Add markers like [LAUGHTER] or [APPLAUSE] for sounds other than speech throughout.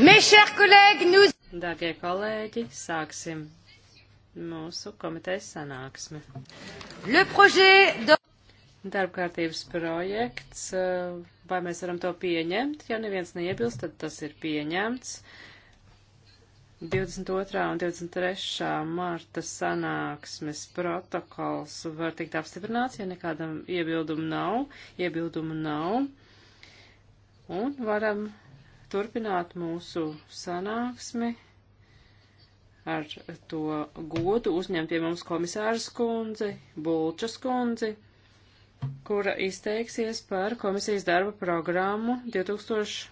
Dārgie kolēģi, sāksim mūsu komitejas sanāksmi. Do... Darbkārtības projekts, eh, vai mēs varam to pieņemt? Ja neviens neiebilst, tad tas ir pieņemts. 22. un 23. marta sanāksmes protokols var tikt apstiprināts, ja nekādam iebildumu nav. Iebildumu nav. Un varam turpināt mūsu sanāksmi ar to godu uzņemt pie mums komisāras kundzi, Bulčas kundzi, kura izteiksies par komisijas darba programmu 2018.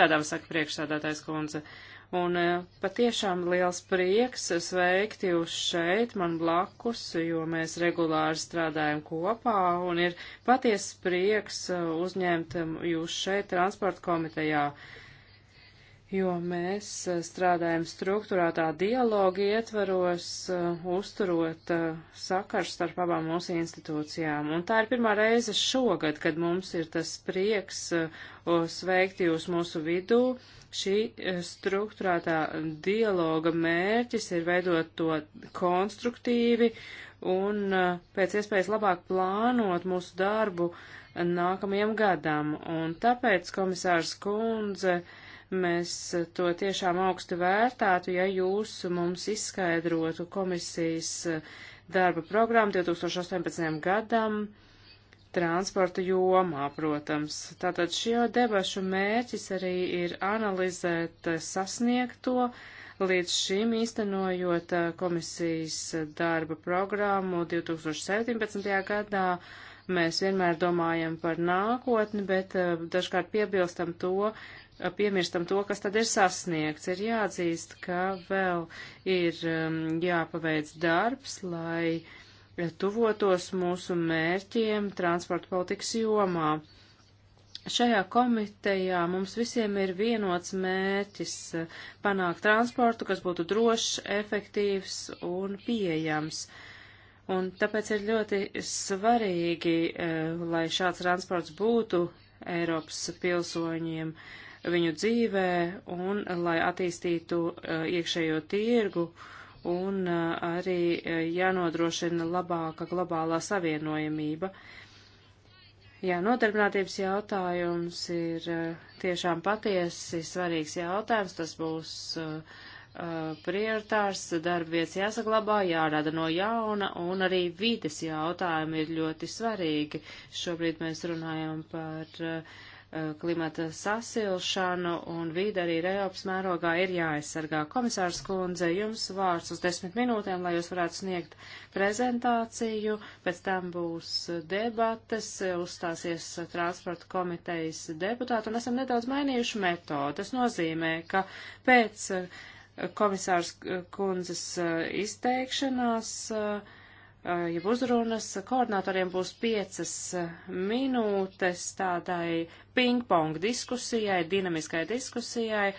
gadam, saka priekšsādātājs kundze. Uh, Un eh, patiešām liels prieks sveikt jūs šeit, man blakus, jo mēs regulāri strādājam kopā un ir patiesa prieks eh, uzņemt jūs šeit transporta komitejā. Uh, jo mēs eh, strādājam struktūrātā dialoga ietvaros, uh, uzturot uh, sakars starp abām mūsu institūcijām. Un tā ir pirmā reize šogad, kad mums ir tas prieks uh, sveikt jūs mūsu vidū. Šī struktūrātā dialoga mērķis ir veidot to konstruktīvi un pēc iespējas labāk plānot mūsu darbu nākamajam gadam. Un tāpēc, komisārs Kundze, uh, Mēs to tiešām augstu vērtētu, ja jūs mums izskaidrotu komisijas eh, darba programmu 2018. gadam transporta jomā, protams. Tātad šo debašu mērķis arī ir analizēt eh, sasniegto līdz šim īstenojot eh, komisijas darba programmu 2017. gadā mēs vienmēr domājam par nākotni, bet dažkārt piebilstam to, piemirstam to, kas tad ir sasniegts. Ir jāatzīst, ka vēl ir um, jāpaveic darbs, lai tuvotos mūsu mērķiem transporta politikas jomā. Šajā komitejā mums visiem ir vienots mērķis uh, panākt transportu, kas būtu drošs, efektīvs un pieejams. Un tāpēc ir ļoti svarīgi, uh, lai šāds transports būtu Eiropas pilsoņiem uh, viņu dzīvē un lai attīstītu eh, iekšējo tirgu un eh, arī eh, jānodrošina labāka globālā savienojamība. Jā, nodarbinātības jautājums ir tiešām patiesi svarīgs jautājums. Tas būs uh, prioritārs, darbvietas jāsaglabā, jārada no jauna, un arī vides jautājumi ir ļoti svarīgi. Šobrīd mēs runājam par uh, Eh, klimata sasilšanu un vīda arī Eiropas mērogā ir jāaizsargā. Komisārs Kundze, jums vārds uz desmit minūtēm, lai jūs varētu sniegt prezentāciju, pēc tam būs debates, uzstāsies transporta komitejas deputāti un esam nedaudz mainījuši metodu. Tas nozīmē, ka pēc eh, komisārs eh, Kundzes izteikšanās uh, Eh, jeb uzrunas. Koordinatoriem būs piecas eh, minūtes tādai ping-pong diskusijai, dinamiskai diskusijai,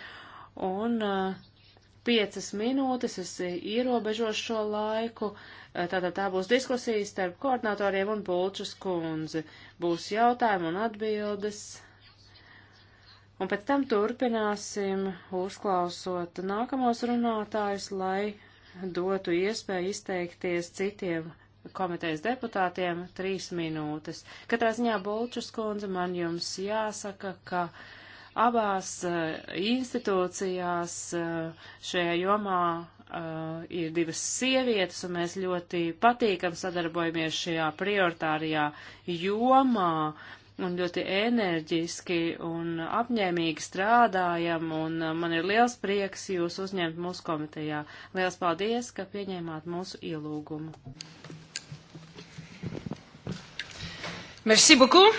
un eh, piecas minūtes es ierobežošu šo laiku. Tātad tā būs diskusija starp koordinatoriem un Bulčas kundzi. Būs jautājumi un atbildes. Un pēc tam turpināsim uzklausot nākamos runātājus, lai dotu iespēju izteikties citiem komitejas deputātiem trīs minūtes. Katrā ziņā Bulčus kundze man jums jāsaka, ka abās uh, institūcijās uh, šajā jomā uh, ir divas sievietes, un mēs ļoti patīkam sadarbojamies šajā prioritārajā jomā. Uh, un ļoti enerģiski un apņēmīgi strādājam, un uh, man ir liels prieks jūs uzņemt mūsu komitejā. Liels paldies, ka pieņēmāt mūsu ielūgumu. Merci beaucoup!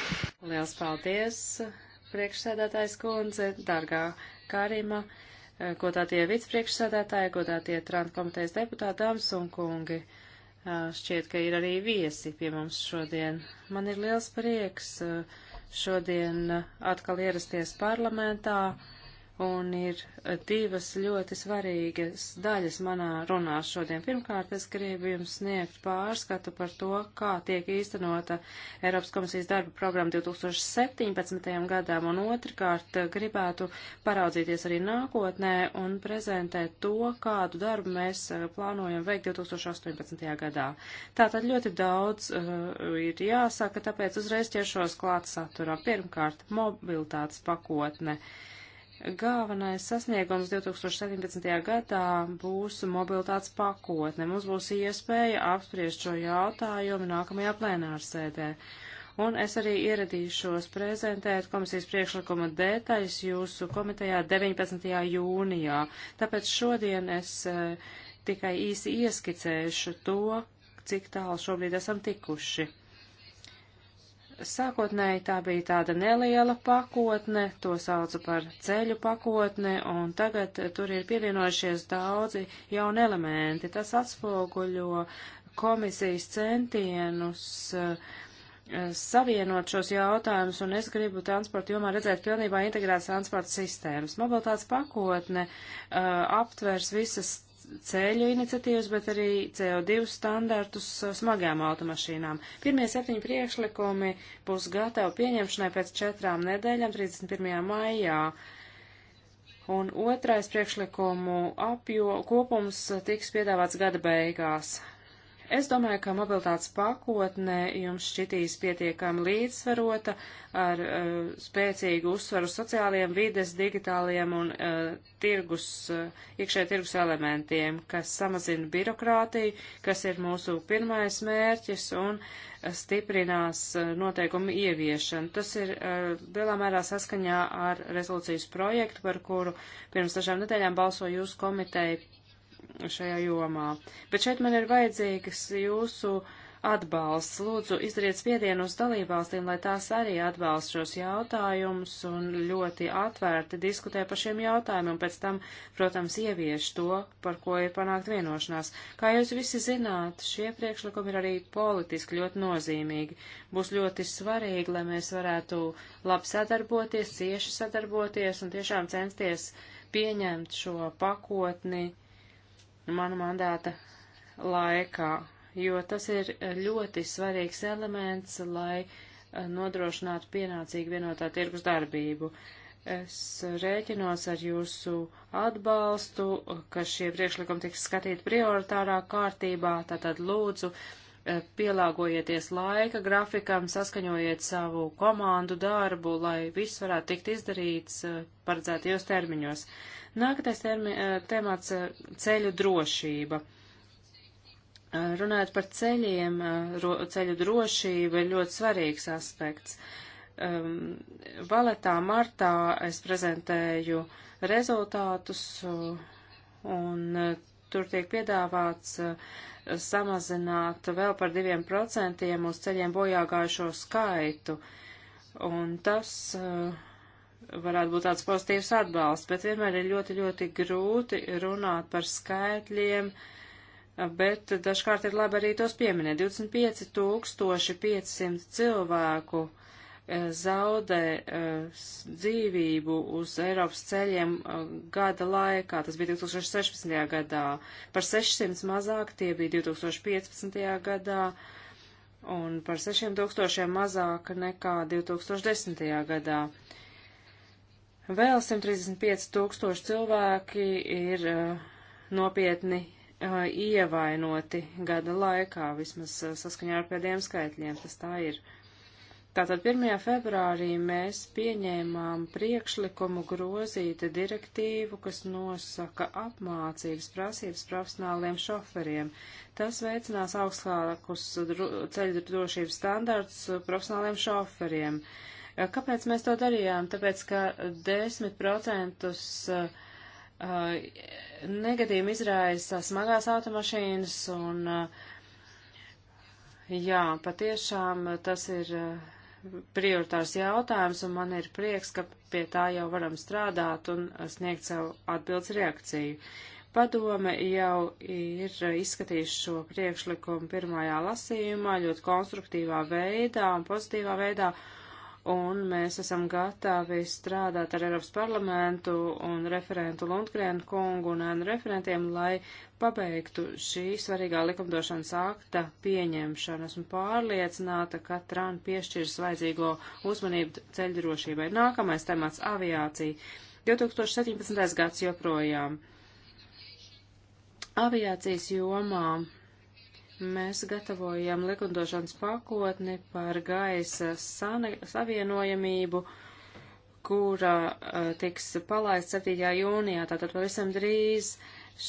Liels paldies, priekšsēdētājs kundze, dārgā Karima, godātie uh, vicepriekšsēdētāji, godātie Trantkomitejas deputāti, dāmas un kungi. Šķiet, ka ir arī viesi pie mums šodien. Man ir liels prieks šodien atkal ierasties parlamentā un ir eh, divas ļoti svarīgas daļas manā runā šodien. Pirmkārt, es gribu jums sniegt pārskatu par to, kā tiek īstenota Eiropas komisijas darba programma 2017. gadām, un otrkārt eh, gribētu paraudzīties arī nākotnē un prezentēt to, kādu darbu mēs eh, plānojam veikt 2018. gadā. Tātad ļoti daudz uh, ir jāsaka, tāpēc uzreiz ķeršos klāt saturā. Pirmkārt, mobilitātes pakotne. Uh, Galvenais sasniegums 2017. gadā būs mobilitātes pakotne. Mums būs iespēja apspriest šo jautājumu nākamajā plenārsēdē. Un es arī ieradīšos prezentēt komisijas priekšlikuma detaļas jūsu komitejā 19. jūnijā. Tāpēc šodien es e, tikai īsi ieskicēšu to, cik tālu šobrīd esam tikuši. Sākotnēji tā bija tāda neliela pakotne, to sauca par ceļu pakotne, un tagad tur ir pievienojušies daudzi jauni elementi. Tas atspoguļo komisijas centienus uh, savienot šos jautājumus, un es gribu transporta jomā redzēt pilnībā integrētas transporta sistēmas. Mobilitātes pakotne uh, aptvers visas ceļu iniciatīvas, bet arī CO2 standartus uh, smagām automašīnām. Pirmie septiņi priekšlikumi būs gatavi pieņemšanai pēc četrām nedēļām 31. maijā. Un otrais priekšlikumu apjo, kopums tiks piedāvāts gada beigās. Es domāju, ka mobilitātes pakotne jums šķitīs pietiekami līdzsvarota ar uh, spēcīgu uzsvaru sociāliem, vides, digitāliem un uh, tirgus, uh, eh, iekšē tirgus elementiem, kas samazina birokrātiju, kas ir mūsu pirmais mērķis un stiprinās uh, noteikumu ieviešanu. Tas ir uh, lielā mērā saskaņā ar rezolūcijas projektu, par kuru pirms dažām nedēļām balsoja jūsu komiteja šajā jomā. Bet šeit man ir vajadzīgs jūsu atbalsts. Lūdzu, izdariet spiedienu uz dalībvalstīm, lai tās arī atbalst šos jautājumus un ļoti atvērti diskutē par šiem jautājumiem, un pēc tam, protams, ievieš to, par ko ir panākt vienošanās. Kā jūs visi zināt, šie priekšlikumi ir arī politiski ļoti nozīmīgi. Būs ļoti svarīgi, lai mēs varētu labi sadarboties, cieši sadarboties un tiešām censties pieņemt šo pakotni mana mandāta laikā, jo tas ir ļoti svarīgs elements, lai eh, nodrošinātu pienācīgu vienotā tirgus darbību. Es rēķinos ar jūsu atbalstu, ka šie priekšlikumi tiks skatīti prioritārā kārtībā, tātad lūdzu Eh, pielāgojieties laika grafikam, saskaņojiet savu komandu darbu, lai viss varētu tikt izdarīts eh, paredzētajos termiņos. Nākamais termi, eh, temats - ceļu drošība. Runājot par ceļiem, ro, ceļu drošība ir ļoti svarīgs aspekts. Um, valetā martā es prezentēju rezultātus un tur tiek piedāvāts uh, samazināt vēl par diviem procentiem uz ceļiem bojāgājušo skaitu. Un tas uh, varētu būt tāds pozitīvs atbalsts, bet vienmēr ir ļoti, ļoti grūti runāt par skaitļiem, bet dažkārt ir labi arī tos pieminēt. 25 500 cilvēku uh, Eh, zaudē eh, dzīvību uz Eiropas ceļiem eh, gada laikā, tas bija 2016. gadā, par 600 mazāk tie bija 2015. gadā un par 6000 mazāk nekā 2010. gadā. Vēl 135 tūkstoši cilvēki ir uh, nopietni uh, ievainoti gada laikā, vismaz uh, saskaņā ar pēdējiem skaitļiem, tas tā ir. Uh, Tātad 1. februārī mēs pieņēmām priekšlikumu grozīt direktīvu, kas nosaka apmācības prasības profesionāliem šoferiem. Tas veicinās augstākus ceļu drošības standartus profesionāliem šoferiem. Kāpēc mēs to darījām? Tāpēc, ka 10% uh, uh, negadījumu izraisa smagās automašīnas un, uh, jā, patiešām tas ir prioritārs jautājums, un man ir prieks, ka pie tā jau varam strādāt un sniegt savu atbildes reakciju. Padome jau ir izskatījuši šo priekšlikumu pirmajā lasījumā ļoti konstruktīvā veidā un pozitīvā veidā, un mēs esam gatavi strādāt ar Eiropas parlamentu un referentu Lundgrēnu kungu un ēnu referentiem, lai pabeigtu šī svarīgā likumdošanas akta pieņemšanu. Esmu pārliecināta, ka Tran piešķirs vajadzīgo uzmanību ceļdrošībai. Nākamais temats - aviācija. 2017. gads joprojām. Aviācijas jomā Mēs gatavojam likumdošanas pakotni par gaisa savienojamību, kura uh, tiks palaist 7. jūnijā, tātad pavisam drīz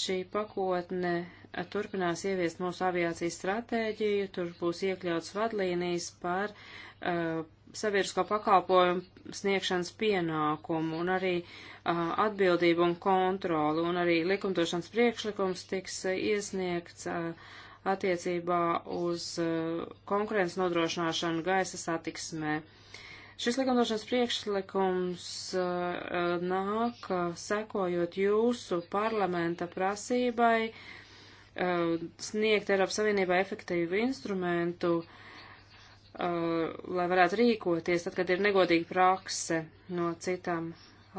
šī pakotne eh, turpinās ieviest mūsu aviācijas stratēģiju, tur būs iekļauts vadlīnijas par uh, sabiedrisko pakalpojumu sniegšanas pienākumu un arī uh, atbildību un kontroli, un arī likumdošanas priekšlikums tiks iesniegts uh, attiecībā uz eh, konkurences nodrošināšanu gaisa satiksmē. Šis likumdošanas priekšlikums eh, nāk eh, sekojot jūsu parlamenta prasībai sniegt Eiropas Savienībā efektīvu instrumentu, lai varētu rīkoties, tad, kad ir negodīga prakse no citām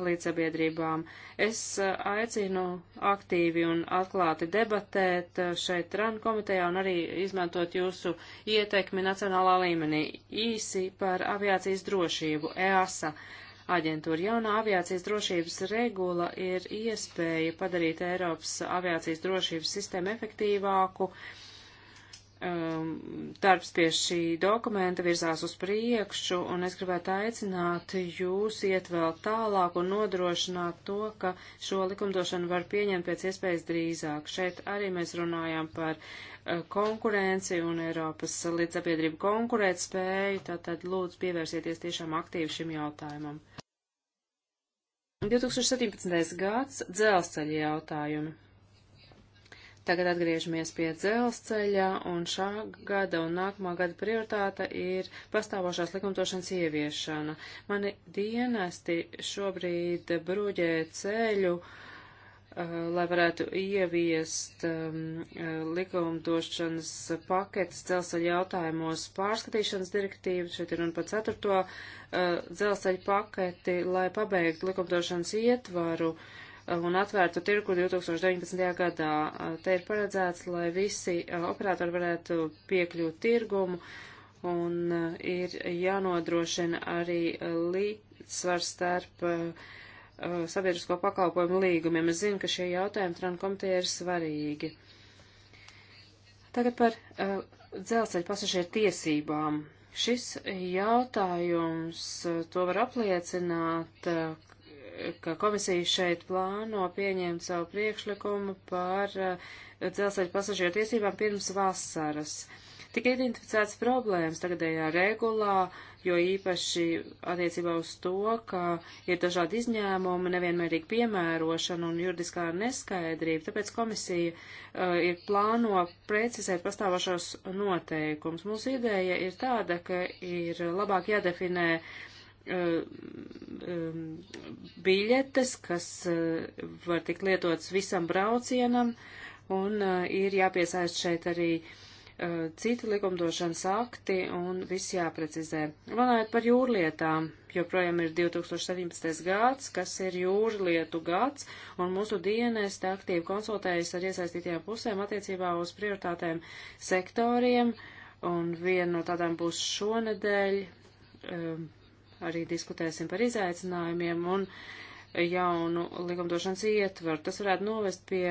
līdzsabiedrībām. Es eh, aicinu aktīvi un atklāti debatēt eh, šeit TRAN komitejā un arī izmantot jūsu ieteikmi nacionālā līmenī. Īsi par aviācijas drošību EASA. Aģentūra jaunā aviācijas drošības regula ir iespēja padarīt Eiropas aviācijas drošības sistēmu efektīvāku, uh, um, darbs pie šī dokumenta virzās uz priekšu, un es gribētu aicināt jūs iet vēl tālāk un nodrošināt to, ka šo likumdošanu var pieņemt pēc iespējas drīzāk. Šeit arī mēs runājām par uh, konkurenci un Eiropas līdzsabiedrību konkurētspēju, tātad lūdzu pievērsieties tiešām aktīvi šim jautājumam. 2017. gads dzelzceļa jautājumi. Tagad atgriežamies pie dzelzceļa, un šā gada un nākamā gada prioritāte ir pastāvošās likumdošanas ieviešana. Mani dienesti šobrīd bruģē ceļu, uh, lai varētu ieviest um, likumdošanas paketes dzelzceļa jautājumos pārskatīšanas direktīvu, šeit ir un pa ceturto uh, dzelzceļa paketi, lai pabeigtu likumdošanas ietvaru. Uh, un atvērtu tirku 2019. gadā. Te ir paredzēts, lai visi operatori varētu piekļūt tirgumu un ir jānodrošina arī līdzsvars starp sabiedrisko pakalpojumu līgumiem. Es zinu, ka šie jautājumi Trankomiteja ir svarīgi. Tagad par uh, dzelzceļa pasažieru tiesībām. Šis jautājums, to var apliecināt, ka komisija šeit plāno pieņemt savu priekšlikumu par eh, dzelzceļa pasažieru tiesībām pirms vasaras. Tik identificēts problēmas tagadējā regulā, jo īpaši attiecībā uz to, ka ir dažādi izņēmumi, nevienmērīga piemērošana un juridiskā neskaidrība, tāpēc komisija uh, ir plāno precizēt pastāvošos noteikums. Mūsu ideja ir tāda, ka ir labāk jādefinē uh, Eh, eh, biļetes, kas eh, var tikt lietotas visam braucienam, un ir jāpiesaist šeit arī citi likumdošanas akti, un viss jāprecizē. Runājot par jūrlietām, joprojām ir 2017. gads, kas ir jūrlietu gads, un mūsu dienas aktīvi konsultējas ar iesaistītajām pusēm attiecībā uz prioritātēm sektoriem, un viena no tādām būs šonedēļ arī diskutēsim par izaicinājumiem un jaunu likumdošanas ietvaru. Tas varētu novest pie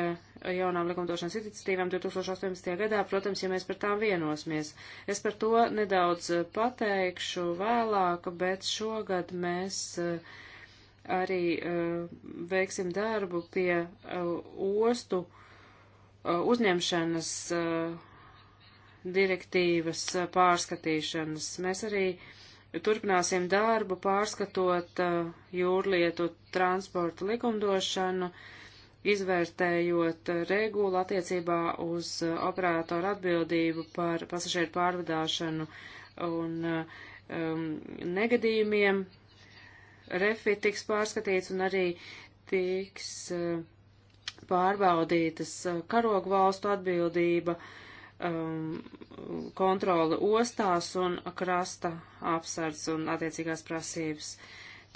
jaunām likumdošanas iniciatīvām 2018. gadā, protams, ja mēs par tām vienosimies. Es par to nedaudz pateikšu vēlāk, bet šogad mēs eh, arī eh, veiksim darbu pie eh, ostu uzņemšanas direktīvas pārskatīšanas. Mēs arī uh, turpināsim darbu, pārskatot uh, jūrlietu transporta likumdošanu, izvērtējot uh, regulu attiecībā uz uh, operātoru atbildību par pasažieru pārvadāšanu un um, negadījumiem. Refit tiks pārskatīts un arī tiks uh, pārbaudītas karogu valstu atbildība uh, um, kontroli ostās un krasta apsardz un attiecīgās prasības.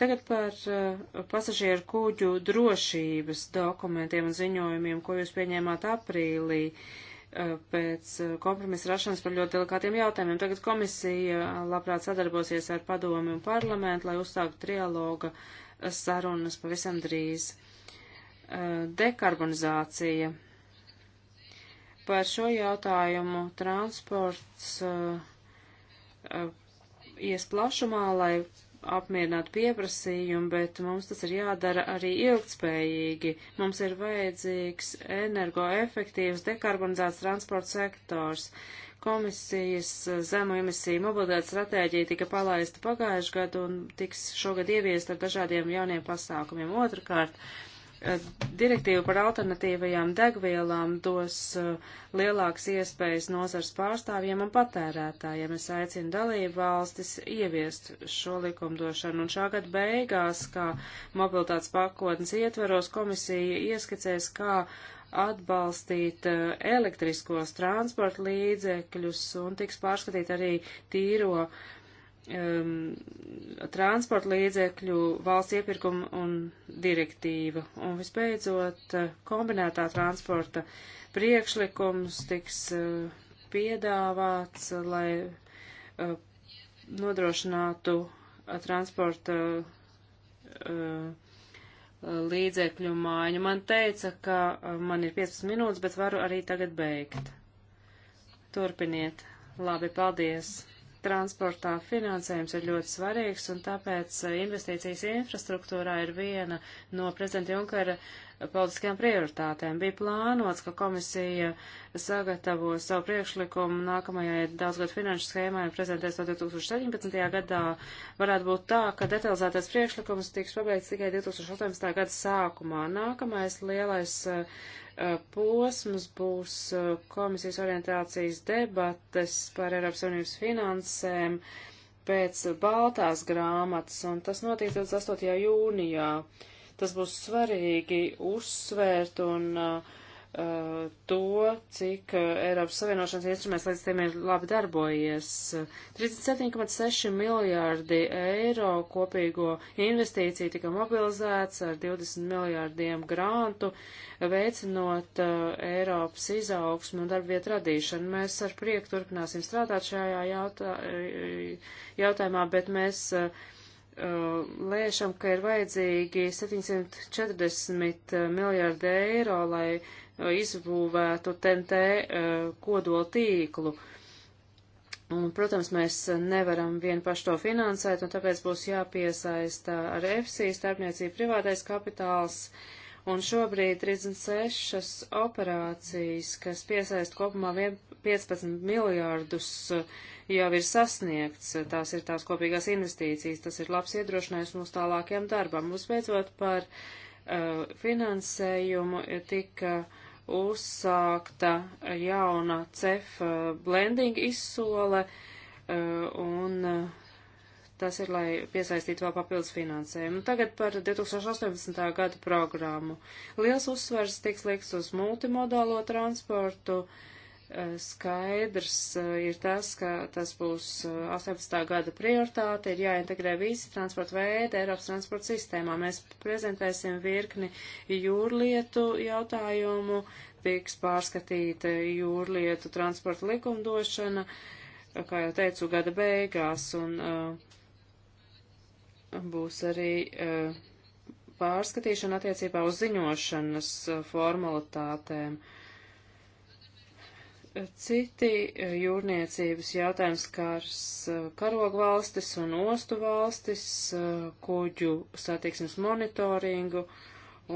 Tagad par uh, pasažieru kuģu drošības dokumentiem un ziņojumiem, ko jūs pieņēmāt aprīlī uh, pēc uh, kompromisa rašanas par ļoti delikātiem jautājumiem. Tagad komisija labprāt sadarbosies ar padomi un parlamentu, lai uzsāktu trialoga sarunas pavisam drīz. Uh, dekarbonizācija par šo jautājumu transports uh, uh, ies plašumā, lai apmierinātu pieprasījumu, bet mums tas ir jādara arī ilgtspējīgi. Mums ir vajadzīgs energoefektīvs, dekarbonizēts transporta sektors. Komisijas zemu emisiju mobilitātes stratēģija tika palaista pagājušajā gadu un tiks šogad ieviest ar dažādiem jauniem pasākumiem. Otrakārt, uh, Direktīva par alternatīvajām degvielām dos uh, lielākas iespējas nozars pārstāvjiem un patērētājiem. Es aicinu dalību valstis ieviest šo likumdošanu, un šā gada beigās, kā mobilitātes pakotnes ietveros, komisija ieskicēs, kā atbalstīt uh, elektriskos transporta līdzekļus un tiks pārskatīt arī tīro uh, um, transporta līdzekļu valsts iepirkuma un direktīva. Un visbeidzot, uh, kombinētā transporta priekšlikums tiks uh, piedāvāts, lai uh, nodrošinātu uh, transporta uh, līdzekļu māju. Man teica, ka uh, man ir 15 minūtes, bet varu arī tagad beigt. Turpiniet. Labi, paldies! transportā finansējums ir ļoti svarīgs, un tāpēc eh, investīcijas infrastruktūrā ir viena no prezidenta Junkara politiskajām prioritātēm. Bija plānots, ka komisija sagatavo savu priekšlikumu nākamajai daudzgad finanšu schēmai un prezentēs to 2017. gadā. Varētu būt tā, ka detalizētais priekšlikums tiks pabeigts tikai 2018. gada sākumā. Nākamais lielais uh, Uh, posms būs uh, komisijas orientācijas debates par Eiropas Savienības finansēm pēc Baltās grāmatas, un tas notiek 28. jūnijā. Tas būs svarīgi uzsvērt un uh, Uh, to, cik uh, Eiropas Savienošanas instruments līdz tiem ir labi darbojies. 37,6 miljārdi eiro kopīgo investīciju tika mobilizēts ar 20 miljārdiem grantu, veicinot uh, Eiropas izaugsmu un darbvietu radīšanu. Mēs ar prieku turpināsim strādāt šajā jautā, jautājumā, bet mēs lēšam, ka ir vajadzīgi 740 miljārdi eiro, lai izbūvētu TNT eh, kodola tīklu. Un, protams, mēs nevaram vien paši to finansēt, un tāpēc būs jāpiesaista ar FSI starpniecību privātais kapitāls. Un šobrīd 36 operācijas, kas piesaist kopumā 15 miljārdus, eh, jau ir sasniegts. Tās ir tās kopīgās investīcijas. Tas ir labs iedrošinājums mūsu tālākajam darbam. Uzbeidzot par uh, finansējumu, tika. Uh, uzsākta jauna CEF uh, blending izsole, uh, un uh, tas ir, lai piesaistītu vēl papildus finansējumu. Nu, tagad par 2018. gada programmu. Liels uzsvers tiks liekts uz multimodālo transportu Eh, skaidrs eh, ir tas, ka tas būs 18. Eh, gada prioritāte, ir jāintegrē visi transporta veidi Eiropas transporta sistēmā. Mēs prezentēsim virkni jūrlietu jautājumu, tiks pārskatīta jūrlietu transporta likumdošana, kā jau teicu, gada beigās, un uh, būs arī. Uh, pārskatīšana attiecībā uz ziņošanas formalitātēm. Uh, citi eh, jūrniecības jautājums kārs eh, karogu valstis un ostu valstis, eh, kuģu satiksmes monitoringu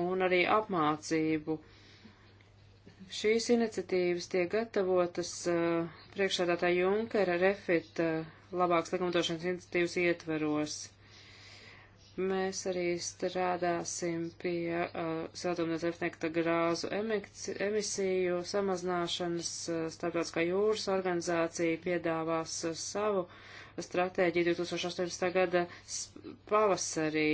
un arī apmācību. Šīs iniciatīvas tiek gatavotas priekšādātā Junkera refit labāks likumdošanas iniciatīvas ietveros. Mēs arī strādāsim pie uh, siltumnīca efekta grāzu emisiju samazināšanas. Uh, starptautiskā jūras organizācija piedāvās uh, savu stratēģiju 2018. gada pavasarī.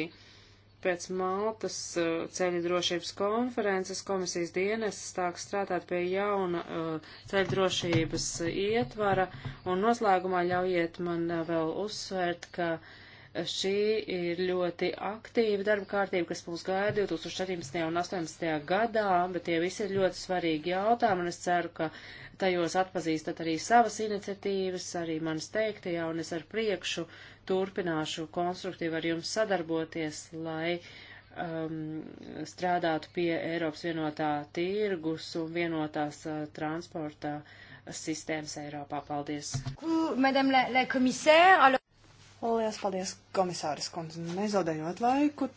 Pēc Maltas uh, ceļu drošības konferences komisijas dienas sāk strādāt pie jauna uh, ceļu drošības uh, ietvara, un noslēgumā ļaujiet man vēl uzsvērt, ka uh, Šī ir ļoti aktīva darba kārtība, kas mūs gaida 2017. un 2018. gadā, bet tie visi ir ļoti svarīgi jautājumi, un es ceru, ka tajos atpazīstat arī savas iniciatīvas, arī manas teiktajā, un es ar priekšu turpināšu konstruktīvi ar jums sadarboties, lai um, strādātu pie Eiropas vienotā tirgus un vienotās uh, transporta sistēmas Eiropā. Paldies! Madame la, la Lielas paldies, komisāras kundze. Nezaudējot laiku,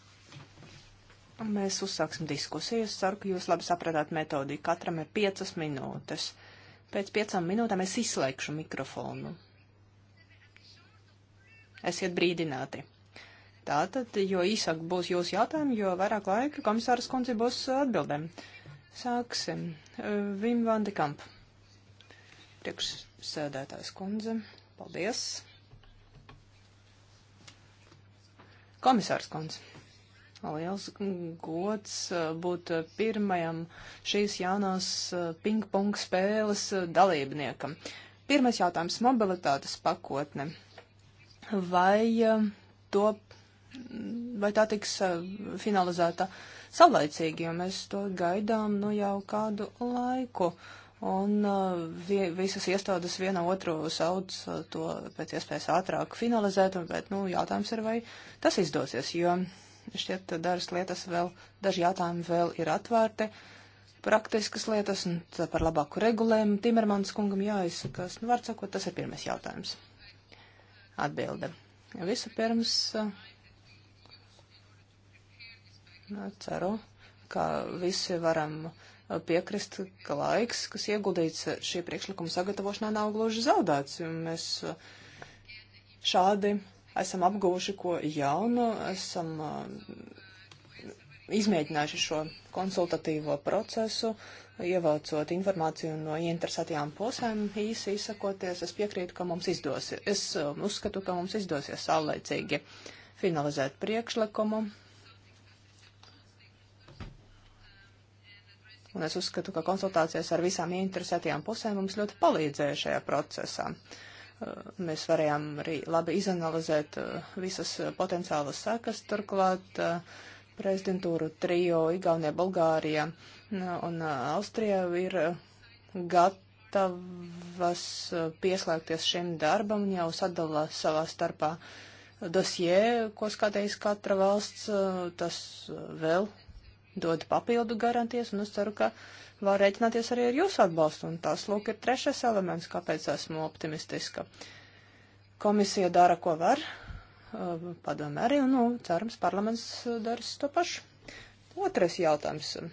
mēs uzsāksim diskusijas. Ceru, ka jūs labi sapratāt metodiku. Katram ir piecas minūtes. Pēc piecām minūtēm es izslēgšu mikrofonu. Esiet brīdināti. Tātad, jo īsāk būs jūsu jautājumi, jo vairāk laika komisāras kundze būs atbildēm. Sāksim. Vim Vandi Kamp. Priekšsēdētājs kundze. Paldies. Komisārs Kons. Liels gods uh, būt uh, pirmajam šīs jaunās uh, ping-pong spēles dalībniekam. Pirmais jautājums - mobilitātes pakotne. Vai, to, vai tā tiks finalizēta saulaicīgi, jo mēs to gaidām nu jau kādu laiku? Uh, Un uh, vie, visas iestādes viena otru sauc uh, to pēc iespējas ātrāk finalizēt, un, bet, nu, jautājums ir, vai tas izdosies, jo šķiet dažas lietas vēl, daži jautājumi vēl ir atvērti, praktiskas lietas, un par labāku regulējumu Timermans kungam jāizsakās, nu, var sakot, tas ir pirmais jautājums. Atbilde. Visu pirms, uh, nu, ceru, ka visi varam. Uh, piekrist, ka laiks, kas ieguldīts šī priekšlikuma sagatavošanā, nav gluži zaudēts. Mēs uh, šādi esam apguvuši ko jaunu, esam uh, izmēģinājuši šo konsultatīvo procesu, ievācot informāciju no ieinteresētajām pusēm, īsi izsakoties, es piekrītu, ka mums izdosies. Es um, uzskatu, ka mums izdosies saulēcīgi finalizēt priekšlikumu Un es uzskatu, ka konsultācijas ar visām interesētajām pusēm mums ļoti palīdzēja šajā procesā. Uh, mēs varējām arī labi izanalizēt uh, visas uh, potenciālas sekas, turklāt prezidentūru trijo Igaunija, Bulgārija un Austrija ir gatavas pieslēgties šim darbam un jau sadala savā starpā dosie, ko skatīs katra valsts, tas vēl dod papildu garantijas, un es ceru, ka var rēķināties arī ar jūsu atbalstu, un tas, lūk, ir trešais elements, kāpēc esmu optimistiska. Komisija dara, ko var, uh, padomē arī, un, nu, cerams, parlaments uh, darīs to pašu. Otrais jautājums uh,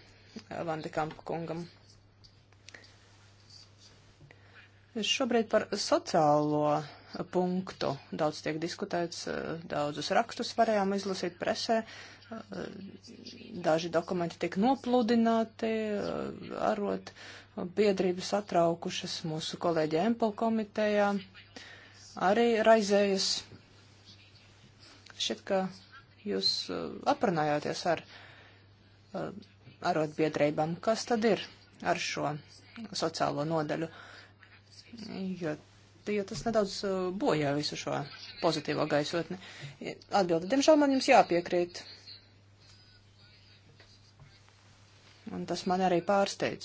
Vandekampa kungam. Šobrīd par sociālo punktu daudz tiek diskutēts, daudzus rakstus varējām izlasīt presē, Daži dokumenti tiek nopludināti, arot biedrības atraukušas mūsu kolēģi Empel komitejā. Arī raizējas. Šit, ka jūs uh, aprunājāties ar uh, arotbiedrībām, kas tad ir ar šo sociālo nodaļu, jo, jo tas nedaudz uh, bojā visu šo pozitīvo gaisotni. Atbildi, diemžēl man jums jāpiekrīt. Un tas man arī pārsteidz.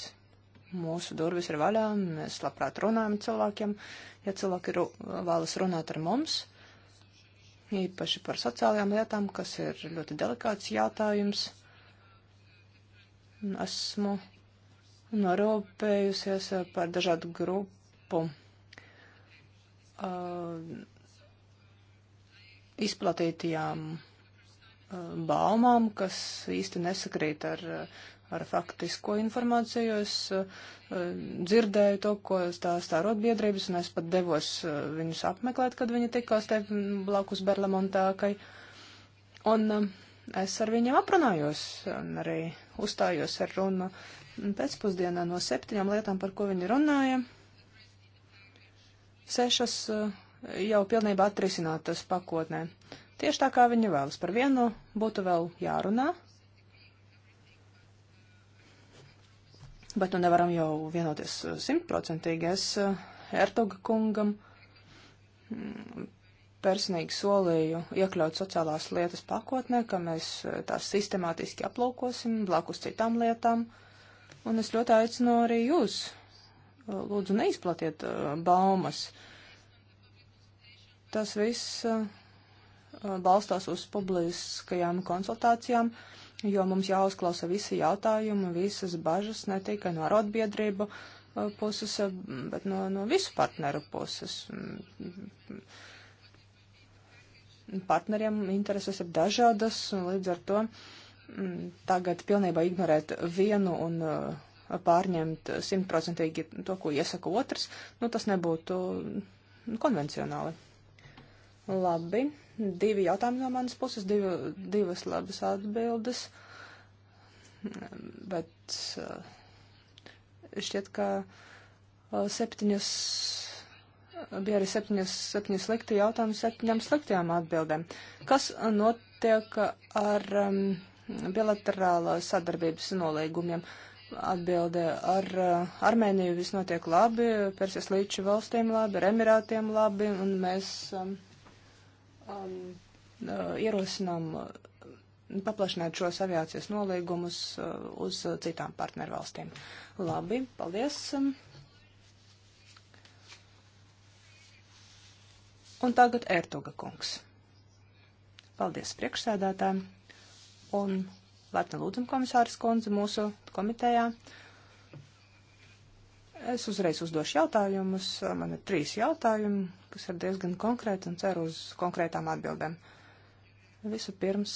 Mūsu durvis ir vaļā, mēs labprāt runājam cilvēkiem, ja cilvēki ru vēlas runāt ar mums, īpaši par sociālajām lietām, kas ir ļoti delikāts jautājums. Esmu norūpējusies par dažādu grupu uh, izplatītajām uh, baumām, kas īsti nesakrīt ar uh, ar faktisko informāciju. Es uh, dzirdēju to, ko stāstā rotbiedrības, un es pat devos uh, viņus apmeklēt, kad viņi tikās te blakus Berlamontākai. Un uh, es ar viņiem aprunājos un arī uzstājos ar runu pēcpusdienā no septiņām lietām, par ko viņi runāja. Sešas jau pilnībā atrisinātas pakotnē. Tieši tā kā viņi vēlas par vienu, būtu vēl jārunā Bet nu nevaram jau vienoties uh, simtprocentīgi. Es uh, Ertoga kungam mm, personīgi solīju iekļaut sociālās lietas pakotnē, ka mēs uh, tās sistemātiski aplūkosim blakus citām lietām. Un es ļoti aicinu arī jūs, lūdzu, neizplatiet baumas. Tas viss balstās uz publiskajām konsultācijām. Uh, jo mums jāuzklausa visi jautājumi, visas bažas, ne tikai no arotbiedrību uh, puses, uh, bet no, no visu partneru puses. Mm. Partneriem intereses ir dažādas, un līdz ar to mm, tagad pilnībā ignorēt vienu un uh, pārņemt simtprocentīgi to, ko iesaka otrs, nu tas nebūtu konvencionāli. Labi. Divi jautājumi no manas puses, divi, divas labas atbildes, bet eh, šķiet, ka eh, septiņas, bija arī septiņas, septiņas slikti jautājumi septiņām sliktajām atbildēm. Kas notiek ar um, bilaterālā sadarbības nolīgumiem? atbildē ar uh, Armēniju viss notiek labi, Persijas līča valstīm labi, ar Emirātiem labi, un mēs um, um, uh, ierosinām uh, paplašināt šos aviācijas nolīgumus uh, uz citām partnervalstīm. Labi, paldies. Um, un tagad Ertuga kungs. Paldies priekšsēdētājiem un Lepna Lūdzuma komisāras kundze mūsu komitejā. Es uzreiz uzdošu jautājumus. Man ir trīs jautājumi, kas ir diezgan konkrēti un ceru uz konkrētām atbildēm. Visu pirms,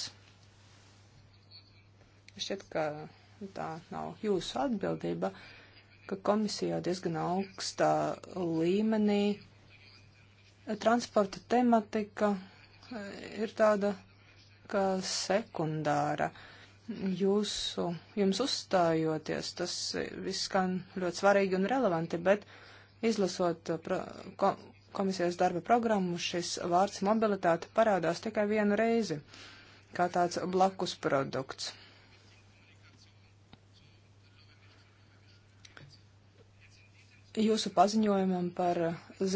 šķiet, ka tā nav jūsu atbildība, ka komisijā diezgan augstā līmenī transporta tematika e, ir tāda, ka sekundāra. Jūsu, jums uzstājoties, tas viss skan ļoti svarīgi un relevanti, bet izlasot e, pro, ko, komisijas darba programmu šis vārds mobilitāte parādās tikai vienu reizi, kā tāds blakus produkts. Jūsu paziņojumam par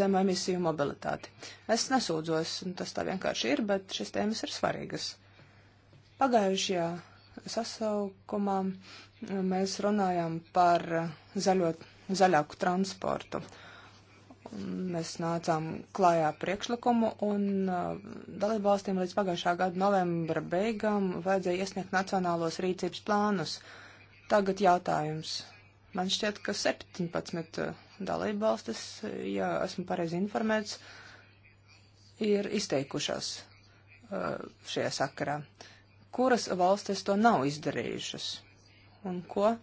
zemu emisiju mobilitāti. Es nesūdzos, tas tā vienkārši ir, bet šis tēmas ir svarīgas. Pagājušajā sasaukumā mēs runājām par zaļo, zaļāku transportu. Uh, mēs nācām klājā priekšlikumu, un uh, dalībvalstīm līdz pagājušā gada novembra beigām vajadzēja iesniegt nacionālos rīcības plānus. Tagad jautājums. Man šķiet, ka 17 uh, dalībvalstis, ja esmu pareizi informēts, ir izteikušās uh, šajā sakarā. Kuras valstis to nav izdarījušas? Un ko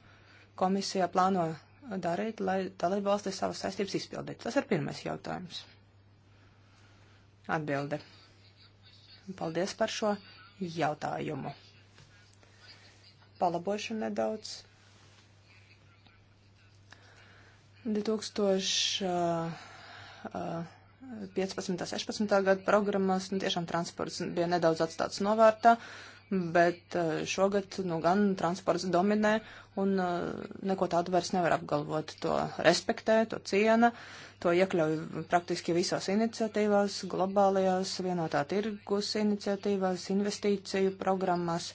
komisijā plāno darīt, lai dalība valstis savas saistības izpildītu? Tas ir pirmais jautājums. Atbilde. Paldies par šo jautājumu. Palabošu nedaudz. 2015. 16. Uh, uh, gada programmās nu, tiešām transports bija nedaudz atstāts novārtā. Uh, bet eh, šogad nu gan transports dominē un eh, neko tādu vairs nevar apgalvot. To respektē, to ciena, to iekļauj praktiski visās iniciatīvās, globālajās, vienotā tirgus iniciatīvās, investīciju programmās.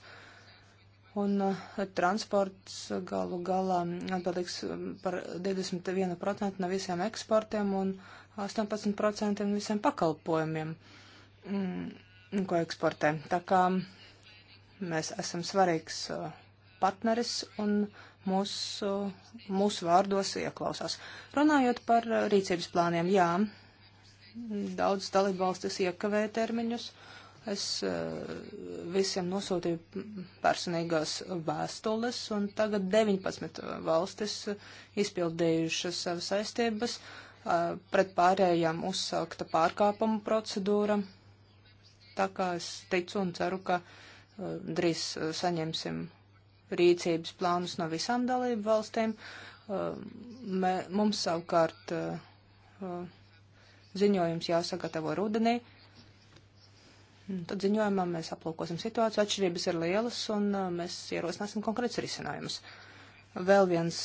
Un eh, transports galu galā atbildīgs par 21% no visiem eksportiem un 18% no visiem pakalpojumiem, mm, ko eksportē. Tā kā Mēs esam svarīgs uh, partneris un mūsu, uh, mūsu vārdos ieklausās. Runājot par uh, rīcības plāniem, jā, daudz dalībvalstis iekavē termiņus. Es visiem nosūtīju personīgās vēstules, un tagad 19 valstis izpildījušas savas saistības, pret pārējām uzsākta pārkāpuma procedūra. Tā kā es ticu un ceru, ka uh, drīz eh, saņemsim rīcības plānus no visām dalību valstīm. Eh, mē, mums savukārt eh, ziņojums jāsagatavo rudenī. Tad ziņojumā mēs aplūkosim situāciju, atšķirības ir lielas un mēs ierosināsim konkrēts risinājumus. Vēl viens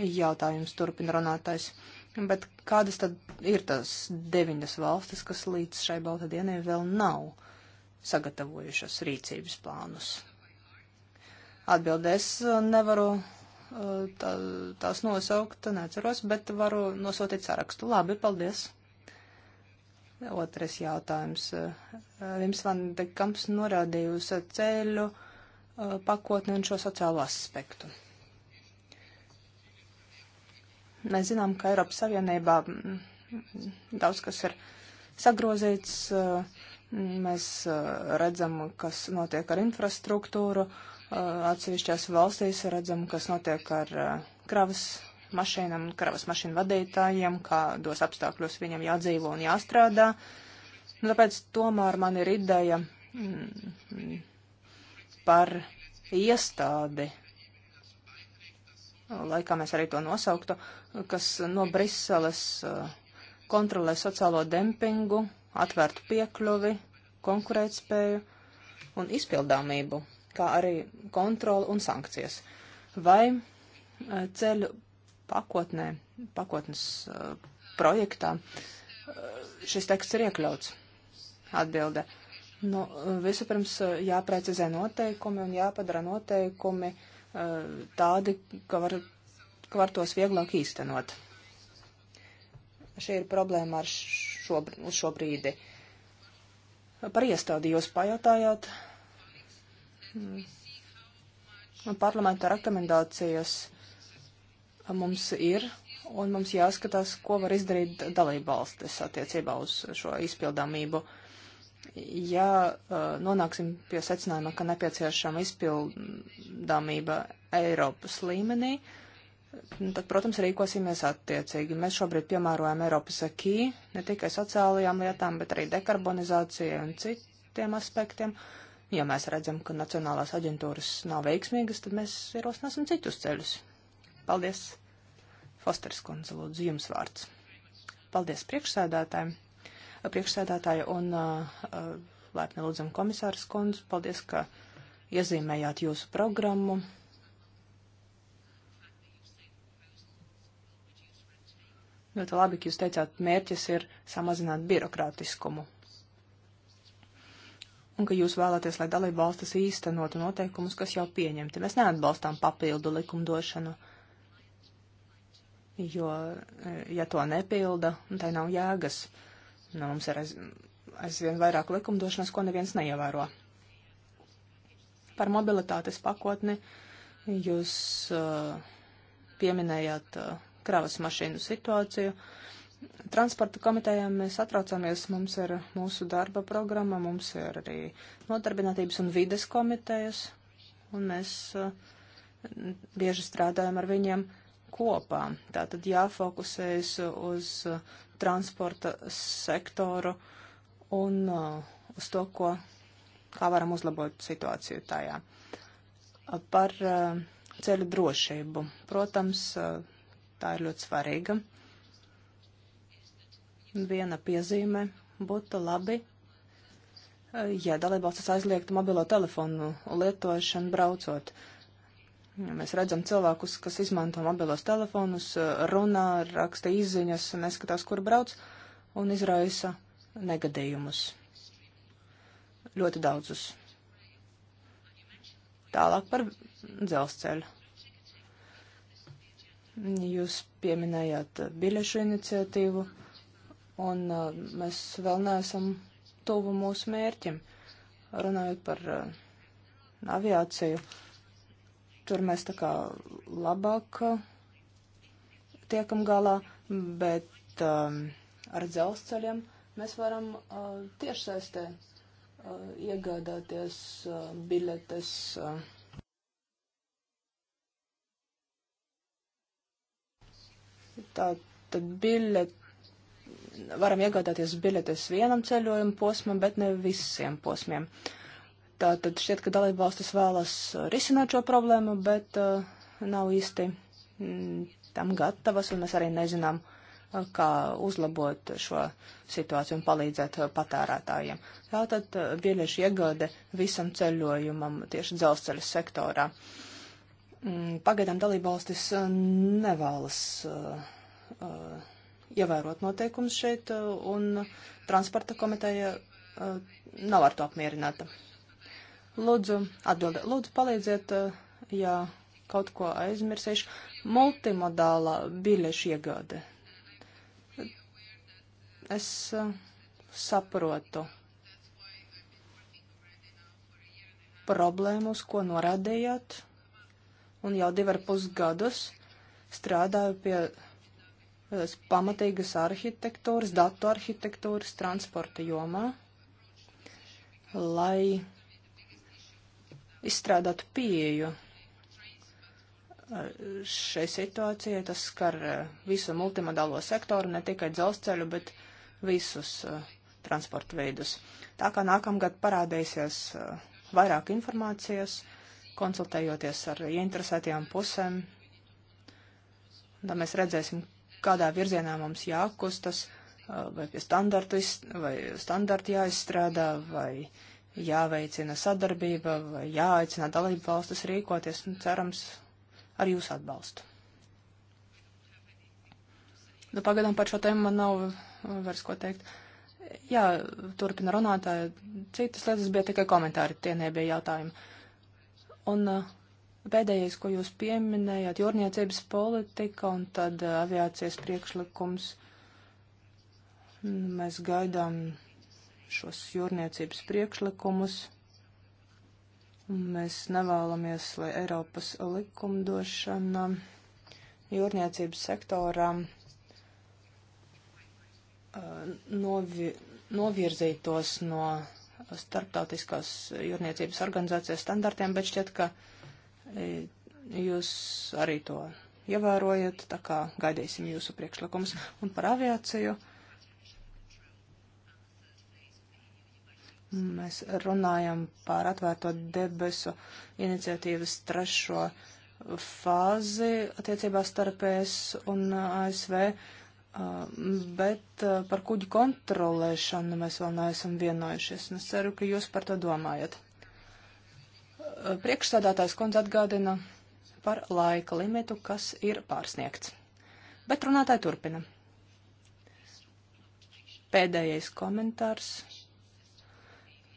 jautājums turpina runātais. Bet kādas tad ir tās deviņas valstis, kas līdz šai balta dienai vēl nav? Uh, sagatavojušas rīcības plānus. Atbildēs uh, nevaru uh, tā, tās nosaukt, neceros, bet varu nosūtīt sarakstu. Labi, paldies. Otrais jautājums. Uh, Vims Van de Kamps norādīja uz ceļu pakotni un šo sociālo aspektu. Mēs zinām, ka Eiropas Savienībā mm, mm, mm, daudz kas ir sagrozīts, uh, Mēs redzam, kas notiek ar infrastruktūru, atsevišķās valstīs redzam, kas notiek ar kravas mašīnām, kravas mašīnu vadītājiem, kādos apstākļos viņam jādzīvo un jāstrādā. Nu, tāpēc tomēr man ir ideja mm, par iestādi, lai kā mēs arī to nosauktu, kas no Briseles kontrolē sociālo dempingu atvērtu piekļuvi, konkurētspēju un izpildāmību, kā arī kontroli un sankcijas. Vai e, ceļu pakotnē, pakotnes uh, projektā e, šis teksts ir iekļauts? Atbilde. Nu, vispirms jāprecizē noteikumi un jāpadara noteikumi uh, tādi, ka var, ka var tos vieglāk īstenot. Šī ir problēma ar š šobr uz šo brīdi. Par iestādi jūs pajautājāt. Mm. Parlamenta rekomendācijas mums ir, un mums jāskatās, ko var izdarīt dalībvalstis attiecībā uz šo izpildāmību. Ja uh, nonāksim pie secinājuma, ka nepieciešama izpildāmība Eiropas līmenī, uh, tad, protams, rīkosimies attiecīgi. Mēs šobrīd piemērojam Eiropas akī ne tikai sociālajām lietām, bet arī dekarbonizācijai un citiem aspektiem. Ja mēs redzam, ka nacionālās aģentūras nav veiksmīgas, tad mēs ierosināsim citus ceļus. Paldies! Fosters kundze, lūdzu, jums vārds. Paldies priekšsēdētājiem, priekšsēdētāju un uh, uh, laipni lūdzam komisāras kundze. Paldies, ka iezīmējāt jūsu programmu. Ļoti nu, labi, ka jūs teicāt, mērķis ir samazināt birokrātiskumu. Un ka jūs vēlaties, lai dalība valstis īstenotu noteikumus, kas jau pieņemti. Mēs neatbalstām papildu likumdošanu, jo, e, ja to nepilda, tai nav jēgas. Nu, mums ir aiz, aizvien vairāk likumdošanas, ko neviens neievēro. Par mobilitātes pakotni jūs uh, pieminējāt uh, kravas mašīnu situāciju. Transporta komitejā mēs atraucamies, mums ir mūsu darba programma, mums ir arī nodarbinātības un vides komitejas, un mēs eh, bieži strādājam ar viņiem kopā. Tātad jāfokusējas uz eh, transporta sektoru un eh, uz to, ko, kā varam uzlabot situāciju tajā. Par ceļu drošību. Protams, tā ir ļoti svarīga. Viena piezīme būtu labi, eh, ja dalībvalstis aizliegtu mobilo telefonu lietošanu braucot. Ja mēs redzam cilvēkus, kas izmanto mobilos telefonus, runā, raksta izziņas, neskatās, kur brauc, un izraisa negadījumus. Ļoti daudzus. Tālāk par dzelzceļu. Jūs pieminējāt eh, biļešu iniciatīvu, un eh, mēs vēl neesam tuvu mūsu mērķim. Runājot par eh, aviāciju, tur mēs tā kā labāk tiekam galā, bet ar dzelzceļiem mēs varam tiešsaistē iegādāties biļetes. Uh, Tātad biļet, varam iegādāties biļetes vienam ceļojuma posmam, bet ne visiem posmiem. Tātad šķiet, ka dalība valstis vēlas uh, risināt šo problēmu, bet uh, nav īsti mm, tam gatavas, un mēs arī nezinām, uh, kā uzlabot šo situāciju un palīdzēt uh, patērētājiem. Tātad uh, biļešu iegāde visam ceļojumam tieši dzelzceļa sektorā. Uh, Mm, pagaidām dalībvalstis uh, nevēlas uh, uh, ievērot noteikumus šeit, un transporta komiteja nav ar to apmierināta. Lūdzu, atbildi, lūdzu palīdziet, ja kaut ko aizmirsīšu. Multimodālā biļešu iegāde. Es saprotu problēmas, ko norādījāt un jau divar pusgadus strādāju pie pamatīgas arhitektūras, datu arhitektūras transporta jomā, lai izstrādātu pieju šai situācijai. Tas skar eh, visu multimodālo sektoru, ne tikai dzelzceļu, bet visus uh, transporta veidus. Tā kā nākamgad parādīsies uh, vairāk informācijas, uh, konsultējoties ar ieinteresētajām pusēm. Tad mēs redzēsim, kādā virzienā mums jākustas, vai pie standartu, vai standartu jāizstrādā, vai jāveicina sadarbība, vai jāaicina dalību valstis rīkoties, un cerams, ar jūsu atbalstu. Nu, pagaidām par šo tēmu man nav vairs ko teikt. Jā, turpina runātāja. Citas lietas bija tikai komentāri, tie nebija jautājumi. Uh, Un uh, pēdējais, ko jūs pieminējāt, jūrniecības politika un tad uh, aviācijas priekšlikums. Mēs gaidām šos jūrniecības priekšlikumus. Mēs nevēlamies, lai Eiropas likumdošana jūrniecības sektorā uh, novi, novirzītos no starptautiskās jūrniecības organizācijas standartiem, bet šķiet, ka e, jūs arī to ievērojat, tā kā gaidīsim jūsu priekšlikumus. Un par aviāciju mēs runājam par atvērto debesu iniciatīvas trešo fāzi attiecībās starp ES un ASV. Uh, bet par kuģu kontrolēšanu mēs vēl neesam vienojušies, un es ceru, ka jūs par to domājat. Priekšstādātājs kundze atgādina par laika limitu, kas ir pārsniegts. Bet runātāji turpina. Pēdējais komentārs.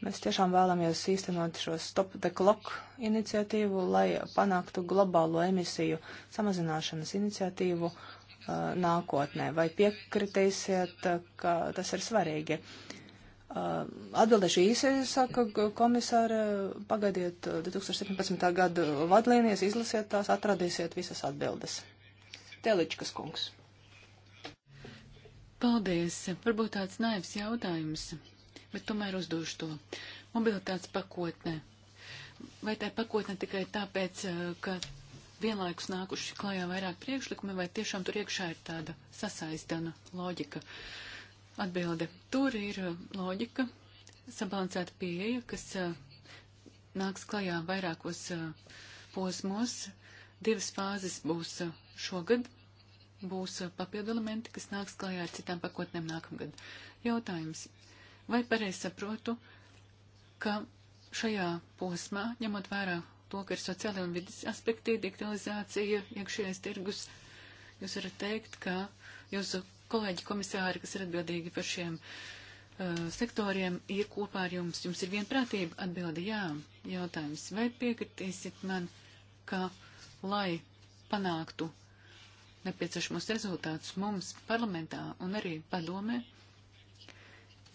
Mēs tiešām vēlamies īstenot šo Stop the Clock iniciatīvu, lai panāktu globālo emisiju samazināšanas iniciatīvu uh, nākotnē. Vai piekritīsiet, ka tas ir svarīgi? Atbildēšu īsi, saka komisāra, pagaidiet 2017. gada vadlīnijas, izlasiet tās, atradīsiet visas atbildes. Teličkas kungs. Paldies. Varbūt tāds naivs jautājums, bet tomēr uzdošu to. Mobilitātes pakotnē vai tā pakotne tikai tāpēc, ka vienlaikus nākuši klajā vairāk priekšlikumi, vai tiešām tur iekšā ir tāda sasaistana loģika? Atbilde. Tur ir uh, loģika, sabalansēta pieeja, kas uh, nāks klajā vairākos uh, posmos. Divas fāzes būs šogad, būs papildu elementi, kas nāks klajā ar citām pakotnēm nākamgad. Jautājums. Vai pareizi saprotu, ka šajā posmā, ņemot vērā to, ka ir sociālai un vidas aspekti, digitalizācija, iekšējais tirgus. Jūs varat teikt, ka jūsu kolēģi komisāri, kas ir atbildīgi par šiem uh, sektoriem, ir kopā ar jums. Jums ir vienprātība? Atbildi jā. Jautājums. Vai piekritīsit man, ka, lai panāktu nepieciešamos rezultātus mums parlamentā un arī padomē,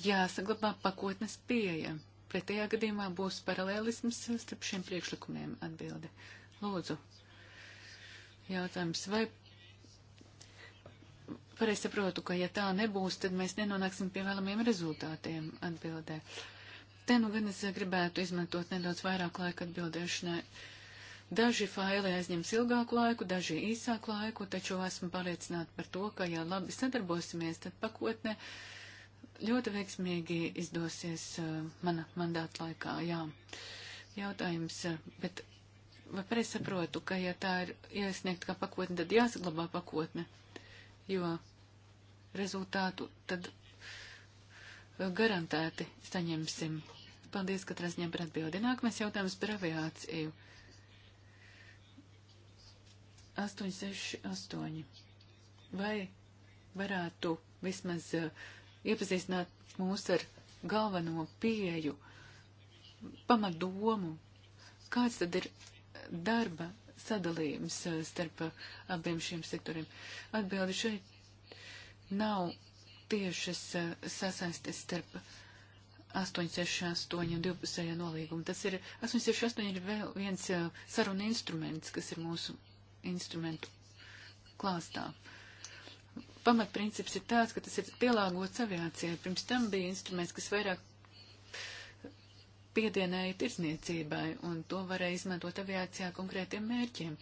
jāsaglabā pakotnes pieeja Pretējā gadījumā būs paralēlisms starp šiem priekšlikumiem atbildi. Lūdzu. Jautājums, vai pareizi saprotu, ka ja tā nebūs, tad mēs nenonāksim pie vēlamiem rezultātiem atbildē. Te nu gan es gribētu izmantot nedaudz vairāk laika atbildēšanai. Daži faili aizņems ilgāku laiku, daži īsāku laiku, taču esmu pārliecināta par to, ka, ja labi sadarbosimies, tad pakotne. Uh, ļoti veiksmīgi izdosies uh, mana mandāta laikā, jā. Jautājums, eh, bet vai pareizi saprotu, ka ja tā ir iesniegta kā pakotne, tad jāsaglabā pakotne, jo rezultātu tad eh, garantēti saņemsim. Paldies, ka trasņem par atbildi. Nākamais jautājums par aviāciju. 868. Vai varētu vismaz uh, iepazīstināt mūs ar galveno pieju, pamatdomu, kāds tad ir darba sadalījums eh, starp eh, abiem šiem sektoriem. Atbildi šeit nav tiešas eh, sasaistes starp 868 un 12. nolīgumu. Tas ir, 868 ir vēl viens saruna instruments, kas ir mūsu instrumentu klāstā. Uh, pamatprincips ir tāds, ka tas ir pielāgots aviācijai. Pirms tam bija instruments, kas vairāk piedienēja tirsniecībai, un to varēja izmantot aviācijā konkrētiem mērķiem.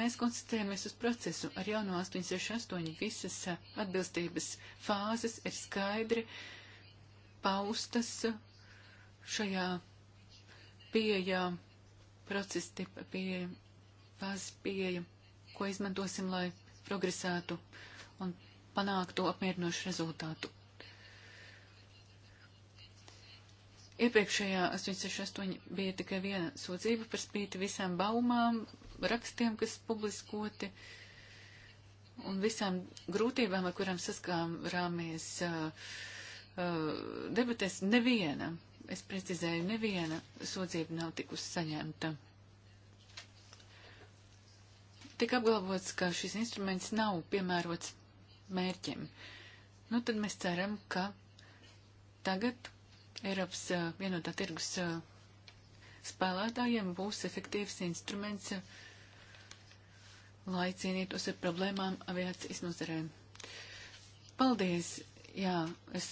Mēs koncentrējamies uz procesu. Ar jauno 868 visas atbilstības fāzes ir skaidri paustas šajā pieejā, procesa tipa pieeja, fāzes pieeja, ko izmantosim, lai progresētu un panāktu apmierinošu rezultātu. Iepriekšējā 868 bija tikai viena sūdzība par spīti visām baumām, rakstiem, kas publiskoti, un visām grūtībām, ar kurām saskārāmies uh, uh, debatēs, neviena, es precizēju, neviena sūdzība nav tikusi saņemta. Tik apgalvots, ka šis instruments nav piemērots mērķiem. Nu, tad mēs ceram, ka tagad Eiropas vienotā tirgus spēlētājiem būs efektīvs instruments, lai cīnītos ar problēmām aviācijas nozarē. Paldies! Jā, es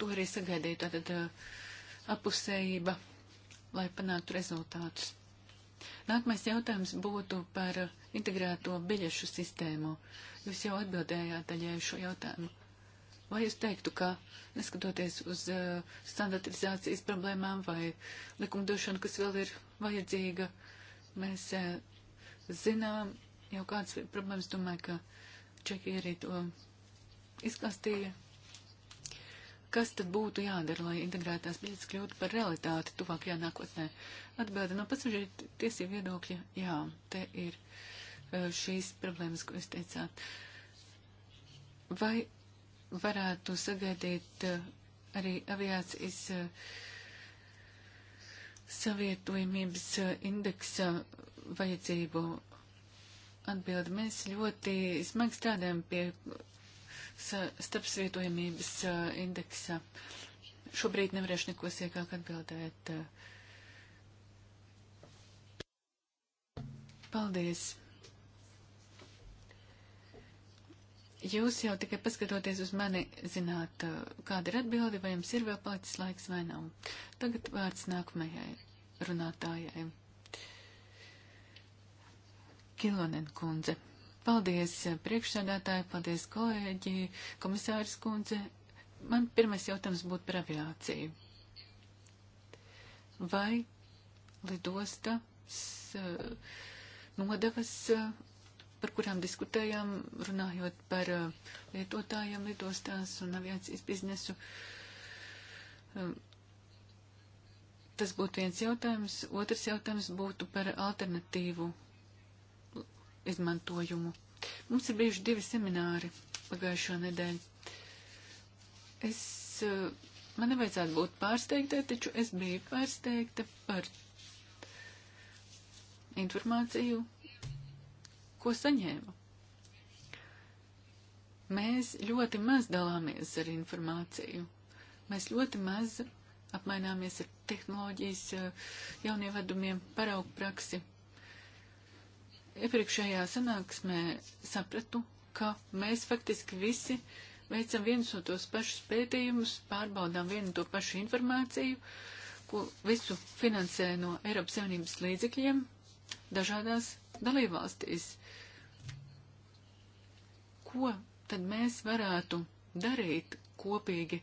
to arī sagaidīju, tātad apusējība, lai panātu rezultātus. Nākamais jautājums būtu par integrēto biļešu sistēmu. Jūs jau atbildējāt daļai šo jautājumu. Vai jūs teiktu, ka neskatoties uz uh, standartizācijas problēmām vai likumdošanu, kas vēl ir vajadzīga, mēs uh, zinām jau kādas problēmas, domāju, ka Čekija arī to izklāstīja. Kas tad būtu jādara, lai integrētās biļetes kļūtu par realitāti tuvākajā nākotnē? Atbilde no pasažieru tiesību viedokļa, jā, te ir. Uh, Eh, šīs problēmas, ko jūs teicāt. Vai varētu sagaidīt eh, arī aviācijas eh, savietojamības indeksa vajadzību atbildi. Mēs ļoti smagi strādājam pie starpsvietojamības indeksa. Šobrīd nevarēšu neko sīkāk atbildēt. Paldies! Jūs jau tikai paskatoties uz mani zināt, uh, kāda ir atbildi, vai jums ir vēl palicis laiks vai nav. Tagad vārds nākamajai runātājai. Kilonen kundze. Paldies uh, priekšsēdētāji, paldies kolēģi, komisāris kundze. Man pirmais jautājums būtu par aviāciju. Vai lidostas uh, nodevas par kurām diskutējām, runājot par uh, lietotājiem lidostās un aviācijas biznesu. Um, tas būtu viens jautājums. Otrs jautājums būtu par alternatīvu izmantojumu. Mums ir bijuši divi semināri pagājušo nedēļu. Es, uh, man nevajadzētu būt pārsteigtai, taču es biju pārsteigta par informāciju, ko saņēmu. Mēs ļoti maz dalāmies ar informāciju. Mēs ļoti maz apmaināmies ar tehnoloģijas eh, jaunievedumiem, paraugu praksi. Iepriekšējā sanāksmē sapratu, ka mēs faktiski visi veicam viens un no tos pašus pētījumus, pārbaudām vienu to pašu informāciju, ko visu finansē no Eiropas Savienības līdzekļiem dažādās dalībvalstīs. Ko tad mēs varētu darīt kopīgi,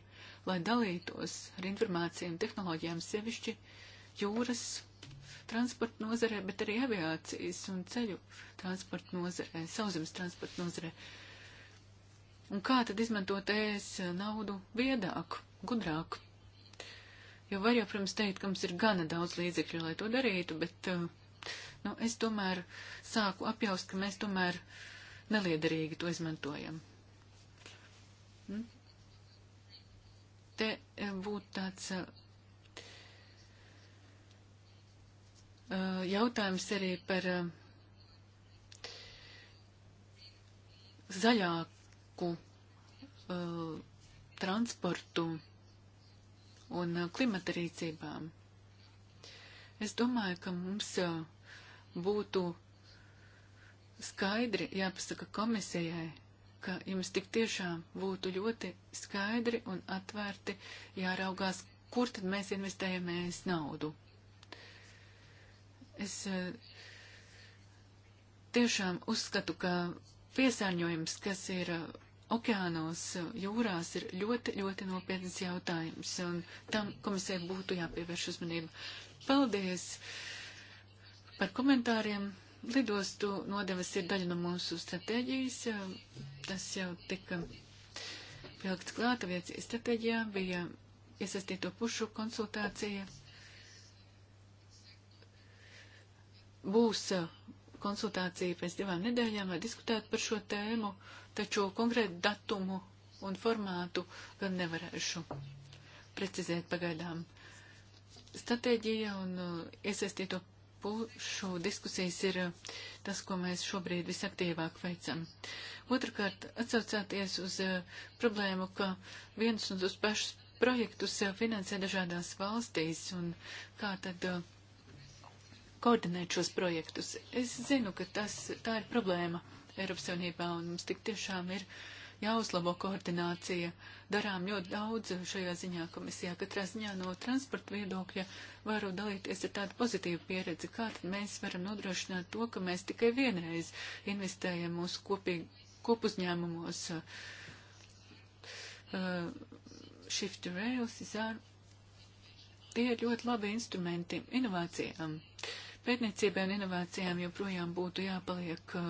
lai dalītos ar informācijām, tehnoloģijām sevišķi jūras transporta nozarē, bet arī aviācijas un ceļu transporta nozarē, sauzemes transporta nozarē. Un kā tad izmantot ēs naudu viedāk, gudrāk? Jo var jau, protams, teikt, ka mums ir gana daudz līdzekļu, lai to darītu, bet, eh, nu, es tomēr sāku apjaust, ka mēs tomēr uh, neliederīgi to izmantojam. Hm? Te e, būtu tāds e, e, jautājums arī par zaļāku transportu un klimata rīcībām. Es domāju, ka mums būtu skaidri jāpasaka komisijai, ka jums tik tiešām būtu ļoti skaidri un atvērti jāraugās, kur tad mēs investējamies naudu. Es eh, tiešām uzskatu, ka piesārņojums, kas ir eh, okeānos, eh, jūrās, ir ļoti, ļoti nopietnas jautājums, un tam komisijai būtu jāpievērš uzmanība. Paldies par komentāriem! Lidostu nodevas ir daļa no mūsu stratēģijas. Tas jau tika pielikt klāt aviācijas stratēģijā, bija iesaistīto pušu konsultācija. Būs konsultācija pēc divām nedēļām, lai diskutētu par šo tēmu, taču konkrētu datumu un formātu gan nevarēšu precizēt pagaidām. Stratēģija un iesaistīto pušu diskusijas ir eh, tas, ko mēs šobrīd visaktīvāk veicam. Otrakārt, atsaucāties uz eh, problēmu, ka viens un uz pašus projektus eh, finansē dažādās valstīs un kā tad koordinēt šos projektus. Es zinu, ka tas, tā ir problēma Eiropas Savienībā un mums tik tiešām ir uh, jāuzlabo koordinācija. Darām ļoti daudz šajā ziņā komisijā. Katrā ziņā no transporta viedokļa varu dalīties ar tādu pozitīvu pieredzi, kā tad mēs varam nodrošināt to, ka mēs tikai vienreiz investējam mūsu kopīgi kopuzņēmumos. Uh, uh shift to Rails, Izāru. Tie ir ļoti labi instrumenti inovācijām. Pētniecībai un inovācijām joprojām būtu jāpaliek uh,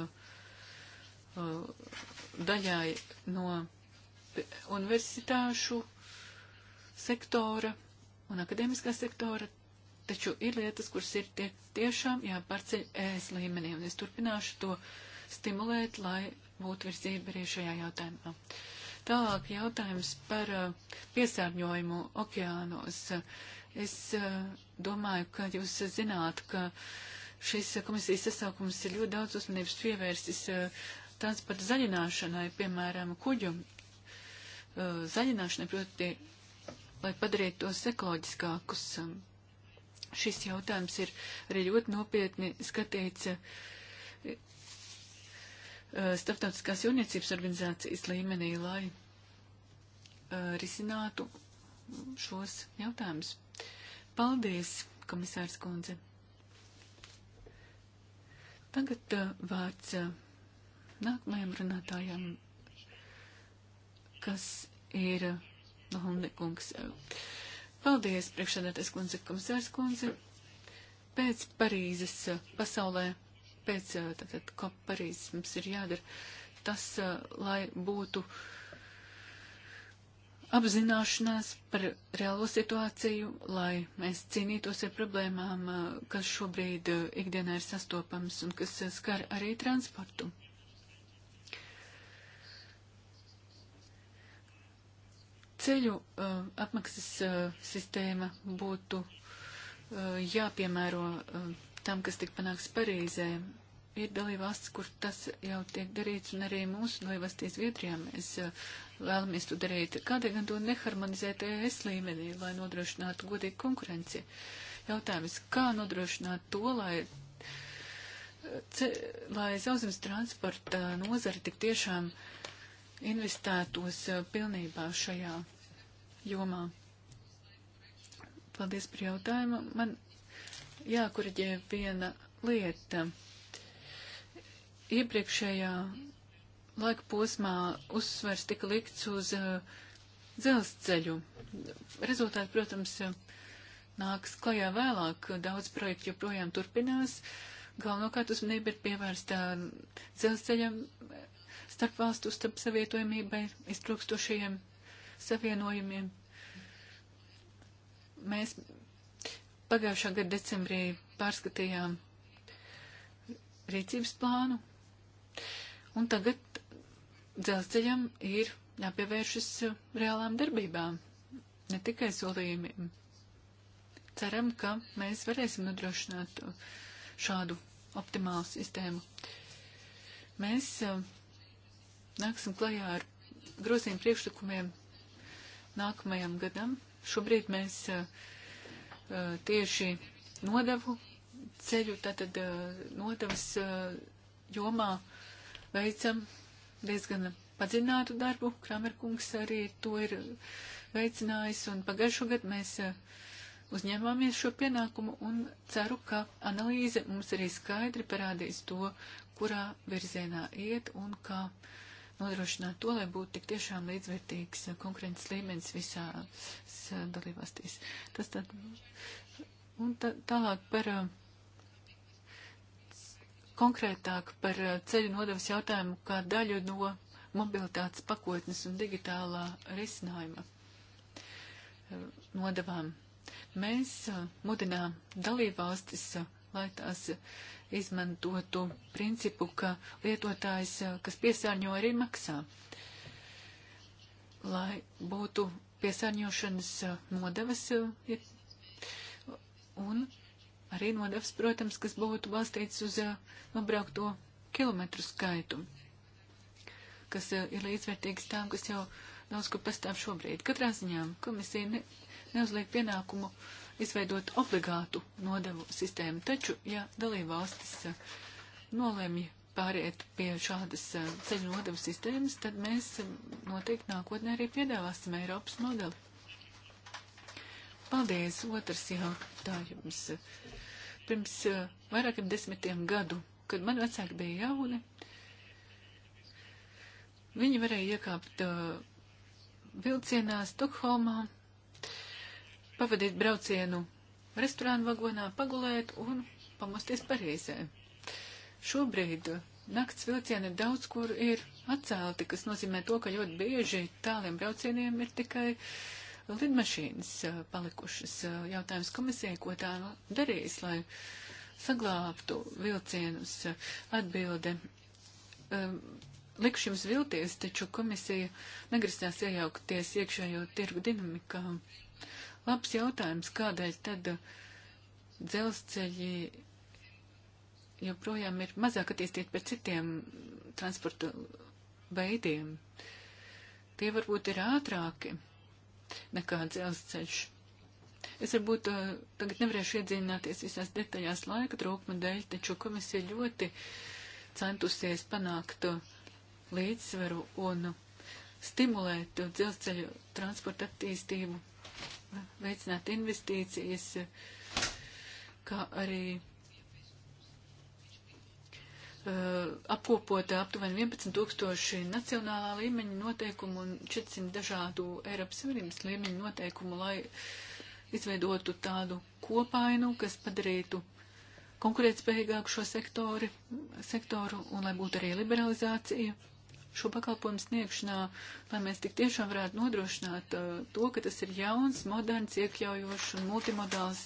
uh, daļai no universitāšu sektora un akadēmiskā sektora, taču ir lietas, kuras ir tie, tiešām jāpārceļ ēs līmenī, un es turpināšu to stimulēt, lai būtu virzība arī šajā jautājumā. Tālāk jautājums par piesārņojumu okeānos. Es domāju, ka jūs zināt, ka šis komisijas sasaukums ir ļoti daudz uzmanības pievērsis tāds pat zaļināšanai, piemēram, kuģu uh, zaļināšanai, proti, lai padarītu tos ekoloģiskākus. Um, šis jautājums ir arī ļoti nopietni skatīts uh, starptautiskās jūrniecības organizācijas līmenī, lai uh, risinātu šos jautājumus. Paldies, komisārs kundze. Tagad vārds nākamajam runātājam, kas ir Lahunda kungs. Paldies, priekšsēdētais kundze, komisārs kundze. Pēc Parīzes uh, pasaulē, pēc, uh, tātad, ko Parīzes mums ir jādara tas, uh, lai būtu apzināšanās par reālo situāciju, lai mēs cīnītos ar problēmām, kas šobrīd ikdienā ir sastopams un kas skar arī transportu. Ceļu uh, apmaksas uh, sistēma būtu uh, jāpiemēro uh, tam, kas tika panāks Parīzē. Ir dalībvalsts, kur tas jau tiek darīts, un arī mūsu dalībvalstī Zviedrijā mēs uh, vēlamies to darīt. Kādēļ gan to neharmonizēt ES līmenī, lai nodrošinātu godīgu konkurenci? Jautājums, kā nodrošināt to, lai uh, lai sauszemes transporta nozara tik tiešām investētos eh, pilnībā šajā jomā. Paldies par jautājumu. Man jākuriģē viena lieta. Iepriekšējā laika posmā uzsvers tika likts uz uh, dzelzceļu. Rezultāti, protams, nāks klajā vēlāk. Daudz projektu joprojām turpinās. Galvenokārt uzmanība ir pievērsta dzelzceļam, starpvalstu starp savietojumībai, iztrūkstošajiem savienojumiem. Mēs pagājušā gada decembrī pārskatījām rīcības plānu, un tagad dzelzceļam ir jāpievēršas reālām darbībām, ne tikai solījumiem. Ceram, ka mēs varēsim nodrošināt šādu optimālu sistēmu. Mēs uh, nāksim klajā ar grozījumu priekšlikumiem nākamajam gadam. Šobrīd mēs uh, uh, tieši nodevu ceļu, tātad uh, nodevas uh, jomā veicam diezgan padzinātu darbu. Kramerkungs arī to ir veicinājis, un pagājušo gadu mēs uh, uzņēmāmies šo pienākumu, un ceru, ka analīze mums arī skaidri parādīs to, kurā virzienā iet un kā. Ka nodrošināt to, lai būtu tik tiešām līdzvērtīgs eh, konkurences līmenis visās eh, dalībvalstīs. Tas tad, un tā, tālāk par eh, konkrētāk par ceļu nodevas jautājumu kā daļu no mobilitātes pakotnes un digitālā risinājuma nodevām. Mēs mudinām dalībvalstis lai tās izmantotu principu, ka lietotājs, kas piesārņo, arī maksā. Lai būtu piesārņošanas eh, nodevas eh, un arī nodevs, protams, kas būtu balstīts uz eh, nobraukto kilometru skaitu, kas ir līdzvērtīgs tām, kas jau daudz kur pastāv šobrīd. Katrā ziņā komisija ne, neuzliek pienākumu uh, izveidot obligātu nodevu sistēmu. Taču, ja dalībvalstis eh, nolēmj pāriet pie šādas eh, ceļu nodevu sistēmas, tad mēs eh, noteikti nākotnē arī piedāvāsim Eiropas modeli. Paldies! Otrs jautājums. Pirms vairākiem desmitiem gadu, kad man vecāki bija jauni, viņi varēja iekāpt vilcienā Stokholmā pavadīt braucienu restorānu vagonā, pagulēt un pamosties Parīzē. Šobrīd nakts vilcieni daudz kur ir atcelti, kas nozīmē to, ka ļoti bieži tāliem braucieniem ir tikai lidmašīnas palikušas. Jautājums komisijai, ko tā nu darīs, lai saglābtu vilcienus atbilde. Um, likšu jums vilties, taču komisija negrasās iejaukties iekšējo tirgu dinamikā. Labs jautājums, kādēļ tad uh, dzelzceļi joprojām ir mazāk attīstīti par citiem transporta veidiem. Tie varbūt ir ātrāki nekā dzelzceļš. Es varbūt uh, tagad nevarēšu iedzināties visās detaļās laika trūkuma dēļ, taču komisija ļoti centusies panākt uh, līdzsveru un stimulēt dzelzceļu transporta attīstību veicināt investīcijas, kā arī uh, apkopota aptuveni 11 tūkstoši nacionālā līmeņa noteikumu un 400 dažādu Eiropas Savienības līmeņa noteikumu, lai izveidotu tādu kopainu, kas padarītu konkurētspējīgāku šo sektori, sektoru un lai būtu arī liberalizācija šo pakalpojumu sniegšanā, lai mēs tik tiešām varētu nodrošināt uh, to, ka tas ir jauns, moderns, iekļaujošs un multimodāls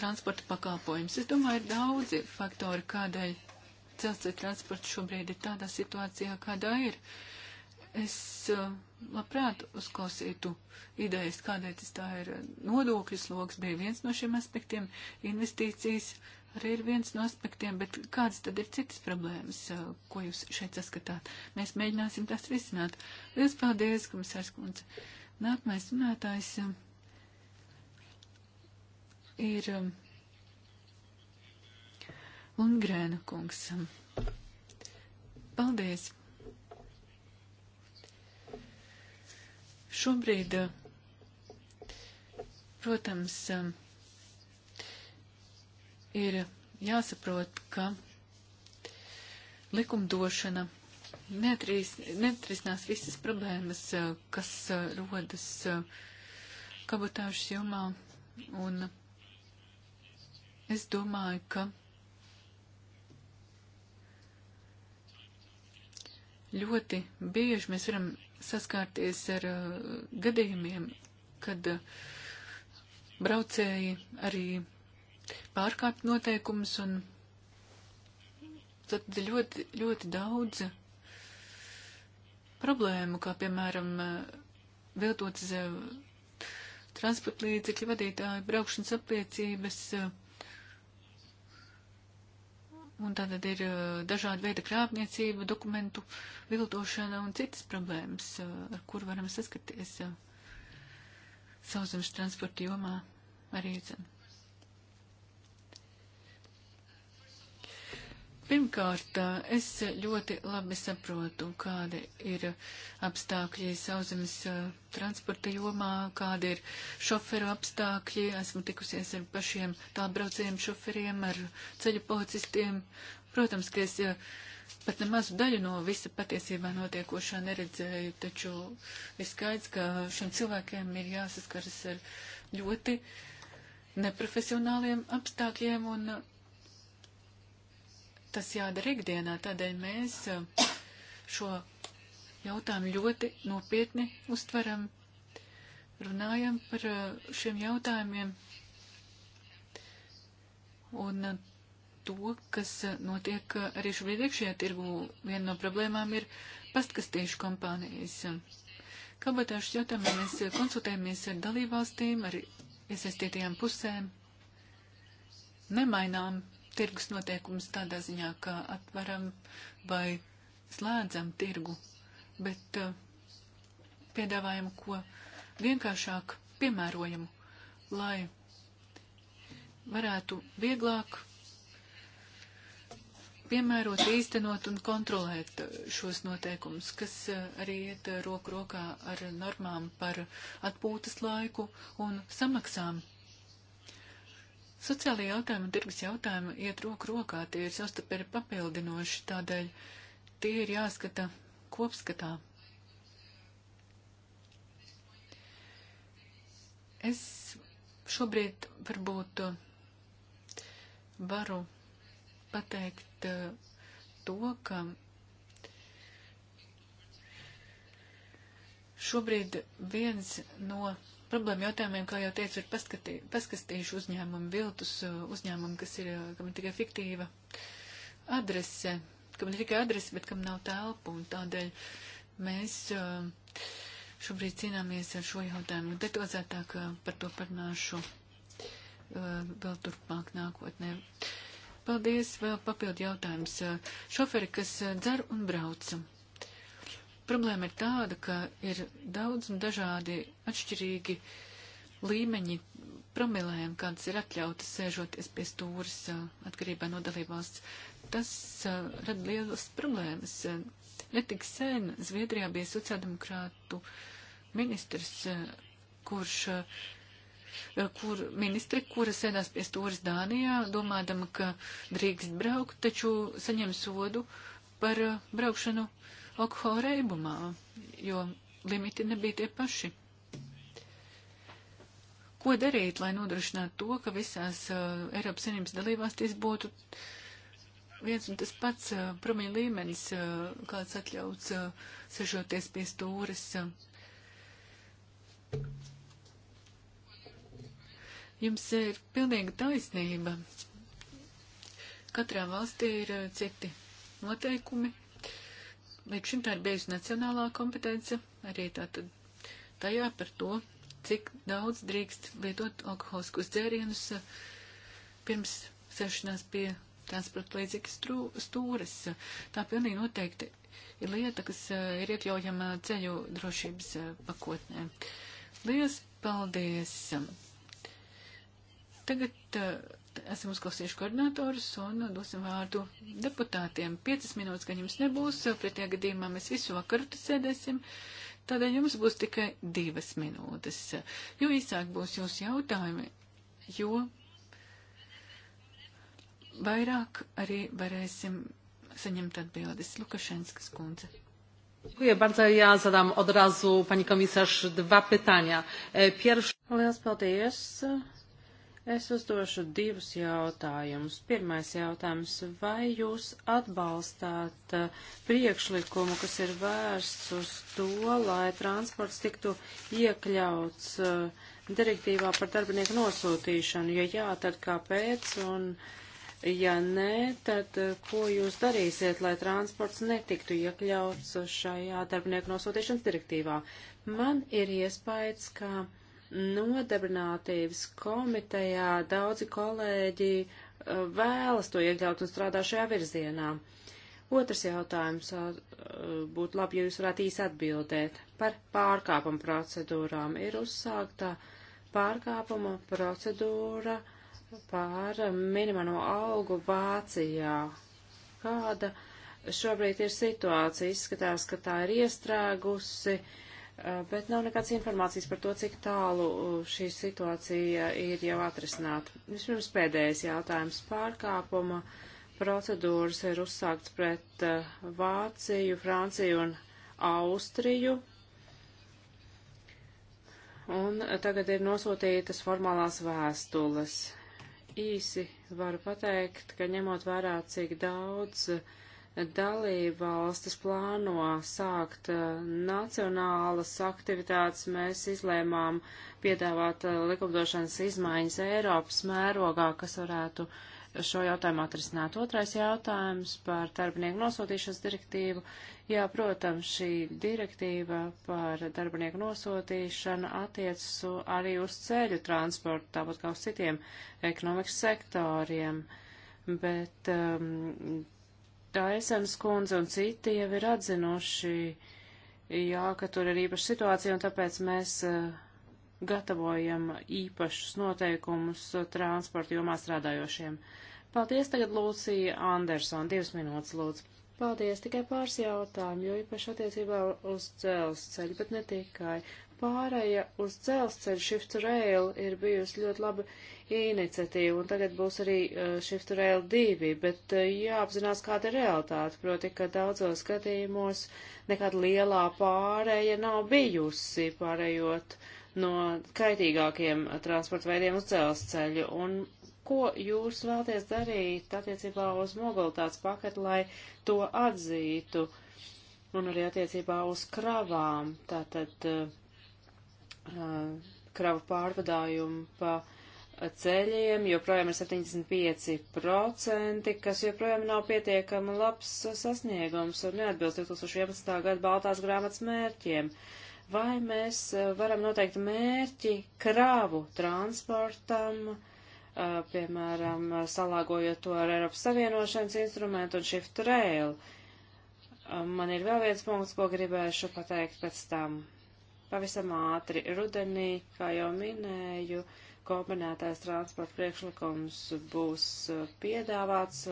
transporta pakalpojums. Es domāju, ir daudzi faktori, kādēļ dzelzceļa transports šobrīd ir tādā situācijā, kādā ir. Es uh, labprāt uzklausītu idejas, kādēļ tas tā ir. Nodokļu sloks bija viens no šiem aspektiem, investīcijas arī ir viens no aspektiem, bet kādas tad ir citas problēmas, ko jūs šeit saskatāt? Mēs mēģināsim tās risināt. Lielas paldies, komisārs Kunce. Nākamais runātājs ir Lungrēna kungs. Paldies! Šobrīd, protams, ir jāsaprot, ka likumdošana neatris, neatrisinās visas problēmas, kas rodas kabotāžas jomā. Un es domāju, ka ļoti bieži mēs varam saskārties ar uh, gadījumiem, kad uh, braucēji arī pārkāpt noteikumus, un tad ļoti, ļoti daudz problēmu, kā piemēram viltotas transporta līdzekļu vadītāju braukšanas apliecības. Un tātad ir uh, dažādi veidi krāpniecība, dokumentu viltošana un citas problēmas, uh, ar kur varam saskaties uh, sauszemes transporta jomā arī dzene. Pirmkārt, es ļoti labi saprotu, kāda ir apstākļi sauzemes transporta jomā, kāda ir šoferu apstākļi. Esmu tikusies ar pašiem tālbraucējiem šoferiem, ar ceļu policistiem. Protams, ka es pat nemazu daļu no visa patiesībā notiekošā neredzēju, taču ir skaidrs, ka šiem cilvēkiem ir jāsaskaras ar ļoti neprofesionāliem apstākļiem un tas jādara ikdienā, tādēļ mēs eh, šo jautājumu ļoti nopietni uztveram, runājam par eh, šiem jautājumiem un eh, to, kas notiek arī šobrīd iekšējā tirgu. Viena no problēmām ir pastkastīšu kompānijas. Kabatāšu jautājumā mēs konsultējamies ar dalībvalstīm, ar iesaistītajām pusēm. Nemainām tirgus noteikumus tādā ziņā, ka atveram vai slēdzam tirgu, bet uh, piedāvājam ko vienkāršāk piemērojamu, lai varētu vieglāk piemērot, īstenot un kontrolēt eh, šos noteikumus, kas eh, arī iet roku rokā ar normām par atpūtas laiku un samaksām Sociālajie jautājumi un tirgus jautājumi iet roku rokā, tie ir sastapēri papildinoši, tādēļ tie ir jāskata kopskatā. Es šobrīd varbūt varu pateikt eh, to, ka šobrīd viens no problēma jautājumiem, kā jau teicu, ir paskatī, paskastījuši uzņēmumu viltus, uh, uzņēmumu, kas ir, uh, kam ir tikai fiktīva adrese, kam ir tikai adrese, bet kam nav telpu, un tādēļ mēs uh, šobrīd cīnāmies ar šo jautājumu. Detalizētāk par to parunāšu vēl turpmāk nākotnē. Paldies, vēl papildu jautājums. Šoferi, kas dzer un braucam. Problēma ir tāda, ka ir daudz un dažādi atšķirīgi līmeņi promilēm, kādas ir atļautas sēžoties pie stūras atkarībā no dalībvalsts. Tas uh, rada lielas problēmas. Netik sen Zviedrijā bija sociāldemokrātu ministrs, kurš, kur ministri, kura sēdās pie stūras Dānijā, domādama, ka drīkst braukt, taču saņem sodu par braukšanu uh, alkohola reibumā, jo limiti nebija tie paši. Ko darīt, lai nodrošinātu to, ka visās uh, Eiropas Savienības dalībvalstīs būtu viens un tas pats uh, promiņu līmenis, uh, kāds atļauts uh, sežoties pie stūres? Uh. Jums ir pilnīga taisnība. Katrā valstī ir uh, citi noteikumi Līdz šim tā ir bijusi nacionālā kompetence, arī tātad tajā par to, cik daudz drīkst lietot alkoholiskus dzērienus eh, pirms sešanās pie transporta līdzīgas stūres. Tā pilnīgi noteikti ir lieta, kas eh, ir iekļaujama ceļu drošības eh, pakotnē. Lielas paldies! Tagad esam uzklausījuši koordinatorus un dosim vārdu deputātiem. Piecas minūtes, ka jums nebūs, pretējā gadījumā mēs visu vakaru te sēdēsim, tādēļ jums būs tikai divas minūtes. Jo īsāk būs jūsu jautājumi, jo vairāk arī varēsim saņemt atbildes. Lukašenskas kundze. Dziękuję bardzo. Ja zadam od razu, pani komisarz, dwa pytania. E, pierwsze... Liels paldies. Es uzdošu divus jautājumus. Pirmais jautājums - vai jūs atbalstāt uh, priekšlikumu, kas ir vērsts uz to, lai transports tiktu iekļauts uh, direktīvā par darbinieku nosūtīšanu? Ja jā, tad kāpēc? Un, ja nē, tad uh, ko jūs darīsiet, lai transports netiktu iekļauts šajā darbinieku nosūtīšanas direktīvā? Man ir iespējas, ka Nodarbinātības komitejā daudzi kolēģi uh, vēlas to iekļaut un strādā šajā virzienā. Otrs jautājums uh, būtu labi, ja jūs varētu īsi atbildēt par pārkāpumu procedūrām. Ir uzsākta pārkāpuma procedūra par minimālo algu Vācijā. Kāda šobrīd ir situācija? Izskatās, ka tā ir iestrēgusi. Uh, Eh, bet nav nekādas informācijas par to, cik tālu eh, šī situācija ir jau atrisināta. Vispirms pēdējais jautājums - pārkāpuma procedūras ir uzsākts pret eh, Vāciju, Franciju un Austriju. Un tagad ir nosūtītas formālās vēstules. Īsi varu pateikt, ka ņemot vērā, cik daudz uh, dalība valstis plāno sākt uh, nacionālas aktivitātes, mēs izlēmām piedāvāt uh, likumdošanas izmaiņas Eiropas mērogā, kas varētu šo jautājumu atrisināt. Otrais jautājums par darbinieku nosūtīšanas direktīvu. Jā, protams, šī direktīva par darbinieku nosūtīšanu attiecas arī uz ceļu transportu, tāpat kā uz citiem ekonomikas sektoriem. Bet um, Taisens kundze un citi jau ir atzinuši, jā, ka tur ir īpaša situācija, un tāpēc mēs eh, gatavojam īpašus noteikumus eh, transporta jomā strādājošiem. Paldies tagad Lūcija Andersona, divas minūtes lūdzu. Paldies, tikai pāris jautājumu, jo īpaši attiecībā uz dzelzceļu, bet ne tikai. Pārēja uz dzelzceļu Shift to Rail ir bijusi ļoti laba iniciatīva, un tagad būs arī uh, Shift to Rail 2, bet uh, jāapzinās, kāda ir realitāte, proti, ka daudzos gadījumos nekāda lielā pārēja nav bijusi, pārējot no kaitīgākiem transporta veidiem uz dzelzceļu, un Ko jūs vēlties darīt attiecībā uz mobilitātes paketu, lai to atzītu, un arī attiecībā uz kravām, tātad eh, eh, kravu pārvadājumu pa ceļiem, joprojām ir 75%, kas joprojām nav pietiekami labs sasniegums un neatbilst 2011. gada Baltās grāmatas mērķiem. Vai mēs eh, varam noteikt mērķi kravu transportam? piemēram, salāgojot to ar Eiropas Savienošanas instrumentu un Shift Rail. Man ir vēl viens punkts, ko gribēšu pateikt pēc tam. Pavisam ātri rudenī, kā jau minēju, kombinētais transporta priekšlikums būs piedāvāts,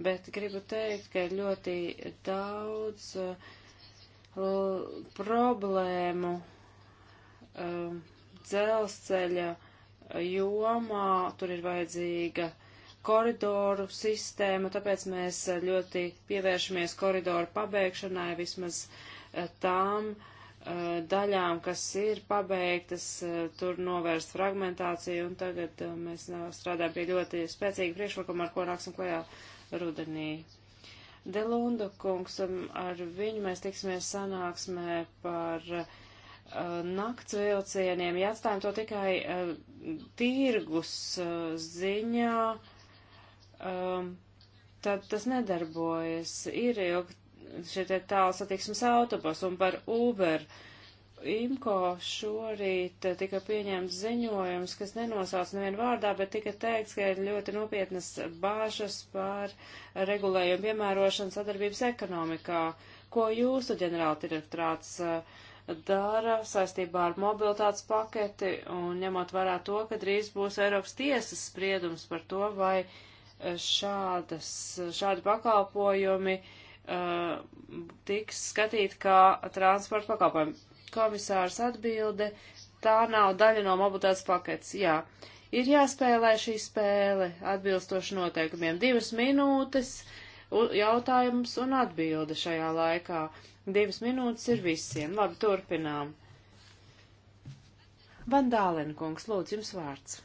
bet gribu teikt, ka ir ļoti daudz problēmu um, dzelzceļa jomā, tur ir vajadzīga koridoru sistēma, tāpēc mēs ļoti pievēršamies koridoru pabeigšanai vismaz eh, tām eh, daļām, kas ir pabeigtas, eh, tur novērst fragmentāciju, un tagad mēs strādājam pie ļoti spēcīga priekšlikuma, ar ko nāksim klajā rudenī. Delundu kungs, um, ar viņu mēs tiksimies sanāksmē par uh, nakts vilcieniem, ja atstājam to tikai uh, tirgus uh, ziņā, um, tad tas nedarbojas. Ir jau šie tie tālu satiksmes autobus un par Uber. Imko šorīt tika pieņemts ziņojums, kas nenosauc nevienu vārdā, bet tika teikts, ka ir ļoti nopietnas bāžas par regulējumu piemērošanu sadarbības ekonomikā. Ko jūsu ģenerāldirektorāts uh, dara saistībā ar mobilitātes paketi un ņemot vērā to, ka drīz būs Eiropas tiesas spriedums par to, vai eh, šādas, šādi pakalpojumi uh, tiks skatīti kā transporta pakalpojumi. Komisārs atbilde, tā nav daļa no mobilitātes paketes. Jā, ir jāspēlē šī spēle atbilstoši noteikumiem. Divas minūtes. Uh, jautājums un atbilde šajā laikā. Divas minūtes ir visiem. Labi, turpinām. Vandālēna kungs, lūdzu, jums vārds.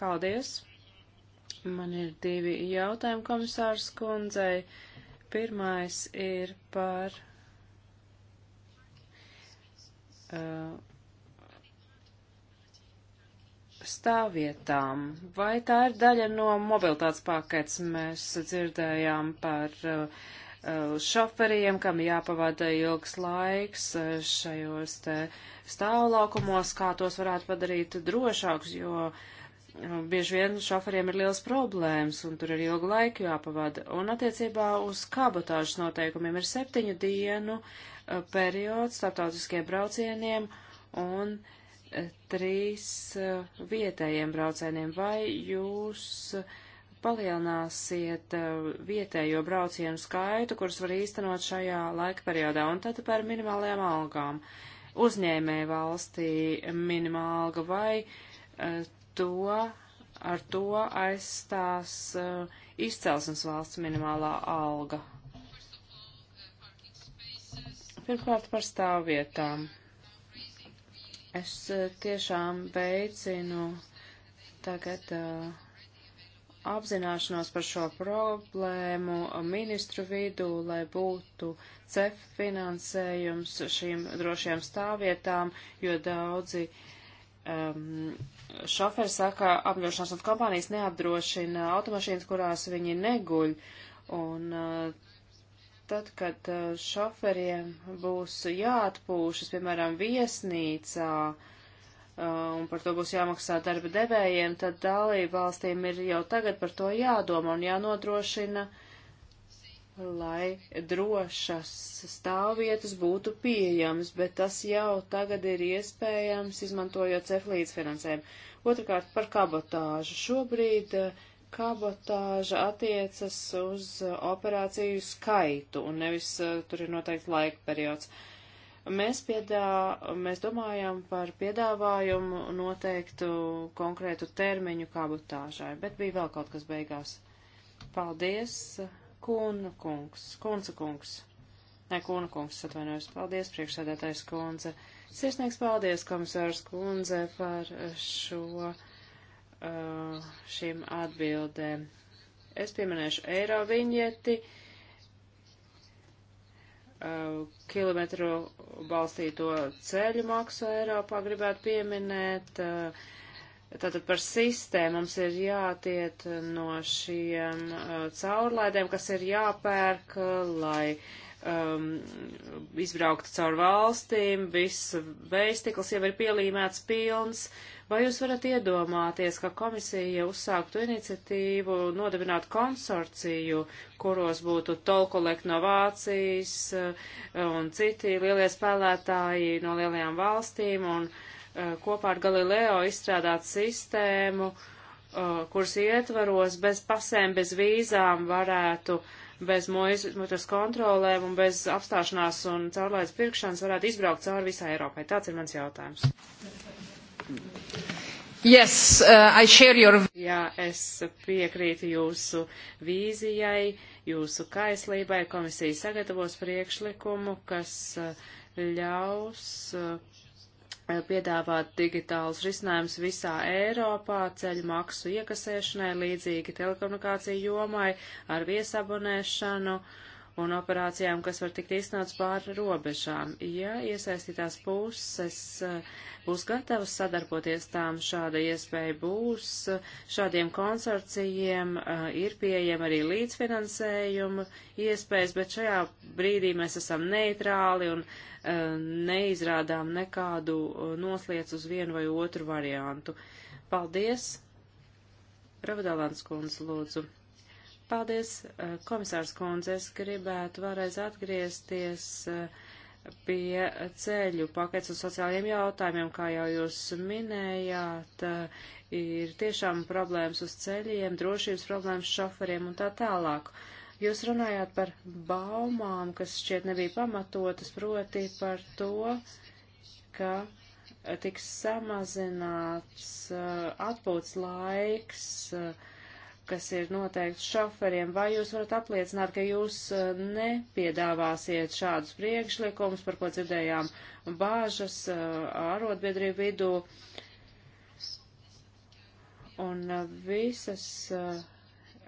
Paldies. Man ir divi jautājumi komisārs kundzei. Pirmais ir par. Uh, stāvvietām. Vai tā ir daļa no mobilitātes paketes? Mēs dzirdējām par uh, uh šoferiem, kam jāpavada ilgs laiks uh, šajos te stāvlaukumos, kā tos varētu padarīt drošāks, jo uh, bieži vien šoferiem ir liels problēmas un tur ir ilgu laiku jāpavada. Un attiecībā uz kabotāžas noteikumiem ir septiņu dienu periods starptautiskiem braucieniem un uh, trīs eh, vietējiem braucējiem. Vai jūs palielināsiet eh, vietējo braucienu skaitu, kurus var īstenot šajā laika periodā, un tad par minimālajām algām? Uzņēmēja valstī minimālga vai eh, to, ar to aizstās izcelsmes valsts minimālā alga? Pirmkārt par stāvvietām Es eh, tiešām veicinu tagad uh, apzināšanos par šo problēmu eh, ministru vidū, lai būtu cef finansējums šīm drošajām stāvvietām, jo daudzi um, šoferi saka, apdrošināšanas kompānijas neapdrošina automašīnas, kurās viņi neguļ. Un uh, Tad, kad uh, šoferiem būs jāatpūšas, piemēram, viesnīcā, uh, un par to būs jāmaksā darba devējiem, tad dalību valstīm ir jau tagad par to jādomā un jānodrošina, lai drošas stāvvietas būtu pieejamas, bet tas jau tagad ir iespējams, izmantojot cef līdzfinansējumu. Otrakārt par kabotāžu. Šobrīd uh, kabotāža attiecas uz uh, operāciju skaitu un nevis uh, tur ir noteikti laika periods. Mēs, piedā, mēs domājam par piedāvājumu noteiktu konkrētu termiņu kabotāžai, bet bija vēl kaut kas beigās. Paldies, Kuna kungs, Kunca kungs. Nē, Kuna kungs, atvainojos. Paldies, priekšsēdētājs kundze. Sirsnīgs paldies, komisārs kundze, par šo Uh, šīm atbildēm. Es pieminēšu eiro viņieti, uh, kilometru balstīto ceļu maksu Eiropā gribētu pieminēt. Uh, tātad par sistēmu mums ir jātiet no šiem caurlaidēm, kas ir jāpērk, lai uh, um, izbraukti caur valstīm, viss veistikls jau ir pielīmēts pilns. Vai jūs varat iedomāties, ka komisija uzsāktu iniciatīvu nodibināt konsorciju, kuros būtu Tolkolek no Vācijas uh, un citi lielie spēlētāji no lielajām valstīm un uh, kopā ar Galileo izstrādāt sistēmu, uh, kuras ietvaros bez pasēm, bez vīzām varētu uh, bez muitas kontrolēm un bez apstāšanās un caurlaides pirkšanas varētu izbraukt cauri visai Eiropai? Tāds ir mans jautājums. Yes, uh, I share your... Jā, es piekrītu jūsu vīzijai, jūsu kaislībai. Komisija sagatavos priekšlikumu, kas uh, ļaus uh, piedāvāt digitālus risinājumus visā Eiropā ceļu maksu iekasēšanai, līdzīgi telekomunikāciju jomai, ar viesabonēšanu, uh, un operācijām, kas var tikt īstenots pāri robežām. Ja iesaistītās puses eh, būs gatavas sadarboties tām, šāda iespēja būs, šādiem konsorcijiem eh, ir pieejama arī līdzfinansējuma iespējas, bet šajā brīdī mēs esam neitrāli un eh, neizrādām nekādu nosliecu uz vienu vai otru variantu. Paldies! Pravadalāns kundze, lūdzu. Paldies, eh, komisārs kundze. Es gribētu vēlreiz atgriezties eh, pie ceļu paketes un sociālajiem jautājumiem, kā jau jūs minējāt, eh, ir tiešām problēmas uz ceļiem, drošības problēmas šoferiem un tā tālāk. Jūs runājāt par baumām, kas šķiet nebija pamatotas, proti par to, ka tiks samazināts atpūtas laiks uh, kas ir noteikts šoferiem, vai jūs varat apliecināt, ka jūs eh, nepiedāvāsiet šādus priekšlikumus, par ko dzirdējām bāžas eh, ārotbiedrību vidū? Un eh, visas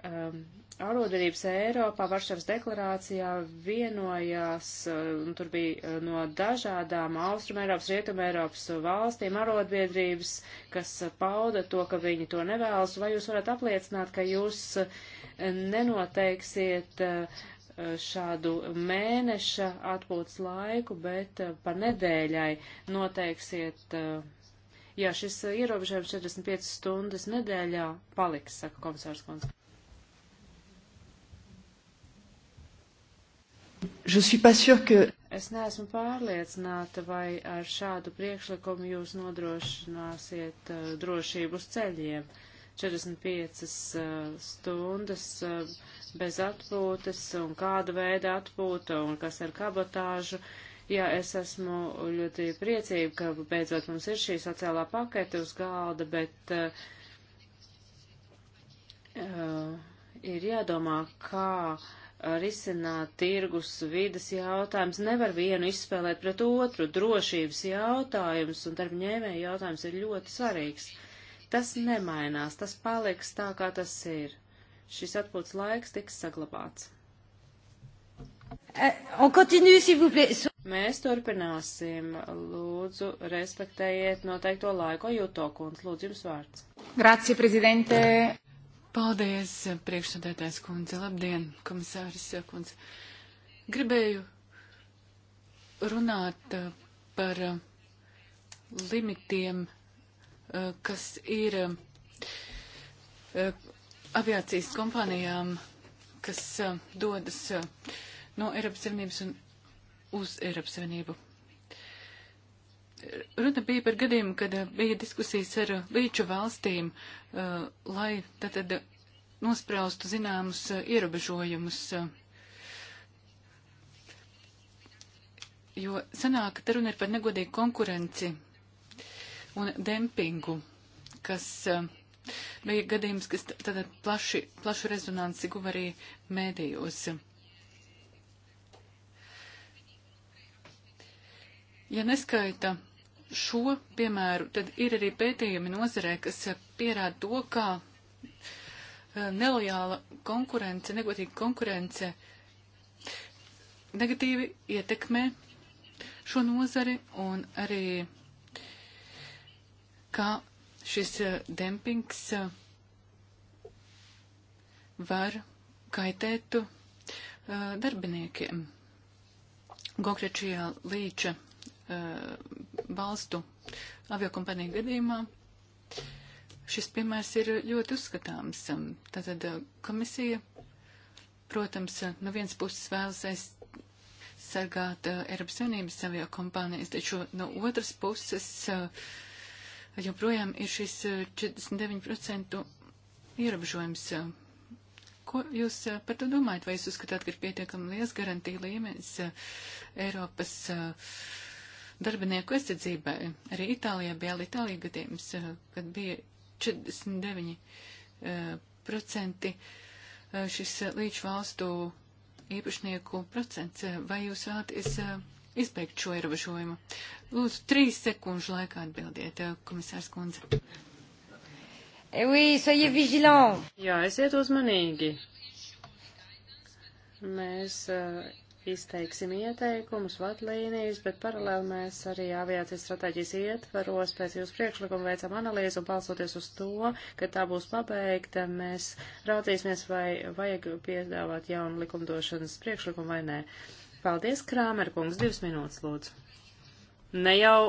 um, Ārodarības Eiropā Varšavas deklarācijā vienojās, uh, un tur bija uh, no dažādām Austrumēropas, Rietumēropas valstīm arotbiedrības, kas uh, pauda to, ka viņi to nevēlas. Vai jūs varat apliecināt, ka jūs nenoteiksiet šādu mēneša atpūtas laiku, bet pa nedēļai noteiksiet, ja šis ierobežojums 45 stundas nedēļā paliks, saka komisārs Konstants. Que... Es neesmu pārliecināta, vai ar šādu priekšlikumu jūs nodrošināsiet uh, drošību uz ceļiem. 45 uh, stundas uh, bez atpūtas un kāda veida atpūta un kas ar kabotāžu. Jā, es esmu ļoti priecīga, ka beidzot mums ir šī sociālā pakete uz galda, bet uh, uh, ir jādomā, kā. Uh, risināt tirgus vidas jautājums, nevar vienu izspēlēt pret otru. Drošības jautājums un darbņēmēja jautājums ir ļoti svarīgs. Tas nemainās, tas paliks tā, kā tas ir. Šis atpūtas laiks tiks saglabāts. Eh, Mēs turpināsim. Lūdzu, respektējiet noteikto laiku, jo to kundz, lūdzu, jums vārds. Grazie, prezidente. Paldies, priekšsādētājs kundze. Labdien, komisāris kundze. Gribēju runāt uh, par uh, limitiem, uh, kas ir um, aviācijas kompānijām, kas dodas no Eiropas Savienības un uz Eiropas Savienību. Runa bija par gadījumu, kad eh, bija diskusijas ar eh, līču valstīm, eh, lai tātad nospraustu zināmus ierobežojumus. Jo sanāk, ka te runa ir par negodīgu konkurenci un dempingu, kas bija gadījums, kas tātad plaši, plašu rezonansi guva arī mēdījos. Ja neskaita šo piemēru, tad ir arī pētījumi nozarē, kas pierāda to, kā eh, nelojāla konkurence, negatīva konkurence negatīvi ietekmē šo nozari un arī kā šis eh, dempings eh, var kaitēt darbiniekiem. Konkrēt šajā līča valstu aviokompaniju gadījumā šis piemērs ir ļoti uzskatāms. Tātad uh, komisija, protams, uh, no vienas puses vēlas aizsargāt uh, Eiropas Savienības avio kompānijas, taču no otras puses joprojām ir šis 49% ierobežojums. Ko jūs par to domājat? Vai jūs uzskatāt, ka ir pietiekami liels garantija līmenis Eiropas uh, darbinieku aizsardzībai. Arī Itālijā bija Itālija gadījums, eh, kad bija 49 eh, procenti eh, šis līdz valstu īpašnieku procents. Vai jūs vēlaties izbeigt šo ierobežojumu? Lūdzu, trīs sekundžu laikā atbildiet, komisārs Kundze. Oui, soyez vigilant. Jā, esiet uzmanīgi. Mēs uh, izteiksim ieteikumus, vadlīnijas, bet paralēli mēs arī aviācijas strateģijas ietvaros pēc jūsu priekšlikuma veicam analīzi un balsoties uz to, ka tā būs pabeigta, mēs raudzīsimies, vai vajag piedāvāt jaunu likumdošanas priekšlikumu vai nē. Paldies, Krāmerkungs, divas minūtes lūdzu. Ne jau,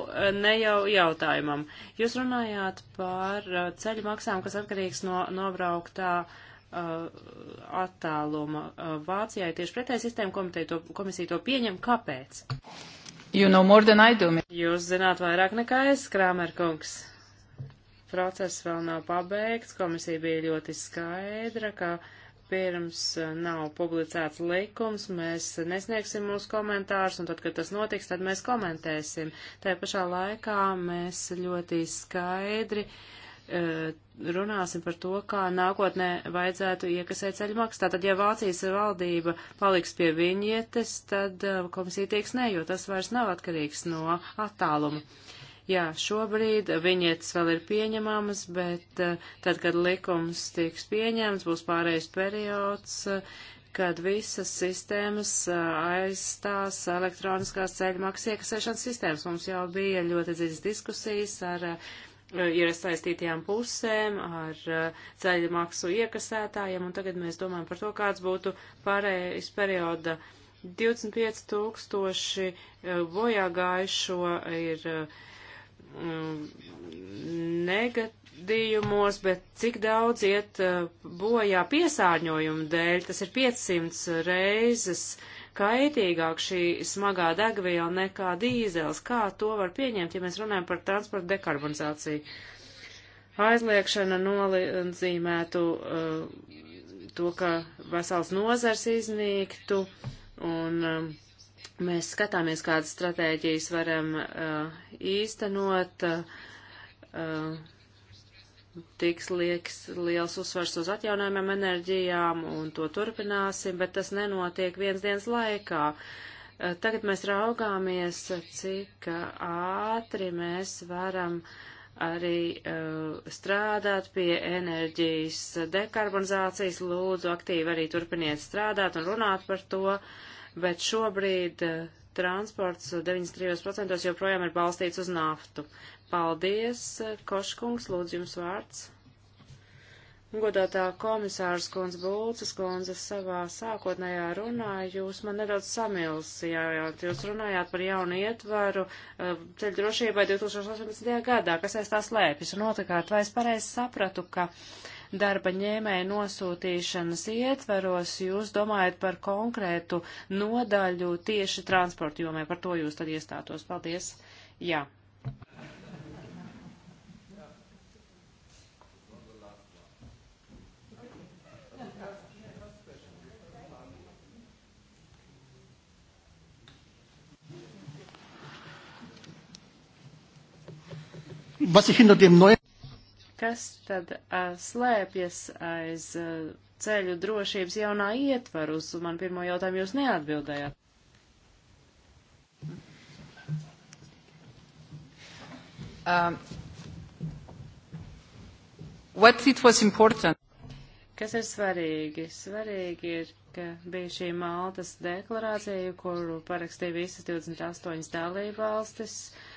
ne jau jautājumam. Jūs runājāt par uh, ceļu maksām, kas atkarīgs no nobrauktā uh, Uh, attāluma. Uh, Vācijā ir tieši pretēji sistēma, to, komisija to pieņem. Kāpēc? You know more than I do. Jūs zināt vairāk nekā es, Krāmerkungs. Process vēl nav pabeigts, komisija bija ļoti skaidra, ka pirms uh, nav publicēts likums, mēs nesniegsim mūsu komentārus, un tad, kad tas notiks, tad mēs komentēsim. Tā pašā laikā mēs ļoti skaidri uh, Eh, runāsim par to, kā nākotnē vajadzētu iekasēt ceļu maksu. Tātad, ja Vācijas valdība paliks pie viņietes, tad eh, komisija tieks ne, jo tas vairs nav atkarīgs no attāluma. Jā, šobrīd viņietes vēl ir pieņemamas, bet eh, tad, kad likums tiks pieņemts, būs pārējais periods, kad visas sistēmas aizstās elektroniskās ceļu maksas iekasēšanas sistēmas. Mums jau bija ļoti dziļas diskusijas ar uh, Eh, ir saistītajām pusēm, ar eh, ceļu maksu iekasētājiem, un tagad mēs domājam par to, kāds būtu pārējais perioda 25 tūkstoši eh, bojā gājušo ir mm, negadījumos, bet cik daudz iet bojā piesārņojumu dēļ, tas ir 500 reizes uh, kaitīgāk šī smagā degviela nekā dīzels. Kā to var pieņemt, ja mēs runājam par transporta dekarbonizāciju? Aizliekšana nozīmētu uh, to, ka vesels nozars iznīktu un um, mēs skatāmies, kādas stratēģijas varam uh, īstenot. Uh, uh, tiks liekas liels uzsvars uz atjaunojumiem enerģijām un to turpināsim, bet tas nenotiek viens dienas laikā. Eh, tagad mēs raugāmies, cik ātri mēs varam arī uh, strādāt pie enerģijas dekarbonizācijas. Lūdzu, aktīvi arī turpiniet strādāt un runāt par to, bet šobrīd uh, transports 93% joprojām ir balstīts uz naftu. Paldies, Koškungs, lūdzu jums vārds. Godātā komisārs kundze Bulces kundze savā sākotnējā runā jūs man nedaudz samilsījāt. Jūs runājāt par jaunu ietvaru eh, ceļu drošībai 2018. gadā, kas aiz tā slēpjas. Un otrkārt, vai es pareizi sapratu, ka darba ņēmēja nosūtīšanas ietvaros jūs domājat par konkrētu nodaļu tieši transporta jomē, par to jūs tad iestātos. Paldies. Jā. Kas tad uh, slēpjas aiz uh, ceļu drošības jaunā ietvarus? Man pirmo jautājumu jūs neatbildējāt. Um, what it was important? Kas ir svarīgi? Svarīgi ir, ka bija šī Maltas deklarācija, kuru parakstīja visas 28 dalībvalstis. valstis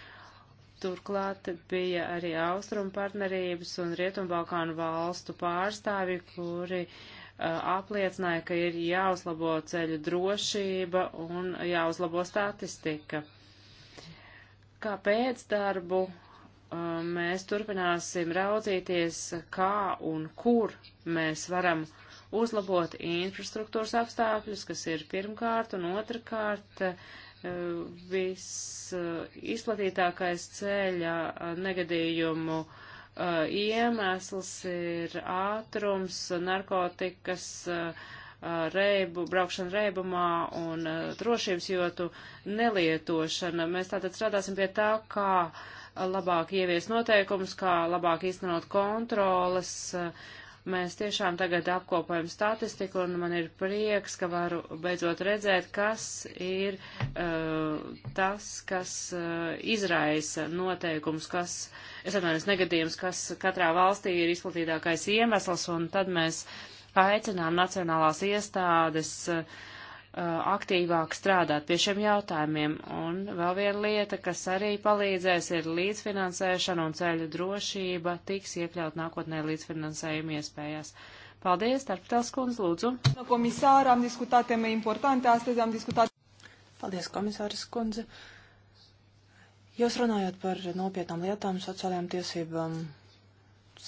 Turklāt bija arī Austrum partnerības un Rietumbalkānu valstu pārstāvi, kuri uh, apliecināja, ka ir jāuzlabo ceļu drošība un jāuzlabo statistika. Kā pēcdarbu uh, mēs turpināsim raudzīties, kā un kur mēs varam uzlabot infrastruktūras apstākļus, kas ir pirmkārt un otrkārt. Uh, visizplatītākais ceļa negadījumu iemesls ir ātrums, narkotikas, reibu, braukšana reibumā un drošības jotu nelietošana. Mēs tātad strādāsim pie tā, kā labāk ievies noteikumus, kā labāk īstenot kontroles, uh, Mēs tiešām tagad apkopojam statistiku, un man ir prieks, ka varu beidzot redzēt, kas ir uh, tas, kas uh, izraisa noteikums, kas, es atvainojos, negadījums, kas katrā valstī ir izplatītākais iemesls, un tad mēs aicinām nacionālās iestādes. Uh, Uh, aktīvāk strādāt pie šiem jautājumiem. Un vēl viena lieta, kas arī palīdzēs, ir līdzfinansēšana un ceļu drošība tiks iekļaut nākotnē līdzfinansējuma iespējās. Paldies, Tarptels kundz, lūdzu. No komisāra am discutat teme importante, astăzi am discutat. Paldies, komisāras kundze. Jūs runājat par nopietnām lietām, sociālajām tiesībām,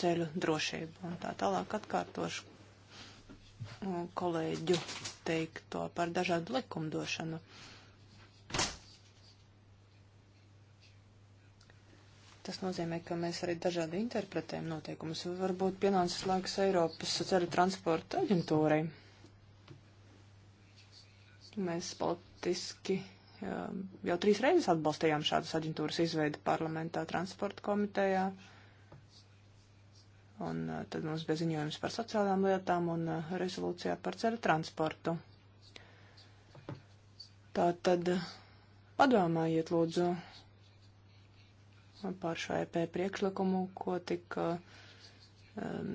ceļu drošību un tā tālāk atkārtošu kolēģu teikto par dažādu likumdošanu. Tas nozīmē, ka mēs arī dažādi interpretējam noteikumus. Varbūt pienācis laiks Eiropas ceļu transporta aģentūrai. Mēs politiski um, jau trīs reizes atbalstījām šādas aģentūras izveidi parlamentā, transporta komitejā. Uh, Un uh, tad mums bija ziņojums par sociālām lietām un uh, rezolūcijā par ceļu transportu. Tā tad uh, padomājiet lūdzu par šo EP priekšlikumu, ko tik um,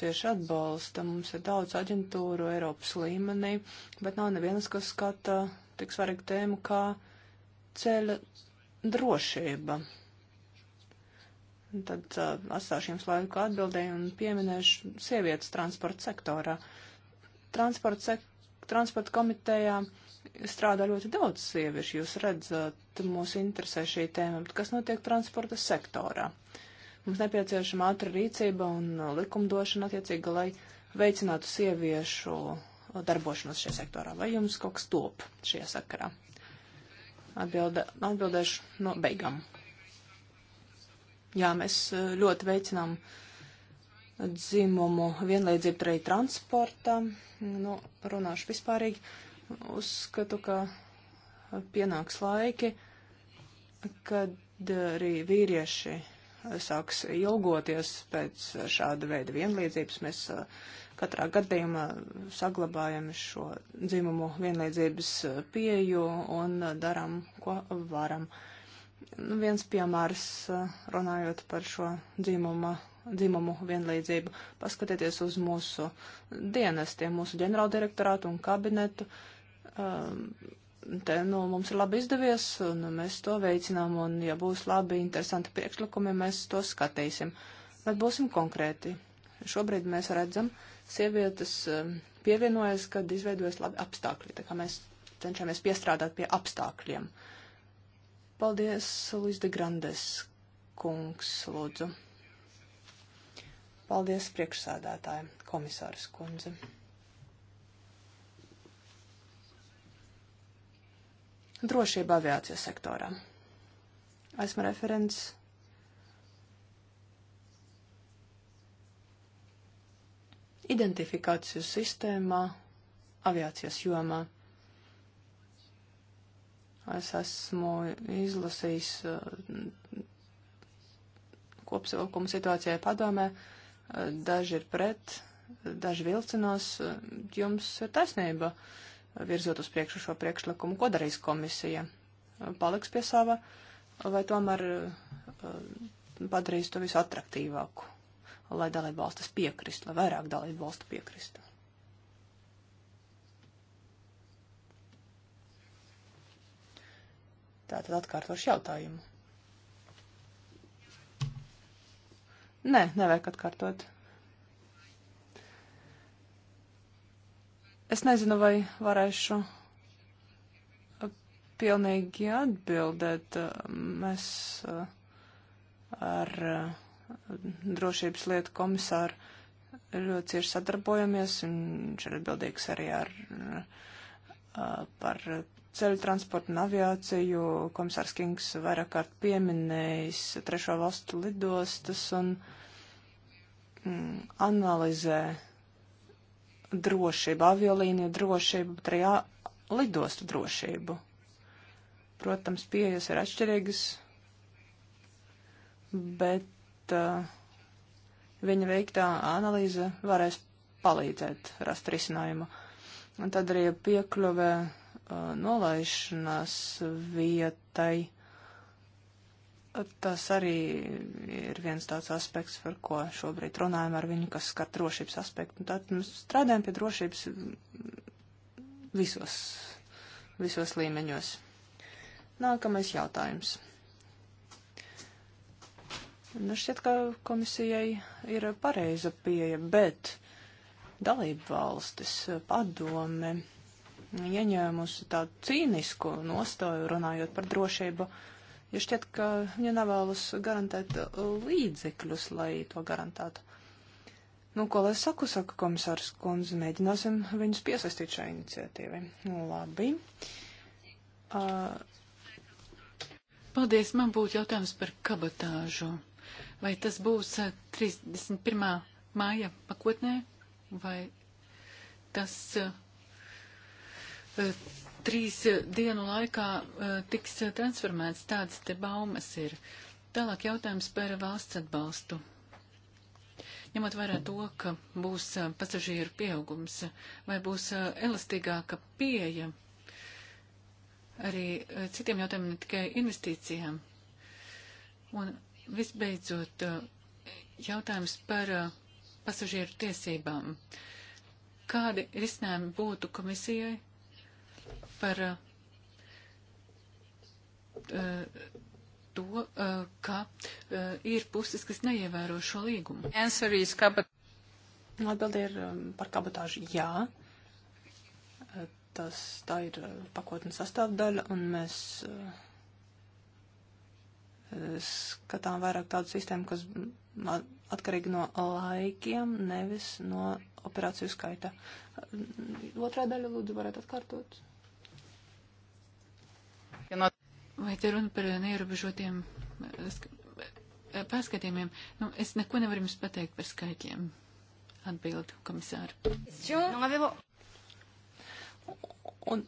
cieši atbalsta. Mums ir daudz aģentūru Eiropas līmenī, bet nav nevienas, kas skata tik svarīgu tēmu kā ceļa drošība. Un tad uh, atstāšu jums laiku atbildēju un pieminēšu sievietes transporta sektorā. Transporta, sek transporta komitejā strādā ļoti daudz sieviešu. Jūs redzat, mūs interesē šī tēma, bet kas notiek transporta sektorā? Mums nepieciešama ātra rīcība un likumdošana attiecīga, lai veicinātu sieviešu darbošanos šajā sektorā. Vai jums kaut kas top šajā sakarā? Atbilde, atbildēšu no beigām. Jā, mēs eh, ļoti veicinām dzimumu vienlīdzību arī transportā. Nu, runāšu vispārīgi. Uzskatu, ka pienāks laiki, kad eh, arī vīrieši sāks ilgoties pēc šāda veida vienlīdzības. Mēs eh, katrā gadījumā saglabājam šo dzimumu vienlīdzības pieju un darām, ko varam. Uh, Nu, viens piemērs, eh, runājot par šo dzimuma, dzimumu vienlīdzību, paskatieties uz mūsu dienestiem, mūsu ģenerāldirektorātu un kabinetu. Ehm, te, nu, mums ir labi izdevies, un mēs to veicinām, un ja būs labi, interesanti priekšlikumi, mēs to skatīsim. Bet būsim konkrēti. Šobrīd mēs redzam, sievietes ehm, pievienojas, kad izveidojas labi apstākļi, tā kā mēs cenšamies piestrādāt pie apstākļiem. Uh, Paldies, Luis de Grandes kungs, lūdzu. Paldies, priekšsēdētāji, komisārs kundze. Drošība aviācijas sektorā. Esmu referents identifikāciju sistēmā aviācijas jomā. Es esmu izlasījis eh, kopsavilkuma situācijai padomē. Eh, daži ir pret, daži vilcinās. Eh, jums ir taisnība virzot uz priekšu šo priekšlikumu. Ko darīs komisija? Paliks pie sava vai tomēr padarīs to visu atraktīvāku, lai dalībvalstis piekrist, lai vairāk dalībvalstu piekristu? Tātad atkārtošu jautājumu. Nē, nevajag atkārtot. Es nezinu, vai varēšu pilnīgi atbildēt. Mēs eh, ar eh, drošības lietu komisāru ļoti cieši sadarbojamies, un viņš ir atbildīgs arī ar, eh, par ceļu transportu un aviāciju. Komisārs Kings vairāk kārt pieminējis trešo valstu lidostas un mm, analizē drošību, aviolīniju drošību, bet arī lidostu drošību. Protams, pieejas ir atšķirīgas, bet uh, viņa veiktā analīze varēs palīdzēt rast risinājumu. Un tad arī piekļuve Uh, nolaišanās vietai. Tas arī ir viens tāds aspekts, par ko šobrīd runājam ar viņu, kas skar drošības aspektu. Tātad mēs strādājam pie drošības visos, visos līmeņos. Nākamais jautājums. Nu, šķiet, ka komisijai ir pareiza pieeja, bet dalību valstis padome ieņēmusi tādu cīnisku nostāju runājot par drošību, jo šķiet, ka viņa nevēlas garantēt līdzekļus, lai to garantētu. Nu, ko lai saku, saka komisārs kundze, mēģināsim viņus piesaistīt šai iniciatīvai. Nu, labi. Uh, Paldies, man būtu jautājums par kabatāžu. Vai tas būs 31. Eh, māja pakotnē, vai tas eh, Eh, trīs dienu laikā eh, tiks transformēts. Tādas te baumas ir. Tālāk jautājums par valsts atbalstu. Ņemot vērā to, ka būs eh, pasažieru pieaugums, vai būs elastīgāka pieeja arī citiem jautājumiem, ne tikai investīcijām. Un visbeidzot, jautājums par pasažieru tiesībām. Kādi risinājumi būtu komisijai par uh, uh, to, uh, ka uh, ir puses, kas neievēro šo līgumu. Atbildi ir um, par kabatāžu jā. Uh, tas, tā ir uh, pakotnes sastāvdaļa, un mēs skatām vairāk tādu sistēmu, kas atkarīgi no laikiem, nevis no operāciju skaita. Otrā daļa, lūdzu, varētu atkārtot vai te runa par eh, neierobežotiem eh, eh, pārskatījumiem? Nu, es neko nevaru jums pateikt par skaitļiem. Atbildu komisāru. Un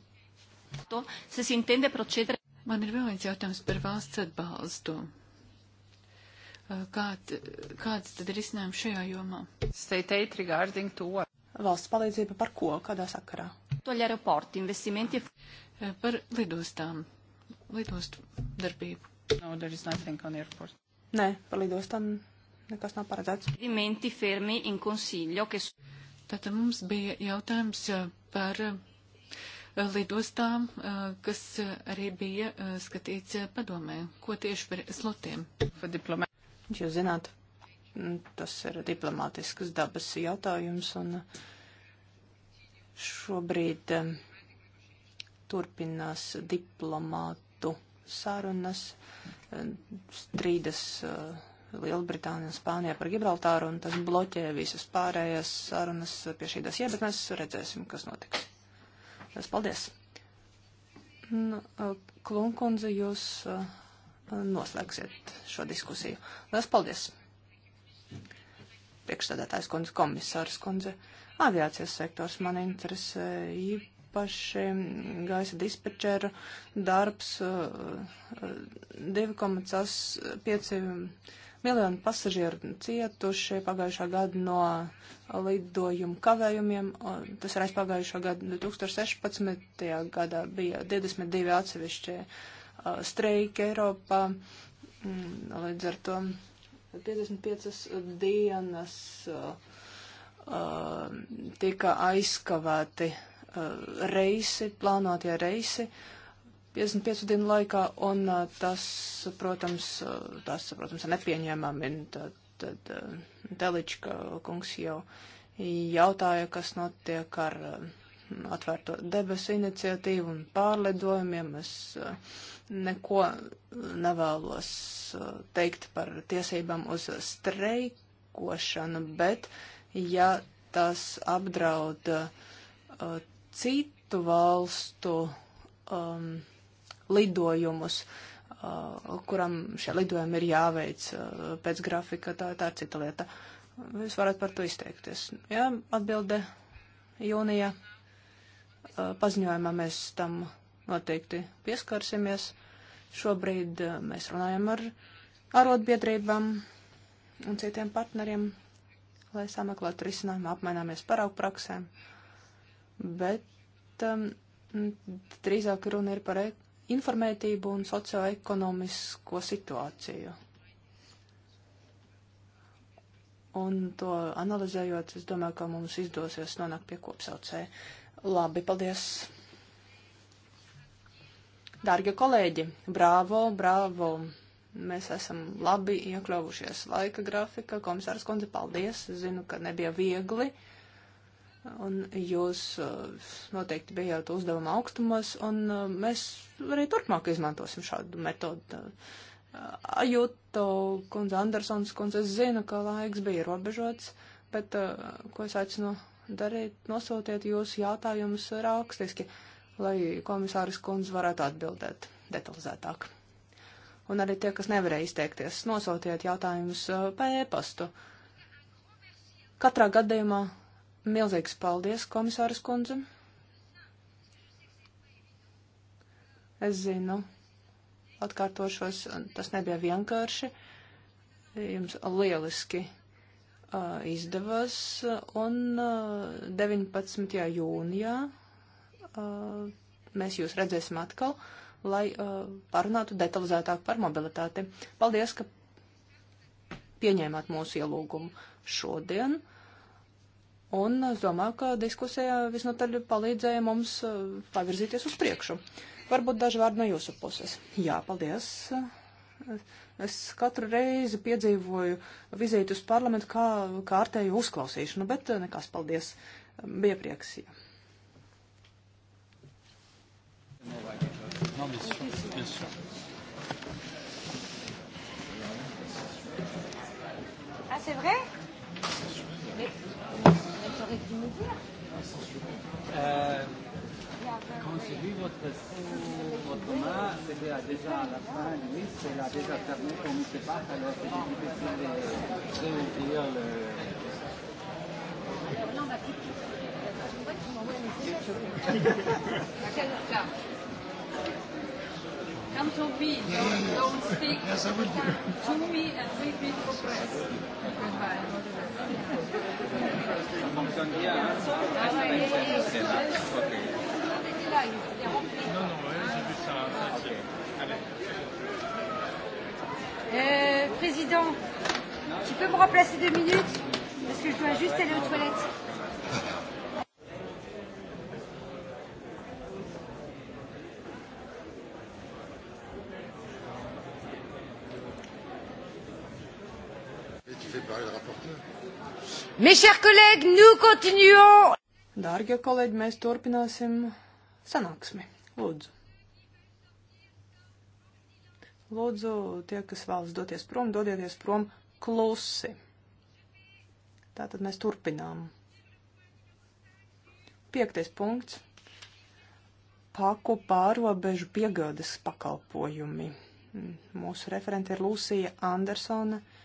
to se intende procedere. Man ir vēl viens jautājums par valsts atbalstu. Kād, kāds tad ir izcinājums šajā jomā? State aid regarding to. Valsts palīdzība par ko? Kādā sakarā? To ļaru porti investimenti. Par lidostām lidostu darbību. No, there is nothing on airport. Nē, par lidostām nekas nav paredzēts. Dimenti fermi in consiglio, kas... Tātad mums bija jautājums eh, par eh, lidostām, eh, kas arī bija skatīts padomē. Ko tieši par slotiem? Jūs zināt, mm, tas ir diplomātisks dabas jautājums, un šobrīd turpinās diplomāti sārunas, eh, strīdas eh, Lielbritānija un Spānija par Gibraltāru, un tas bloķē visas pārējās sarunas pie šī dosie, bet mēs redzēsim, kas notiks. Es paldies. Nu, eh, Klunkundze, jūs noslēgsiet šo diskusiju. Lielas paldies. Priekšstādātājs kundze, komisārs kundze, aviācijas sektors man interesē īpaši gaisa dispečera darbs 2,5 uh, uh, miljonu pasažieru cietuši pagājušā gada no lidojumu kavējumiem. Tas ir aizpagājušā gada 2016. gadā bija 22 atsevišķie uh, streiki Eiropā. Mm, līdz ar to 55 dienas uh, tika aizskavēti Eh, reisi, plānotie reisi 55 dienu laikā, un eh, tas, protams, eh, tas, protams, ir nepieņēmami. Tad, tad Delička kungs jau jautāja, kas notiek ar atvērto debesu iniciatīvu un pārlidojumiem. Es neko nevēlos teikt par tiesībām uz streikošanu, bet ja tas apdraud citu valstu um, lidojumus, uh, kuram šie lidojumi ir jāveic uh, pēc grafika, tā, tā ir cita lieta. Jūs varat par to izteikties. Jā, atbilde jūnija uh, paziņojumā mēs tam noteikti pieskarsimies. Šobrīd uh, mēs runājam ar arotbiedrībām un citiem partneriem, lai sameklētu risinājumu, apmaināmies paraugu praksēm. Uh, bet um, drīzāk runa ir par e informētību un socioekonomisko situāciju. Un to analizējot, es domāju, ka mums izdosies nonākt pie kopsaucē. Labi, paldies! Dārgie kolēģi, bravo, bravo! Mēs esam labi iekļaujušies laika grafikā. Komisārs Konze, paldies! Es zinu, ka nebija viegli. Un jūs uh, noteikti bijāt uzdevuma augstumos, un uh, mēs arī turpmāk izmantosim šādu metodu. Uh, Ajuto kundze Andersons kundze, es zinu, ka laiks bija ierobežots, bet ko es aicinu darīt, nosūtiet jūsu jautājumus rakstiski, lai komisāris kundze varētu atbildēt detalizētāk. Un arī tie, kas nevarēja izteikties, nosūtiet jautājumus pa e-pastu. Katrā gadījumā Milzīgs paldies, komisāras kundze. Es zinu, atkārtošos, tas nebija vienkārši. Jums lieliski uh, izdevās, un uh, 19. jūnijā uh, mēs jūs redzēsim atkal, lai uh, parunātu detalizētāk par mobilitāti. Paldies, ka pieņēmāt mūsu ielūgumu šodien. Uh, Un es domāju, ka diskusijā visnotaļ palīdzēja mums eh, pavirzīties uz priekšu. Varbūt daži vārdi no jūsu puses. Jā, paldies. Es katru reizi piedzīvoju vizīti uz parlamentu kā kārtēju uzklausīšanu, bet eh, nekas paldies. Bija prieks. Jā. Non, bien sûr, bien sûr. Ah, c'est vrai? Mais et puis me dire. Euh, quand j'ai vu votre, votre main, c'était déjà à la fin, oui, c'est là déjà terminé qu'on ne sait pas, alors c'est difficile de réouvrir le. Alors là, on va cliquer. Parce qu'en fait, tu m'envoies un message. [LAUGHS] come to me. Yeah, don't, yeah, yeah. don't speak. Yes, I will do. Come to me and read me for press. Goodbye. No, no, j'ai vu ça. Euh, président, tu peux me remplacer deux minutes Parce que je dois juste aller aux toilettes. Mes chers collègues, nous continuons. Dārgie kolēģi, mēs turpināsim sanāksmi. Lūdzu. Lūdzu, tie, kas vēlas doties prom, dodieties prom klusi. Tātad mēs turpinām. Piektais punkts. Paku pārobežu piegādes pakalpojumi. Mūsu referente ir Lūsija Andersona. Uh,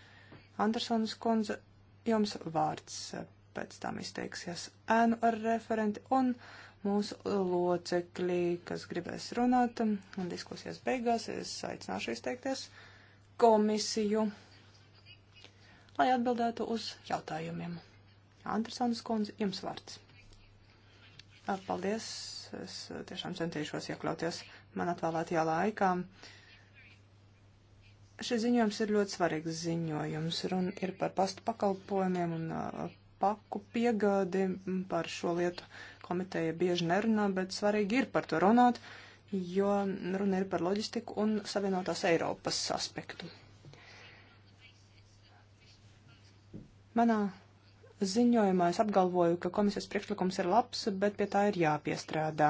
Andersonas kundze, jums vārds eh, pēc tam izteiksies ēnu ar referenti un mūsu locekļi, kas gribēs runāt um, un diskusijas beigās, es aicināšu izteikties komisiju, lai atbildētu uz jautājumiem. Andersonas kundze, jums vārds. Ah, paldies, es eh, tiešām centīšos iekļauties man atvēlētajā laikā. Uh, Šis ziņojums ir ļoti svarīgs ziņojums. Runa ir par pastu pakalpojumiem un uh, paku piegādi. Par šo lietu komiteja bieži nerunā, bet svarīgi ir par to runāt, jo runa ir par loģistiku un savienotās Eiropas aspektu. Manā ziņojumā es apgalvoju, ka komisijas priekšlikums ir labs, bet pie tā ir jāpiestrādā.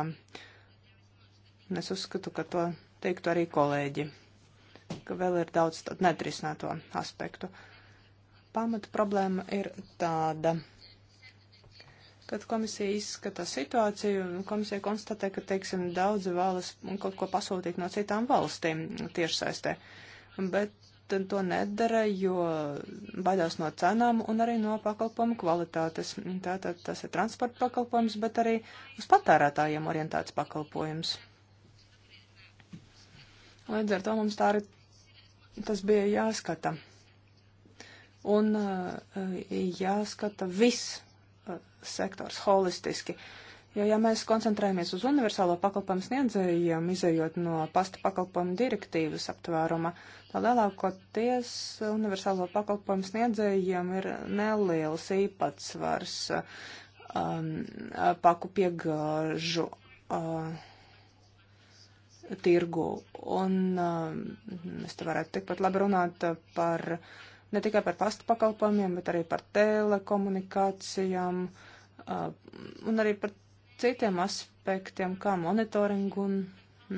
Es uzskatu, ka to teiktu arī kolēģi ka vēl ir daudz nedrisināto aspektu. Pamata problēma ir tāda. Kad komisija izskata situāciju, komisija konstatē, ka, teiksim, daudzi vēlas kaut ko pasūtīt no citām valstīm tiešsaistē, bet to nedara, jo baidās no cenām un arī no pakalpojumu kvalitātes. Tātad tas ir transporta pakalpojums, bet arī uz patērētājiem orientēts pakalpojums. Līdz ar to mums tā ir tas bija jāskata. Un eh, jāskata viss eh, sektors holistiski. Jo, ja mēs koncentrējamies uz universālo pakalpojumu sniedzējiem, izējot no pasta pakalpojumu direktīvas aptvēruma, tad lielākoties universālo pakalpojumu sniedzējiem ir neliels īpatsvars um, paku piegāžu uh, tirgu. Un mēs um, te varētu tikpat labi runāt par ne tikai par pastu pakalpojumiem, bet arī par telekomunikācijām uh, un arī par citiem aspektiem, kā monitoringu un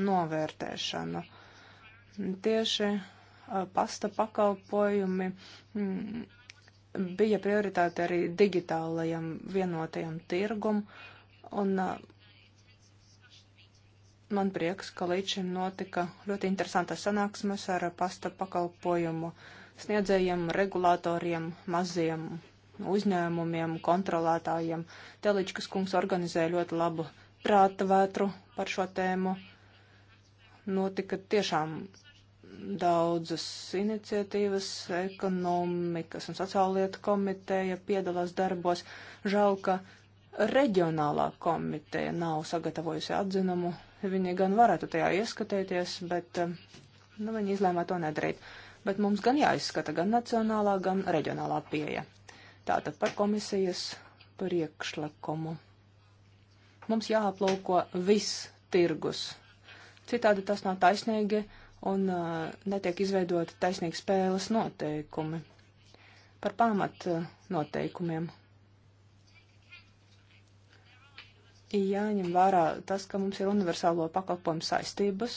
novērtēšanu. Tieši uh, pasta pakalpojumi mm, bija prioritāte arī digitālajam vienotajam tirgum, un uh, Man prieks, ka līdz šim notika ļoti interesantas sanāksmes ar pasta pakalpojumu sniedzējiem, regulātoriem, maziem uzņēmumiem, kontrolētājiem. Teličkas kungs organizēja ļoti labu prāta vētru par šo tēmu. Notika tiešām daudzas iniciatīvas, ekonomikas un sociālietu komiteja piedalās darbos. Žēl, ka reģionālā komiteja nav sagatavojusi atzinumu Viņi gan varētu tajā ieskatēties, bet eh, nu, viņi izlēma to nedarīt. Bet mums gan jāizskata gan nacionālā, gan reģionālā pieeja. Tātad par komisijas priekšlikumu. Mums jāaplūko viss tirgus. Citādi tas nav taisnīgi un uh, netiek izveidoti taisnīgi spēles noteikumi. Par pamat eh, noteikumiem jāņem vērā tas, ka mums ir universālo pakalpojumu saistības.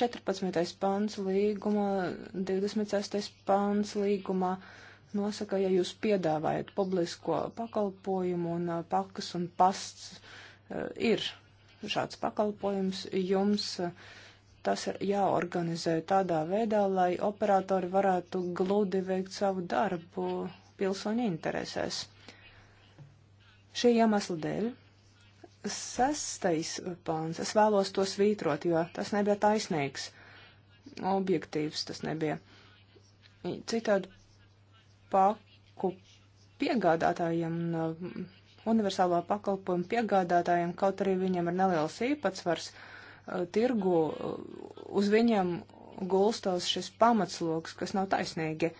14. pāns līguma, 26. pāns līgumā nosaka, ja jūs piedāvājat publisko pakalpojumu un uh, pakas un pasts uh, ir šāds pakalpojums, jums uh, tas ir jāorganizē tādā veidā, lai operatori varētu gludi veikt savu darbu pilsoņu interesēs. Šī iemesla dēļ Sestais pāns, es vēlos to svītrot, jo tas nebija taisnīgs, objektīvs tas nebija. Citādi paku piegādātājiem un universālā pakalpojuma piegādātājiem, kaut arī viņiem ir neliels īpatsvars eh, tirgu, eh, uz viņiem gulstos šis pamatsloks, kas nav taisnīgi.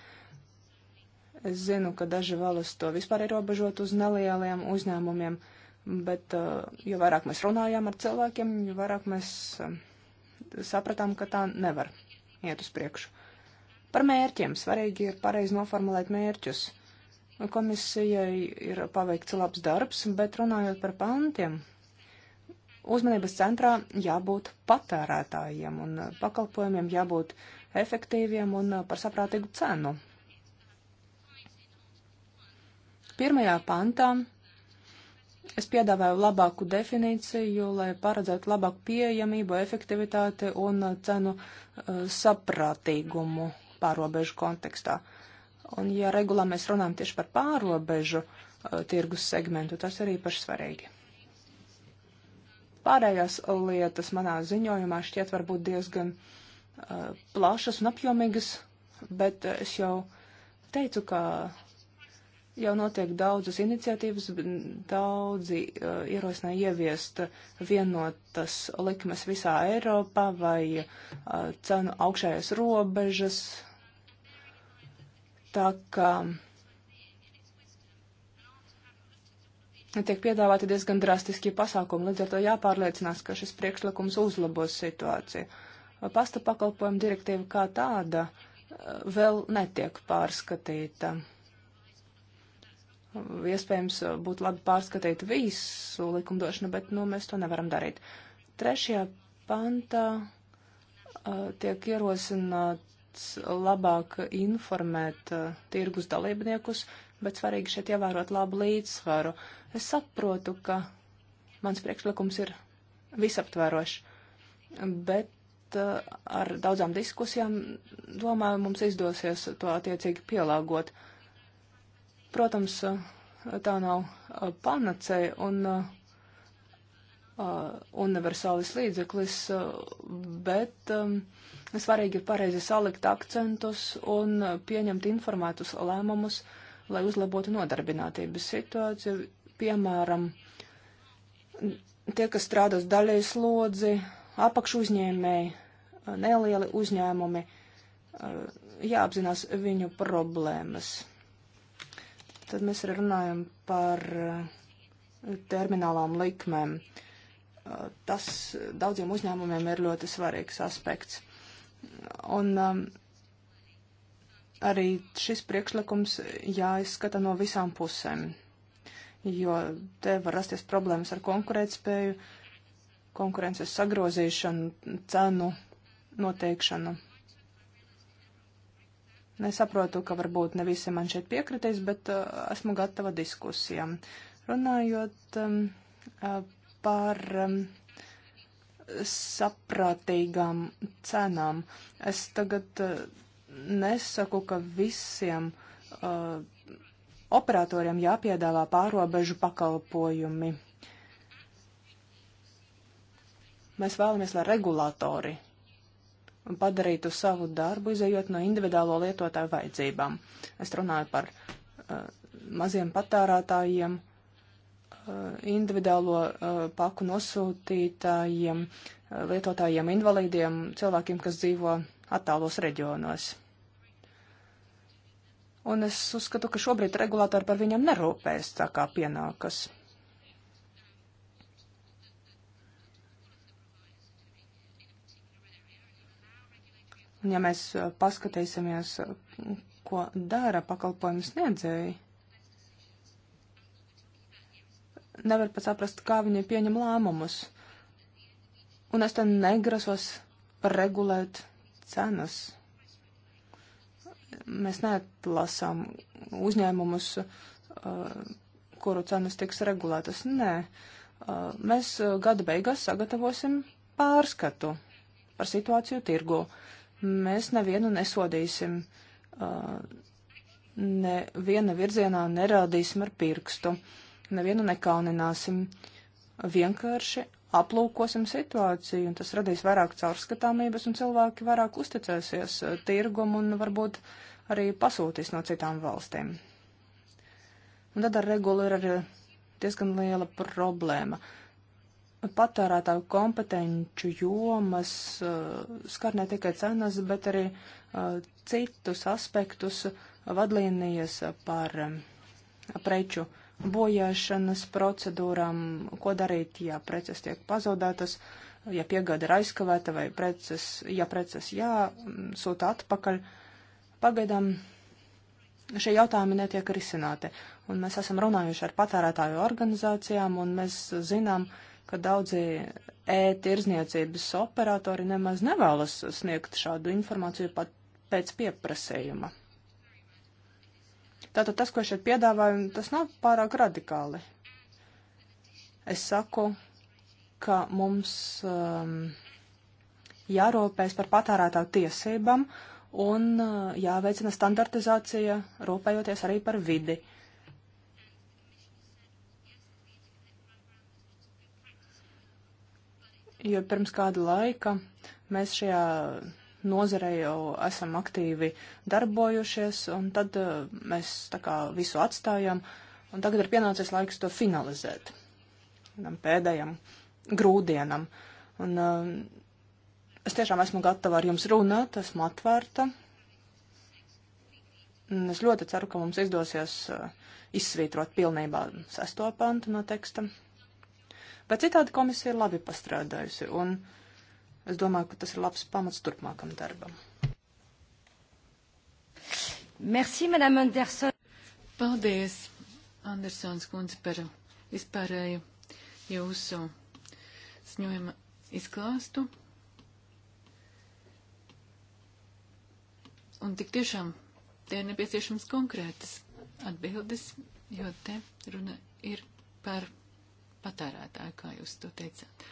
Es zinu, ka daži vēlas to vispār ierobežot uz nelieliem uzņēmumiem. Uh, Bet eh, jo vairāk mēs runājām ar cilvēkiem, jo vairāk mēs eh, sapratām, ka tā nevar iet uz priekšu. Par mērķiem svarīgi ir pareizi noformulēt mērķus. Komisijai ir paveikts labs darbs, bet runājot par pantiem, uzmanības centrā jābūt patērētājiem un pakalpojumiem jābūt efektīviem un eh, par saprātīgu cenu. Pirmajā pantā Es piedāvāju labāku definīciju, lai paredzētu labāku pieejamību, efektivitāti un cenu uh, saprātīgumu pārobežu kontekstā. Un, ja regulā mēs runājam tieši par pārobežu uh, tirgus segmentu, tas ir īpaši svarīgi. Pārējās lietas manā ziņojumā šķiet varbūt diezgan uh, plašas un apjomīgas, bet es jau teicu, ka Jau notiek daudzas iniciatīvas, daudzi uh, ierosina ieviest vienotas likmes visā Eiropā vai uh, cenu augšējās robežas. Tā kā tiek piedāvāti diezgan drastiski pasākumi, līdz ar to jāpārliecinās, ka šis priekšlikums uzlabos situāciju. Pasta pakalpojuma direktīva kā tāda uh, vēl netiek pārskatīta iespējams eh, būtu labi pārskatīt visu likumdošanu, bet nu, mēs to nevaram darīt. Trešajā pantā uh, tiek ierosināts labāk informēt uh, tirgus dalībniekus, bet svarīgi šeit ievērot labu līdzsvaru. Es saprotu, ka mans priekšlikums ir visaptverošs, bet uh, ar daudzām diskusijām, domāju, mums izdosies to attiecīgi pielāgot. Uh, Protams, eh, tā nav eh, panacēja un eh, universālis līdzeklis, bet svarīgi ir pareizi salikt akcentus un pieņemt informētus lēmumus, lai uzlabotu nodarbinātības situāciju. Piemēram, tie, kas strādās daļai slodzi, apakšu uzņēmēji, nelieli uzņēmumi, jāapzinās viņu problēmas. Tad mēs arī runājam par eh, terminālām likmēm. Eh, tas daudziem uzņēmumiem ir ļoti svarīgs aspekts. Un um, arī šis priekšlikums jāizskata no visām pusēm, jo te var rasties problēmas ar konkurētspēju, konkurences sagrozīšanu, cenu noteikšanu. Es saprotu, ka varbūt ne visi man šeit piekritīs, bet uh, esmu gatava diskusijām. Runājot um, uh, par um, saprātīgām cenām, es tagad uh, nesaku, ka visiem uh, operatoriem jāpiedāvā pārobežu pakalpojumi. Mēs vēlamies, lai regulātori padarītu savu darbu, izējot no individuālo lietotāju vajadzībām. Es runāju par uh, maziem patērētājiem, uh, individuālo uh, paku nosūtītājiem, uh, lietotājiem, invalīdiem, cilvēkiem, kas dzīvo attālos reģionos. Un es uzskatu, ka šobrīd regulātori par viņiem nerūpēs tā kā pienākas. Un ja mēs uh, paskatīsimies, uh, ko dara pakalpojumu sniedzēji, nevar pat saprast, kā viņi pieņem lēmumus. Un es te negrasos regulēt cenas. Mēs neatlasām uzņēmumus, uh, kuru cenas tiks regulētas. Nē, mēs gada beigās sagatavosim pārskatu par situāciju tirgu. Mēs nevienu nesodīsim, neviena virzienā nerādīsim ar pirkstu, nevienu nekaunināsim. Vienkārši aplūkosim situāciju, un tas radīs vairāk caurskatāmības, un cilvēki vairāk uzticēsies tirgumu un varbūt arī pasūtīs no citām valstīm. Un tad ar regulu ir arī diezgan liela problēma. Uh, patērētāju kompetenču jomas eh, skar ne tikai cenas, bet arī eh, citus aspektus vadlīnijas par eh, preču bojāšanas procedūrām, ko darīt, ja preces tiek pazaudētas, ja piegāda ir aizkavēta vai preces, ja preces jāsūta atpakaļ. Pagaidām šie jautājumi netiek risināti, un mēs esam runājuši ar patērētāju organizācijām, un mēs zinām, uh, ka daudzi e-tirzniecības operatori nemaz nevēlas sniegt šādu informāciju pat pēc pieprasījuma. Tātad tas, ko šeit piedāvājam, tas nav pārāk radikāli. Es saku, ka mums um, jārūpēs par patērētāju tiesībām un uh, jāveicina standartizācija, rūpējoties arī par vidi. Uh, jo pirms kāda laika mēs šajā nozarē jau esam aktīvi darbojušies, un tad eh, mēs tā kā visu atstājam, un tagad ir pienācis laiks to finalizēt, tam pēdējam grūdienam. Un uh, es tiešām esmu gatava ar jums runāt, esmu atvērta. Un es ļoti ceru, ka mums izdosies uh, izsvītrot pilnībā sesto pantu no teksta. Bet citādi komisija ir labi pastrādājusi, un es domāju, ka tas ir labs pamats turpmākam darbam. Merci, Madame Anderson. Paldies, Andersons kundze, par vispārēju jūsu sņojuma izklāstu. Un tik tiešām te ir nepieciešams konkrētas atbildes, jo te runa ir par patērētāju, kā jūs to teicāt.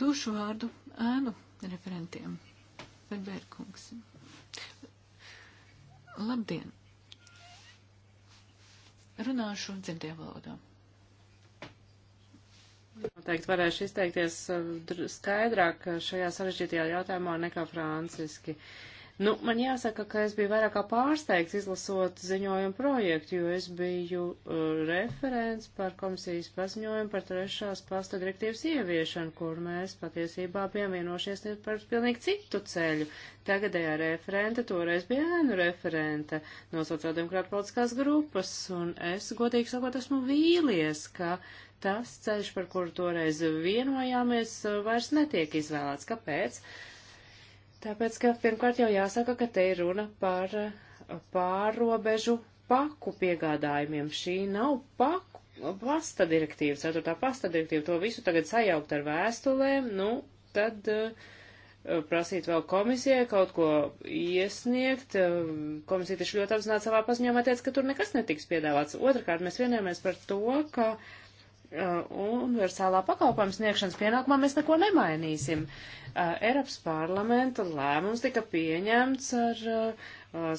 Došu vārdu ēnu referentiem. Verbērkungs. Labdien! Runāšu dzimtajā valodā. Noteikti varēšu izteikties uh, skaidrāk uh, šajā sarežģītajā jautājumā nekā franciski. Uh, Nu, man jāsaka, ka es biju vairāk kā pārsteigts izlasot ziņojumu projektu, jo es biju uh, referents par komisijas paziņojumu par trešās pasta direktīvas ieviešanu, kur mēs patiesībā bijām vienošies par pilnīgi citu ceļu. Tagadējā referente toreiz bija ēnu referente no sociāldemokrāta politiskās grupas, un es godīgi sakot esmu vīlies, ka tas ceļš, par kuru toreiz vienojāmies, uh, vairs netiek izvēlēts. Kāpēc? Uh, Tāpēc, ka pirmkārt jau jāsaka, ka te ir runa par uh, pārobežu paku piegādājumiem. Šī nav paku, pasta direktīva, ceturtā pasta direktīva, to visu tagad sajaukt ar vēstulēm, nu, tad uh, prasīt vēl komisijai kaut ko iesniegt. Uh, komisija taču ļoti apzināti savā paziņojumā teica, ka tur nekas netiks piedāvāts. Otrakārt, mēs vienojamies par to, ka uh, universālā pakalpojuma sniegšanas pienākumā mēs neko nemainīsim. Eiropas parlamenta lēmums tika pieņemts ar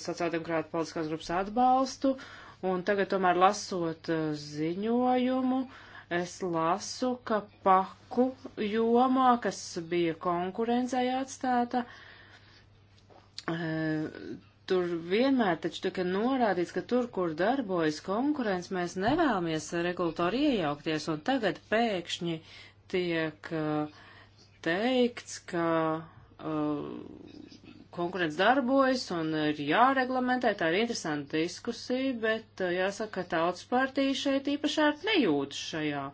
sociāldemokrāta politiskās grupas atbalstu, un tagad tomēr lasot ziņojumu, es lasu, ka paku jomā, kas bija konkurencei atstāta, tur vienmēr taču tika norādīts, ka tur, kur darbojas konkurence, mēs nevēlamies regulatori iejaukties, un tagad pēkšņi tiek uh, teikts, ka uh, konkurence darbojas un ir jāreglamentē. Tā ir interesanta diskusija, bet uh, jāsaka, ka tautas partija šeit īpaši ērti nejūtas šajā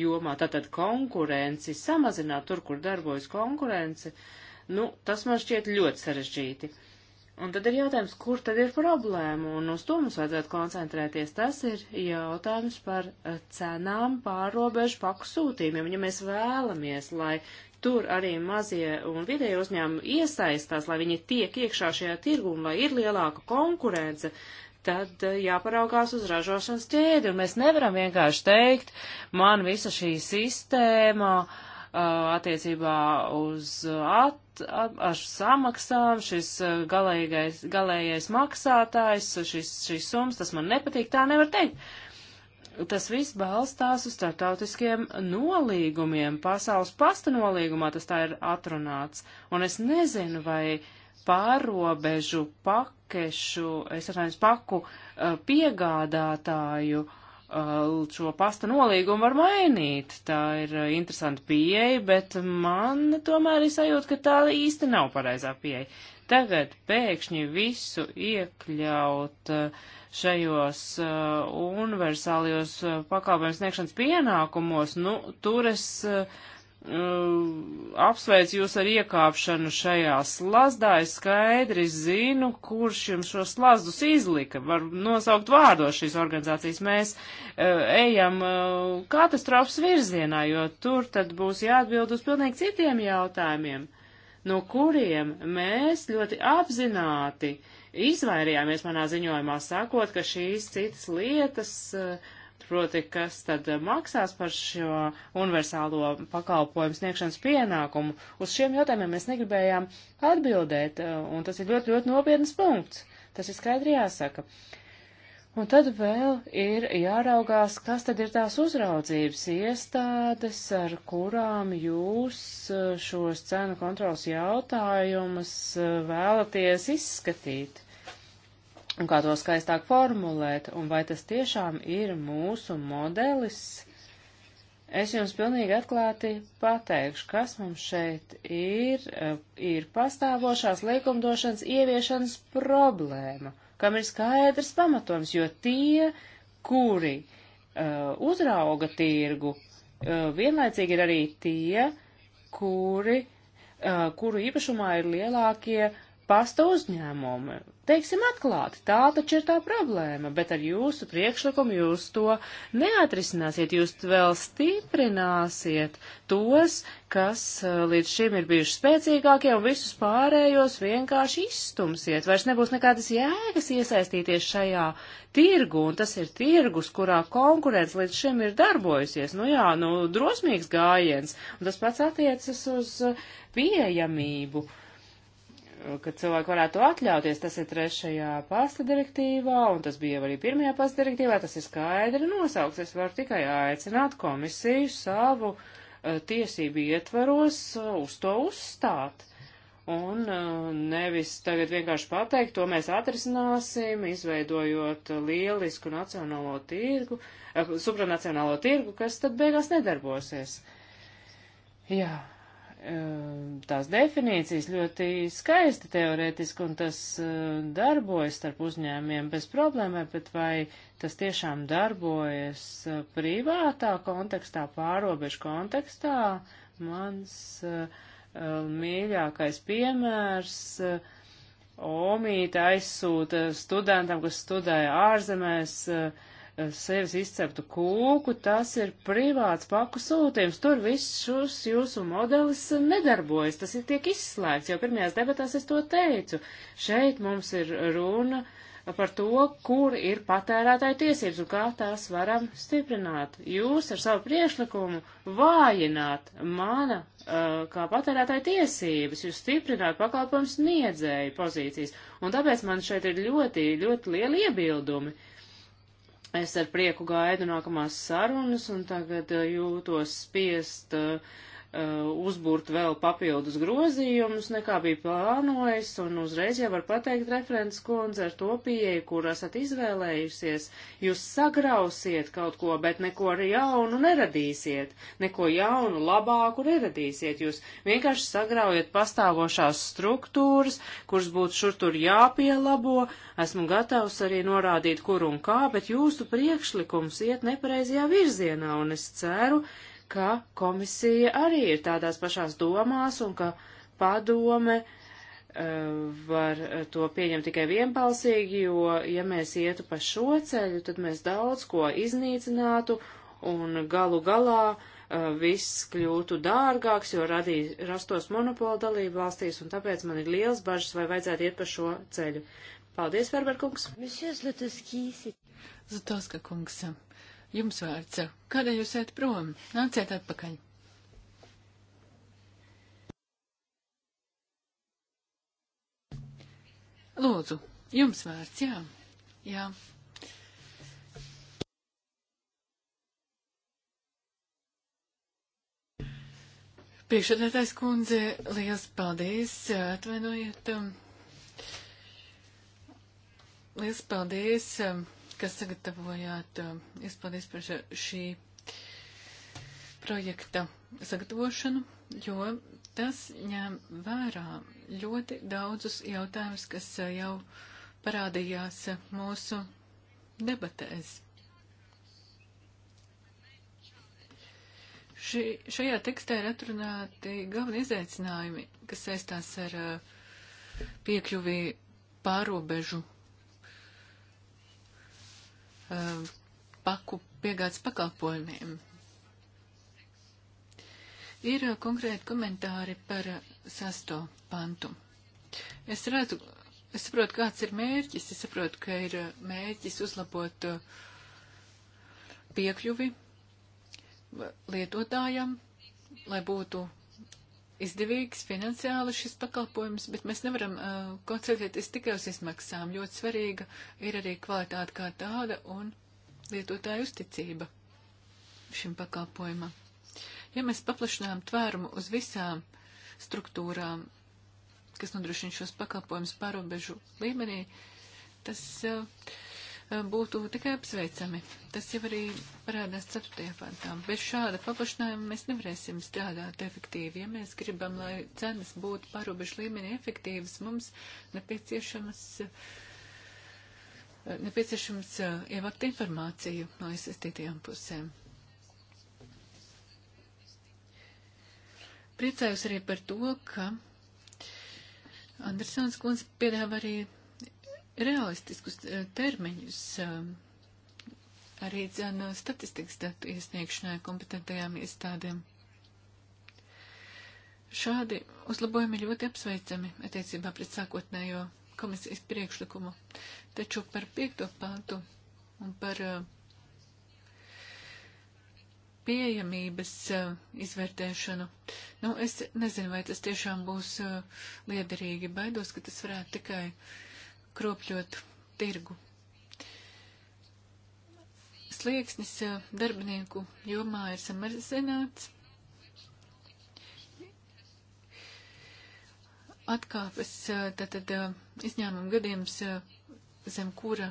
jomā. Tātad konkurenci samazināt tur, kur darbojas konkurence, nu, tas man šķiet ļoti sarežģīti. Un tad ir jautājums, kur tad ir problēma, un uz to mums vajadzētu koncentrēties. Tas ir jautājums par uh, cenām pārobežu paku sūtījumiem. Ja mēs vēlamies, lai tur arī mazie un vidēji uzņēmumi iesaistās, lai viņi tiek iekšā šajā tirgu un lai ir lielāka konkurence, tad eh, jāparaugās uz ražošanas ķēdi. Un mēs nevaram vienkārši teikt, man visa šī sistēma eh, attiecībā uz at, at, ar samaksām, šis eh, galīgais, galējais maksātājs, šis, šis sums, tas man nepatīk, tā nevar teikt. Uh, tas viss balstās uz startautiskiem nolīgumiem. Pasaules pasta nolīgumā tas tā ir atrunāts. Un es nezinu, vai pārobežu pakešu, es atvainojos paku eh, piegādātāju eh, šo pasta nolīgumu var mainīt. Tā ir eh, interesanta pieeja, bet man tomēr ir sajūta, ka tā īsti nav pareizā pieeja. Tagad pēkšņi visu iekļaut uh, šajos uh, universālajos uh, pakalpojumu sniegšanas pienākumos, nu, tur es uh, apsveicu jūs ar iekāpšanu šajā slazdā. Es skaidri zinu, kurš jums šo slazdus izlika. Var nosaukt vārdos šīs organizācijas. Mēs uh, ejam uh, katastrofas virzienā, jo tur tad būs jāatbild uz pilnīgi citiem jautājumiem, no kuriem mēs ļoti apzināti uh, izvairījāmies manā ziņojumā, sakot, ka šīs citas lietas, eh, proti, kas tad eh, maksās par šo universālo pakalpojumu sniegšanas pienākumu, uz šiem jautājumiem mēs negribējām atbildēt, eh, un tas ir ļoti, ļoti nopietnas punkts. Tas ir skaidri jāsaka. Un tad vēl ir jāraugās, kas tad ir tās uzraudzības iestādes, ar kurām jūs šos cenu kontrols jautājumus vēlaties izskatīt un kā to skaistāk formulēt, un vai tas tiešām ir mūsu modelis. Es jums pilnīgi atklāti pateikšu, kas mums šeit ir, eh, ir pastāvošās likumdošanas ieviešanas problēma, kam ir skaidrs pamatojums, jo tie, kuri uh, uzrauga tirgu, uh, vienlaicīgi ir arī tie, kuri, uh, kuru īpašumā ir lielākie uh, pasta uzņēmumi. Teiksim atklāti, tā taču ir tā problēma, bet ar jūsu priekšlikumu jūs to neatrisināsiet, jūs vēl stiprināsiet tos, kas eh, līdz šim ir bijuši spēcīgākie un visus pārējos vienkārši izstumsiet. Vairs nebūs nekādas jēgas iesaistīties šajā tirgu, un tas ir tirgus, kurā konkurence līdz šim ir darbojusies. Nu jā, nu drosmīgs gājiens, un tas pats attiecas uz eh, pieejamību. Uh, ka cilvēki varētu atļauties, tas ir trešajā pasta direktīvā, un tas bija arī pirmajā pasta direktīvā, tas ir skaidri nosaukts. Es varu tikai aicināt komisiju savu uh, tiesību ietvaros uh, uz to uzstāt. Un uh, nevis tagad vienkārši pateikt, to mēs atrisināsim, izveidojot lielisku nacionālo tirgu, supranacionālo tirgu, kas tad beigās nedarbosies. Jā, tās definīcijas ļoti skaisti teoretiski un tas darbojas starp uzņēmiem bez problēmai, bet vai tas tiešām darbojas privātā kontekstā, pārobežu kontekstā? Mans mīļākais piemērs. Omīte aizsūta studentam, kas studēja ārzemēs, uh, sevis izceptu kūku, tas ir privāts paku sūtījums. Tur visus jūsu modelis nedarbojas, tas ir tiek izslēgts, jo pirmajās debatās es to teicu. Šeit mums ir runa par to, kur ir patērētāja tiesības un kā tās varam stiprināt. Jūs ar savu priekšlikumu vājināt mana uh, kā patērētāja tiesības, jūs stiprināt pakalpojums niedzēju pozīcijas. Un tāpēc man šeit ir ļoti, ļoti lieli iebildumi. Uh, Es ar prieku gaidu nākamās sarunas un tagad eh, jūtos spiest uh, Uh, uzbūrt vēl papildus grozījumus, nekā bija plānojis, un uzreiz jau var pateikt referents kundze ar to pieeju, kur esat izvēlējusies. Jūs sagrausiet kaut ko, bet neko ar jaunu neradīsiet, neko jaunu labāku neradīsiet. Jūs vienkārši sagraujat pastāvošās struktūras, kuras būtu šur tur jāpielabo. Esmu gatavs arī norādīt, kur un kā, bet jūsu priekšlikums iet nepareizajā virzienā, un es ceru, ka ka komisija arī ir tādās pašās domās un ka padome uh, var eh, to pieņemt tikai vienbalsīgi, jo, ja mēs ietu pa šo ceļu, tad mēs daudz ko iznīcinātu un galu galā uh, viss kļūtu dārgāks, jo radī, rastos monopola dalība valstīs, un tāpēc man ir liels bažas, vai vajadzētu iet pa šo ceļu. Paldies, Ferberkungs! Zlatovska kungs, Jums vārds. Kādēļ jūs ejat prom? Nāciet atpakaļ. Lūdzu, jums vārds, jā. Jā. Priekšsēdētājs kundze, liels paldies, atvainojiet. Um, liels paldies. Um, ka sagatavojāt eh, es paldies par šī projekta sagatavošanu, jo tas ņem vērā ļoti daudzus jautājumus, kas eh, jau parādījās eh, mūsu debatēs. Ši, šajā tekstā ir atrunāti galveni izaicinājumi, kas saistās ar piekļuvi pārobežu Um, paku piegādes pakalpojumiem. Ir uh, konkrēti komentāri par uh, sasto pantu. Es redzu, es saprotu, kāds ir mērķis. Es saprotu, ka ir uh, mērķis uzlabot piekļuvi lietotājam, lai būtu izdevīgs finansiāli šis pakalpojums, bet mēs nevaram uh, koncentrēties tikai uz izmaksām. Ļoti svarīga ir arī kvalitāte kā tāda un lietotāju uzticība šim pakalpojumam. Ja mēs paplašinām tvērumu uz visām struktūrām, kas nodrošina šos pakalpojumus pārobežu līmenī, tas uh, Eh, būtu tikai apsveicami. Tas jau arī parādās 4. pantā. Bez šāda paplašinājuma mēs nevarēsim strādāt efektīvi. Ja mēs gribam, lai cenas būtu parobežu līmenī efektīvas, mums nepieciešamas. Eh, nepieciešams eh, ievākt informāciju no iesaistītajām pusēm. Priecājos arī par to, ka Andersons kundze piedāvā arī realistiskus eh, termiņus eh, arī dzēn eh, statistikas datu iesniegšanai kompetentajām iestādēm. Šādi uzlabojumi ļoti apsveicami attiecībā pret sākotnējo komisijas priekšlikumu, taču par piekto pāntu un par pieejamības izvērtēšanu. Nu, es nezinu, vai tas tiešām būs liederīgi. Baidos, ka tas varētu tikai uh, kropļot tirgu. Slieksnis darbinieku jomā ir samazināts. Atkāpes tātad izņēmuma gadījums, zem kura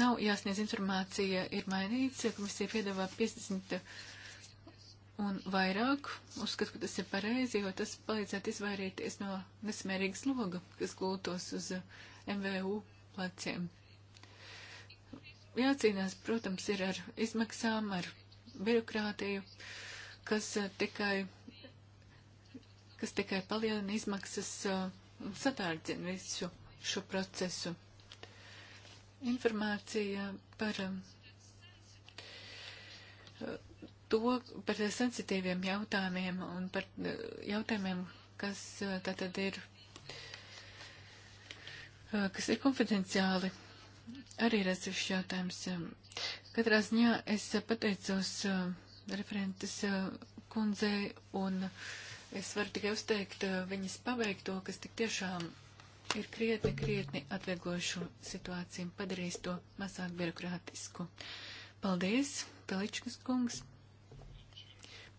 nav jāsniedz informācija, ir mainīts. Komisija piedāvā 50 un vairāk. Uzskatu, ka tas ir pareizi, jo tas palīdzētu izvairīties no nesmērīgas loga, kas gultos uz eh, MVU pleciem. Jācīnās, protams, ir ar izmaksām, ar birokrātiju, kas eh, tikai, kas tikai palielina izmaksas eh, un satārdzina visu šo procesu. Informācija par to par sensitīviem jautājumiem un par eh, jautājumiem, kas eh, tātad ir, eh, kas ir konfidenciāli. Arī ir atsevišķi jautājums. Katrā ziņā es pateicos referentes kundzei un es varu tikai uzteikt viņas paveikto, kas tik tiešām ir krietni, krietni atvieglošu situāciju un padarīs to mazāk birokrātisku. Paldies, Peličkas kungs!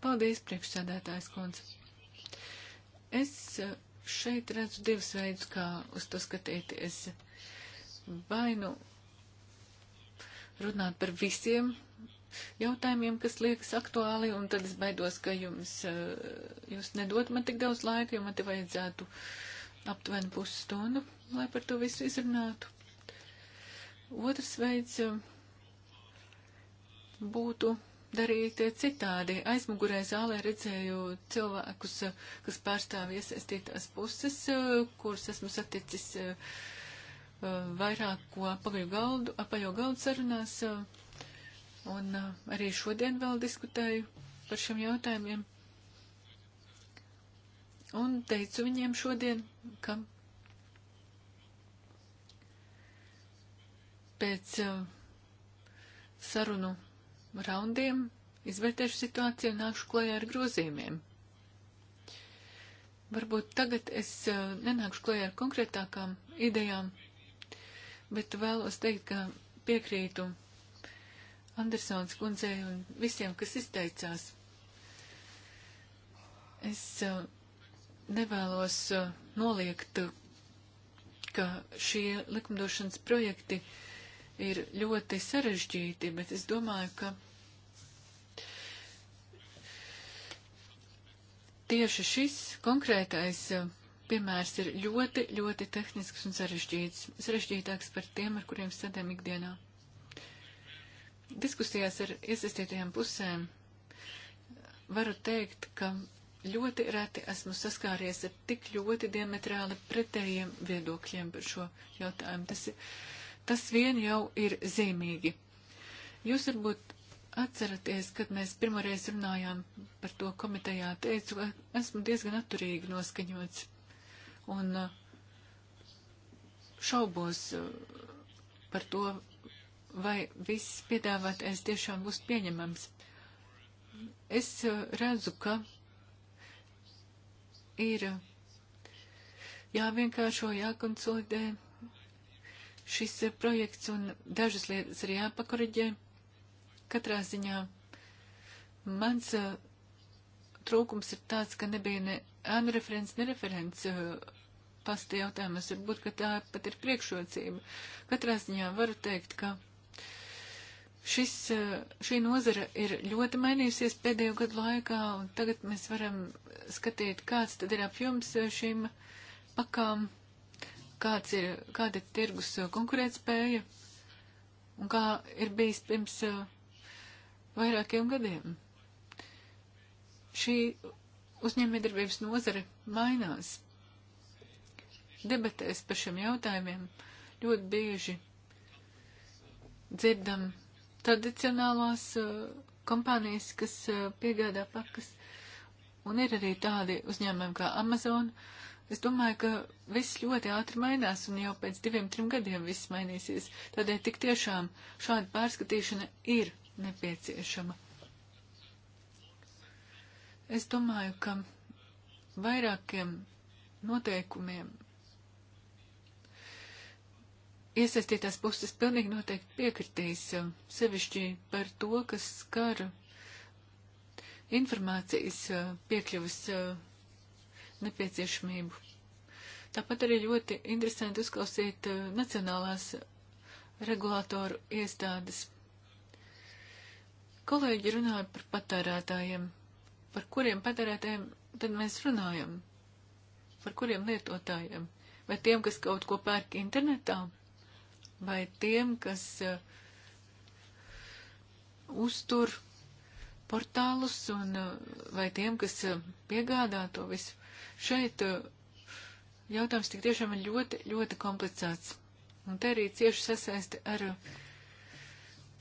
Paldies, priekšsēdētājs kundze. Es eh, šeit redzu divus veidus, kā uz to skatīties. Vai nu runāt par visiem jautājumiem, kas liekas aktuāli, un tad es baidos, ka jums, eh, jūs nedod man tik daudz laika, jo man te vajadzētu aptuveni pusstundu, lai par to visu izrunātu. Otrs veids eh, būtu darīt citādi. Aizmugurē zālē redzēju cilvēkus, kas pārstāv iesaistītās puses, kuras esmu saticis eh, vairāko apaļo galdu, apaļo galdu sarunās, eh, un eh, arī šodien vēl diskutēju par šiem jautājumiem. Un teicu viņiem šodien, ka pēc sarunu raundiem, izvērtēšu situāciju un nākšu klajā ar grozījumiem. Varbūt tagad es eh, nenākšu klajā ar konkrētākām idejām, bet vēlos teikt, ka piekrītu Andersons kundzei un visiem, kas izteicās. Es eh, nevēlos eh, noliegt, ka šie likumdošanas projekti uh, ir ļoti sarežģīti, bet es domāju, ka tieši šis konkrētais eh, piemērs ir ļoti, ļoti tehnisks un sarežģīts, sarežģītāks par tiem, ar kuriem sadēm ikdienā. Diskusijās ar iesaistītajām pusēm varu teikt, ka ļoti reti esmu saskāries ar tik ļoti diametrāli pretējiem viedokļiem par šo jautājumu. Tas ir Tas vien jau ir zīmīgi. Jūs varbūt atceraties, kad mēs pirmoreiz runājām par to komitejā, teicu, ka esmu diezgan atturīgi noskaņots un šaubos par to, vai viss piedāvātais tiešām būs pieņemams. Es redzu, ka ir jāvienkāršo, jākonsolidē šis projekts un dažas lietas ir jāpakoriģē. Katrā ziņā mans uh, trūkums ir tāds, ka nebija ne ānu referents, ne referents uh, pasta jautājumas. Varbūt, ka tā pat ir priekšrocība. Katrā ziņā varu teikt, ka šis, uh, šī nozara ir ļoti mainījusies pēdējo gadu laikā, un tagad mēs varam skatīt, kāds tad ir apjoms šīm pakām kāds ir, kāda ir tirgus eh, konkurētspēja un kā ir bijis pirms eh, vairākiem gadiem. Šī uzņēmējdarbības nozare mainās. Debatēs par šiem jautājumiem ļoti bieži dzirdam tradicionālās eh, kompānijas, kas piegādā pakas, un ir arī tādi uzņēmumi kā Amazon, uh, Es domāju, ka viss ļoti ātri mainās un jau pēc diviem, trim gadiem viss mainīsies. Tādēļ tik tiešām šāda pārskatīšana ir nepieciešama. Es domāju, ka vairākiem noteikumiem iesaistītās puses pilnīgi noteikti piekritīs, sevišķi par to, kas skar informācijas piekļuvas nepieciešamību. Tāpat arī ļoti interesanti uzklausīt uh, nacionālās regulātoru iestādes. Kolēģi runāja par patērētājiem. Par kuriem patērētājiem tad mēs runājam? Par kuriem lietotājiem? Vai tiem, kas kaut ko pērk internetā? Vai tiem, kas uh, uztur portālus un eh, vai tiem, kas eh, piegādā to visu. Šeit eh, jautājums tik tiešām ir ļoti, ļoti komplicēts. Un te arī cieši sasaisti ar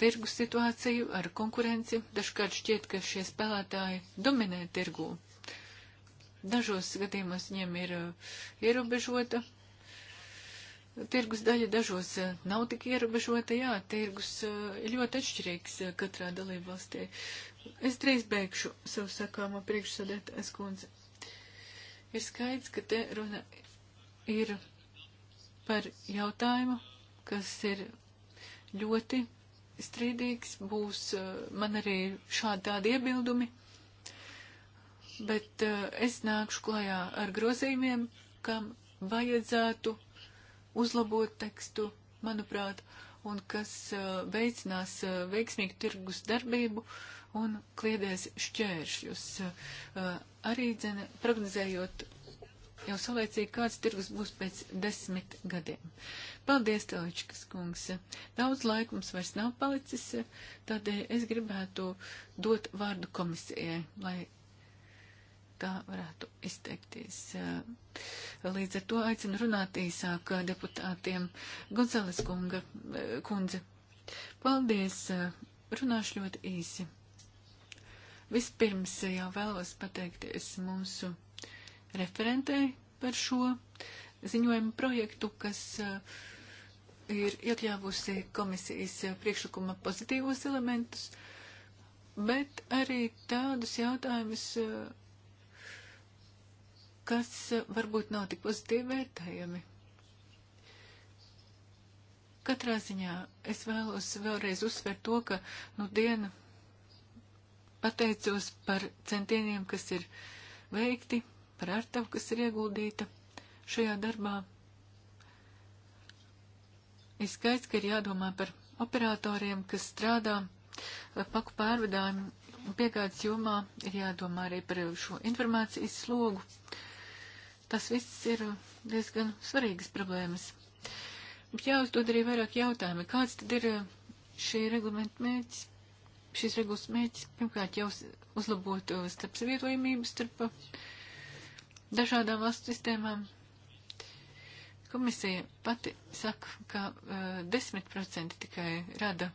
tirgu situāciju, ar konkurenci. Dažkārt šķiet, ka šie spēlētāji dominē tirgū. Dažos gadījumos viņiem ir ierobežota Tirgus daļa dažos eh, nav tik ierobežota, jā, tirgus eh, ir ļoti atšķirīgs eh, katrā dalībvalstī. Es drīz beigšu savu sakāmo priekšsadētājas kundze. Ir skaidrs, ka te runa ir par jautājumu, kas ir ļoti strīdīgs, būs man arī šādi tādi iebildumi, bet es nākšu klajā ar grozījumiem, kam vajadzētu uzlabot tekstu, manuprāt, un kas uh, veicinās uh, veiksmīgu tirgus darbību un kliedēs šķēršļus. Uh, arī dzene, prognozējot jau saulēcīgi, kāds tirgus būs pēc desmit gadiem. Paldies, Teličkas kungs. Daudz laika mums vairs nav palicis, tādēļ es gribētu dot vārdu komisijai, lai tā varētu izteikties. Līdz ar to aicinu runāt īsāk deputātiem Gonzales kunga, kundze. Paldies, runāšu ļoti īsi. Vispirms jau vēlos pateikties mūsu referentei par šo ziņojumu projektu, kas uh, ir iekļāvusi komisijas priekšlikuma pozitīvos elementus, bet arī tādus jautājumus, uh, kas varbūt nav tik pozitīvi vērtējami. Katrā ziņā es vēlos vēlreiz uzsvērt to, ka nu diena pateicos par centieniem, kas ir veikti, par ārtavu, kas ir ieguldīta šajā darbā. Ir skaidrs, ka ir jādomā par operatoriem, kas strādā paku pārvadājumu un piegādes jomā, ir jādomā arī par šo informācijas slogu. Uh, Tas viss ir diezgan svarīgas problēmas. Jāuzdod arī vairāk jautājumi. Kāds tad ir šī reglamenta mērķis? Šis regulas mērķis pirmkārt jau uzlabot uh, starp savietojamību, starp uh, dažādām valstu sistēmām. Komisija pati saka, ka uh, 10% tikai rada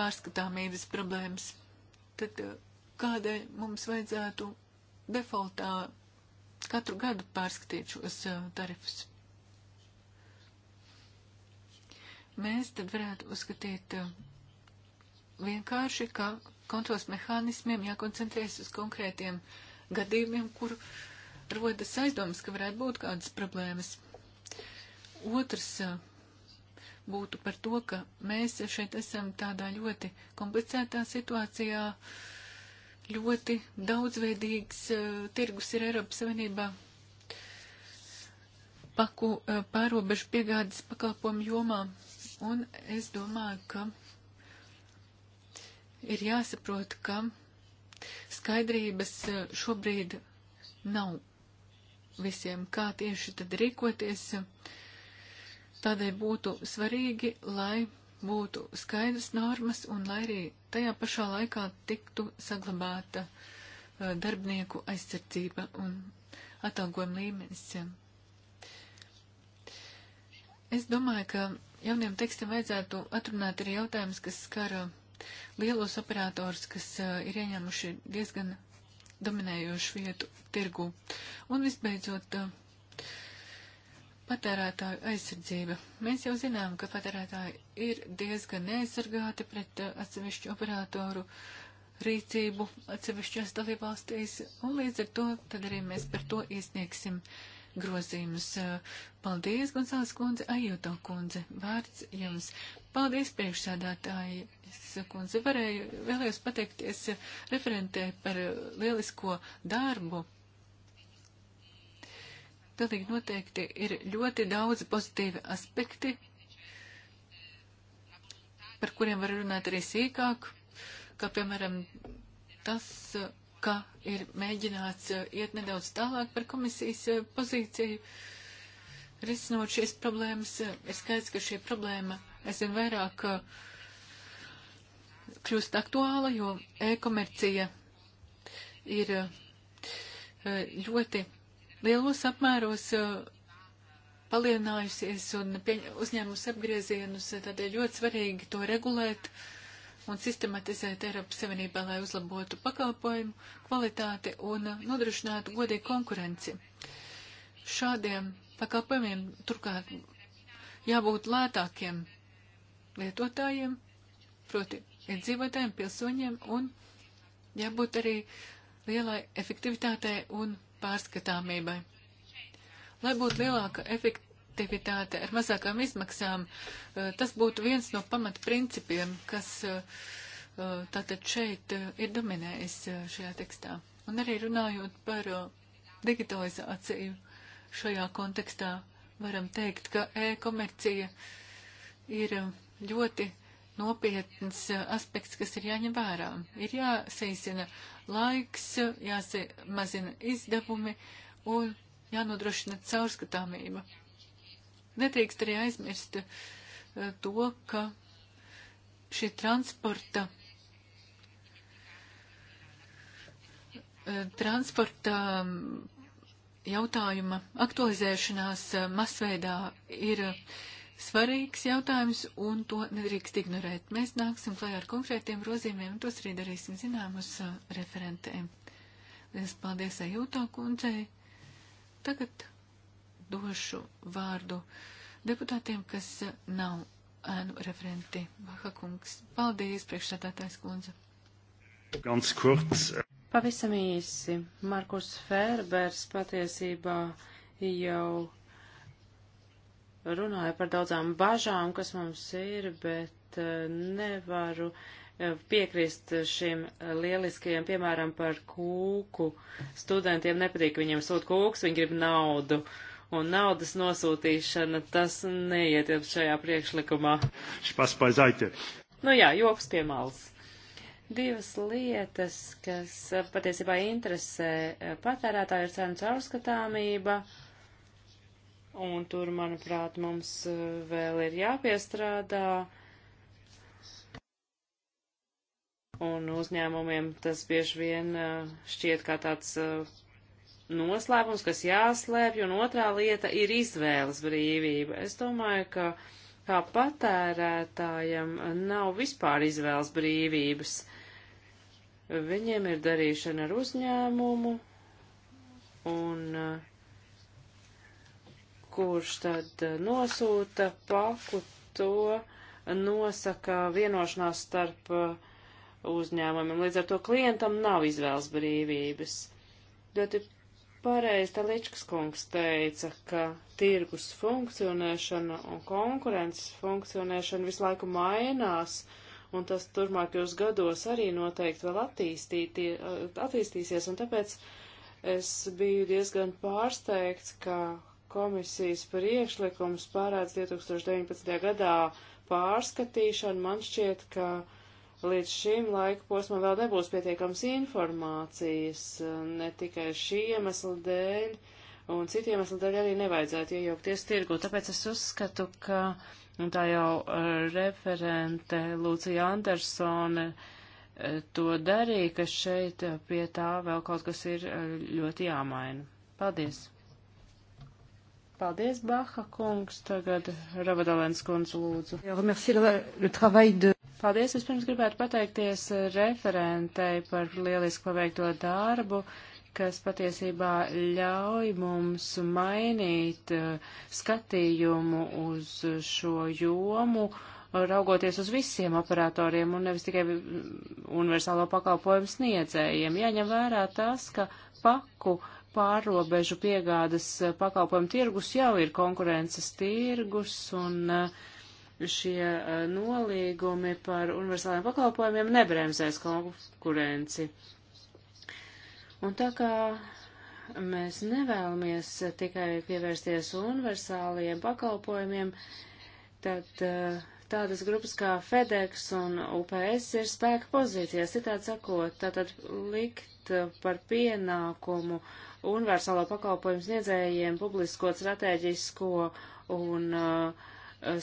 pārskatāmības problēmas. Tad uh, kādai mums vajadzētu defaultā katru gadu pārskatīt šos tarifus. Mēs tad varētu uzskatīt vienkārši, ka kontrols mehānismiem jākoncentrēs uz konkrētiem gadījumiem, kur rodas aizdomas, ka varētu būt kādas problēmas. Otrs būtu par to, ka mēs šeit esam tādā ļoti komplicētā situācijā, uh, ļoti daudzveidīgs uh, tirgus ir Eiropas Savienībā paku uh, pārobežu piegādes pakalpojumu jomā. Un es domāju, ka ir jāsaprot, ka skaidrības uh, šobrīd nav visiem, kā tieši tad rīkoties. Tādēļ būtu svarīgi, lai būtu skaidrs normas un lai arī tajā pašā laikā tiktu saglabāta uh, darbinieku aizsardzība un atalgojuma līmenis. Es domāju, ka jauniem tekstiem vajadzētu atrunāt arī jautājumus, kas skara uh, lielos operators, kas uh, ir ieņēmuši diezgan dominējošu vietu tirgu. Un visbeidzot, uh, Patērētāju aizsardzība. Mēs jau zinām, ka patērētāji ir diezgan neaizsargāti pret uh, atsevišķu operatoru rīcību atsevišķās dalībvalstīs, un līdz ar to tad arī mēs par to iesniegsim grozījumus. Uh, paldies, Gonzāles kundze, Ajoto kundze, vārds jums. Paldies, priekšsādātāji. Uh, kundze, varēju, vēlējos pateikties referentē par lielisko darbu pilnīgi noteikti ir ļoti daudz pozitīvi aspekti, par kuriem var runāt arī sīkāk, kā piemēram tas, ka ir mēģināts iet nedaudz tālāk par komisijas pozīciju, risinot šīs problēmas. Ir skaidrs, ka šī problēma aizvien vairāk kļūst aktuāla, jo e-komercija ir ļoti lielos apmēros uh, palielinājusies un uzņēmusi apgriezienus, uh, tādēļ ļoti svarīgi to regulēt un sistematizēt Eiropas Savienībā, lai uzlabotu pakalpojumu kvalitāti un uh, nodrošinātu godīgu konkurenci. Šādiem pakalpojumiem turklāt jābūt lētākiem lietotājiem, proti iedzīvotājiem, pilsoņiem un jābūt arī lielai efektivitātei un pārskatāmībai. Lai būtu lielāka efektivitāte ar mazākām izmaksām, eh, tas būtu viens no pamatprincipiem, kas eh, eh, tātad šeit ir dominējis šajā tekstā. Un arī runājot par digitalizāciju šajā kontekstā, varam teikt, ka e-komercija ir ļoti nopietns eh, aspekts, kas ir jāņem vērā. Ir jāseizina laiks, jāsamazina izdevumi un jānodrošina caurskatāmība. Netrīkst arī aizmirst eh, to, ka šī transporta, eh, transporta mm, jautājuma aktualizēšanās masveidā ir uh, svarīgs jautājums, un to nedrīkst ignorēt. Mēs nāksim klajā ar konkrētiem grozījumiem, un tos arī darīsim zinām uz uh, referentēm. Liels paldies Ajūtā kundzei. Tagad došu vārdu deputātiem, kas uh, nav ēnu referenti. Baha kungs, paldies, priekšsētātājs kundze. Ganz kurz. Pavisam īsi. Markus Ferbers patiesībā jau runāju par daudzām bažām, kas mums ir, bet eh, nevaru eh, piekrist šiem lieliskajiem, piemēram, par kūku. Studentiem nepatīk, viņiem sūt kūks, viņi grib naudu. Un naudas nosūtīšana, tas neietilpst šajā priekšlikumā. Špas paizaitē. Nu jā, joks pie malas. Divas lietas, kas eh, patiesībā interesē patērētāju cenu caurskatāmība. Uh, un tur, manuprāt, mums uh, vēl ir jāpiestrādā. Un uzņēmumiem tas bieži vien uh, šķiet kā tāds uh, noslēpums, kas jāslēpj, un otrā lieta ir izvēles brīvība. Es domāju, ka kā patērētājam nav vispār izvēles brīvības. Viņiem ir darīšana ar uzņēmumu, un uh, kurš tad eh, nosūta paku, to nosaka vienošanās starp eh, uzņēmumiem. Līdz ar to klientam nav izvēles brīvības. Ļoti pareizi Taličkas kungs teica, ka tirgus funkcionēšana un konkurences funkcionēšana visu laiku mainās, un tas turmākajos gados arī noteikti vēl eh, attīstīsies, un tāpēc es biju diezgan pārsteigts, ka komisijas priekšlikums pārēdz 2019. gadā pārskatīšanu, man šķiet, ka līdz šim laika posmam vēl nebūs pietiekams informācijas, ne tikai šī iemesla dēļ, un citu iemeslu dēļ arī nevajadzētu iejaukties tirgu. Tāpēc es uzskatu, ka, un tā jau eh, referente Lūcija Andersone eh, to darīja, ka šeit pie tā vēl kaut kas ir eh, ļoti jāmaina. Paldies! Paldies, Baha kungs. Tagad Ravadalens kundze lūdzu. Paldies, vispirms gribētu pateikties referentei par lielisku paveikto darbu kas patiesībā ļauj mums mainīt eh, skatījumu uz šo jomu, raugoties uz visiem operatoriem un nevis tikai universālo pakalpojumu sniedzējiem. Jāņem vērā tas, ka paku pārrobežu piegādas eh, pakalpojumu tirgus jau ir konkurences tirgus un eh, šie eh, nolīgumi par universālajiem pakalpojumiem nebremzēs konkurenci. Un tā kā mēs nevēlamies tikai pievērsties universālajiem pakalpojumiem, tad tādas grupas kā FedEx un UPS ir spēka pozīcijās, citādi sakot, tātad likt par pienākumu uh, universālo pakalpojumu sniedzējiem publisko strateģisko un uh,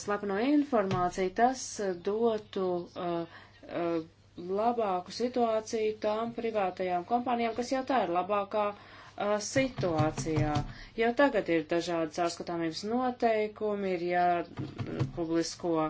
slepeno informāciju, tas uh, dotu uh, uh, labāku situāciju tām privātajām kompānijām, kas jau tā ir labākā uh, situācijā. Jau tagad ir dažādas ārskatāmības noteikumi, ir jāpublisko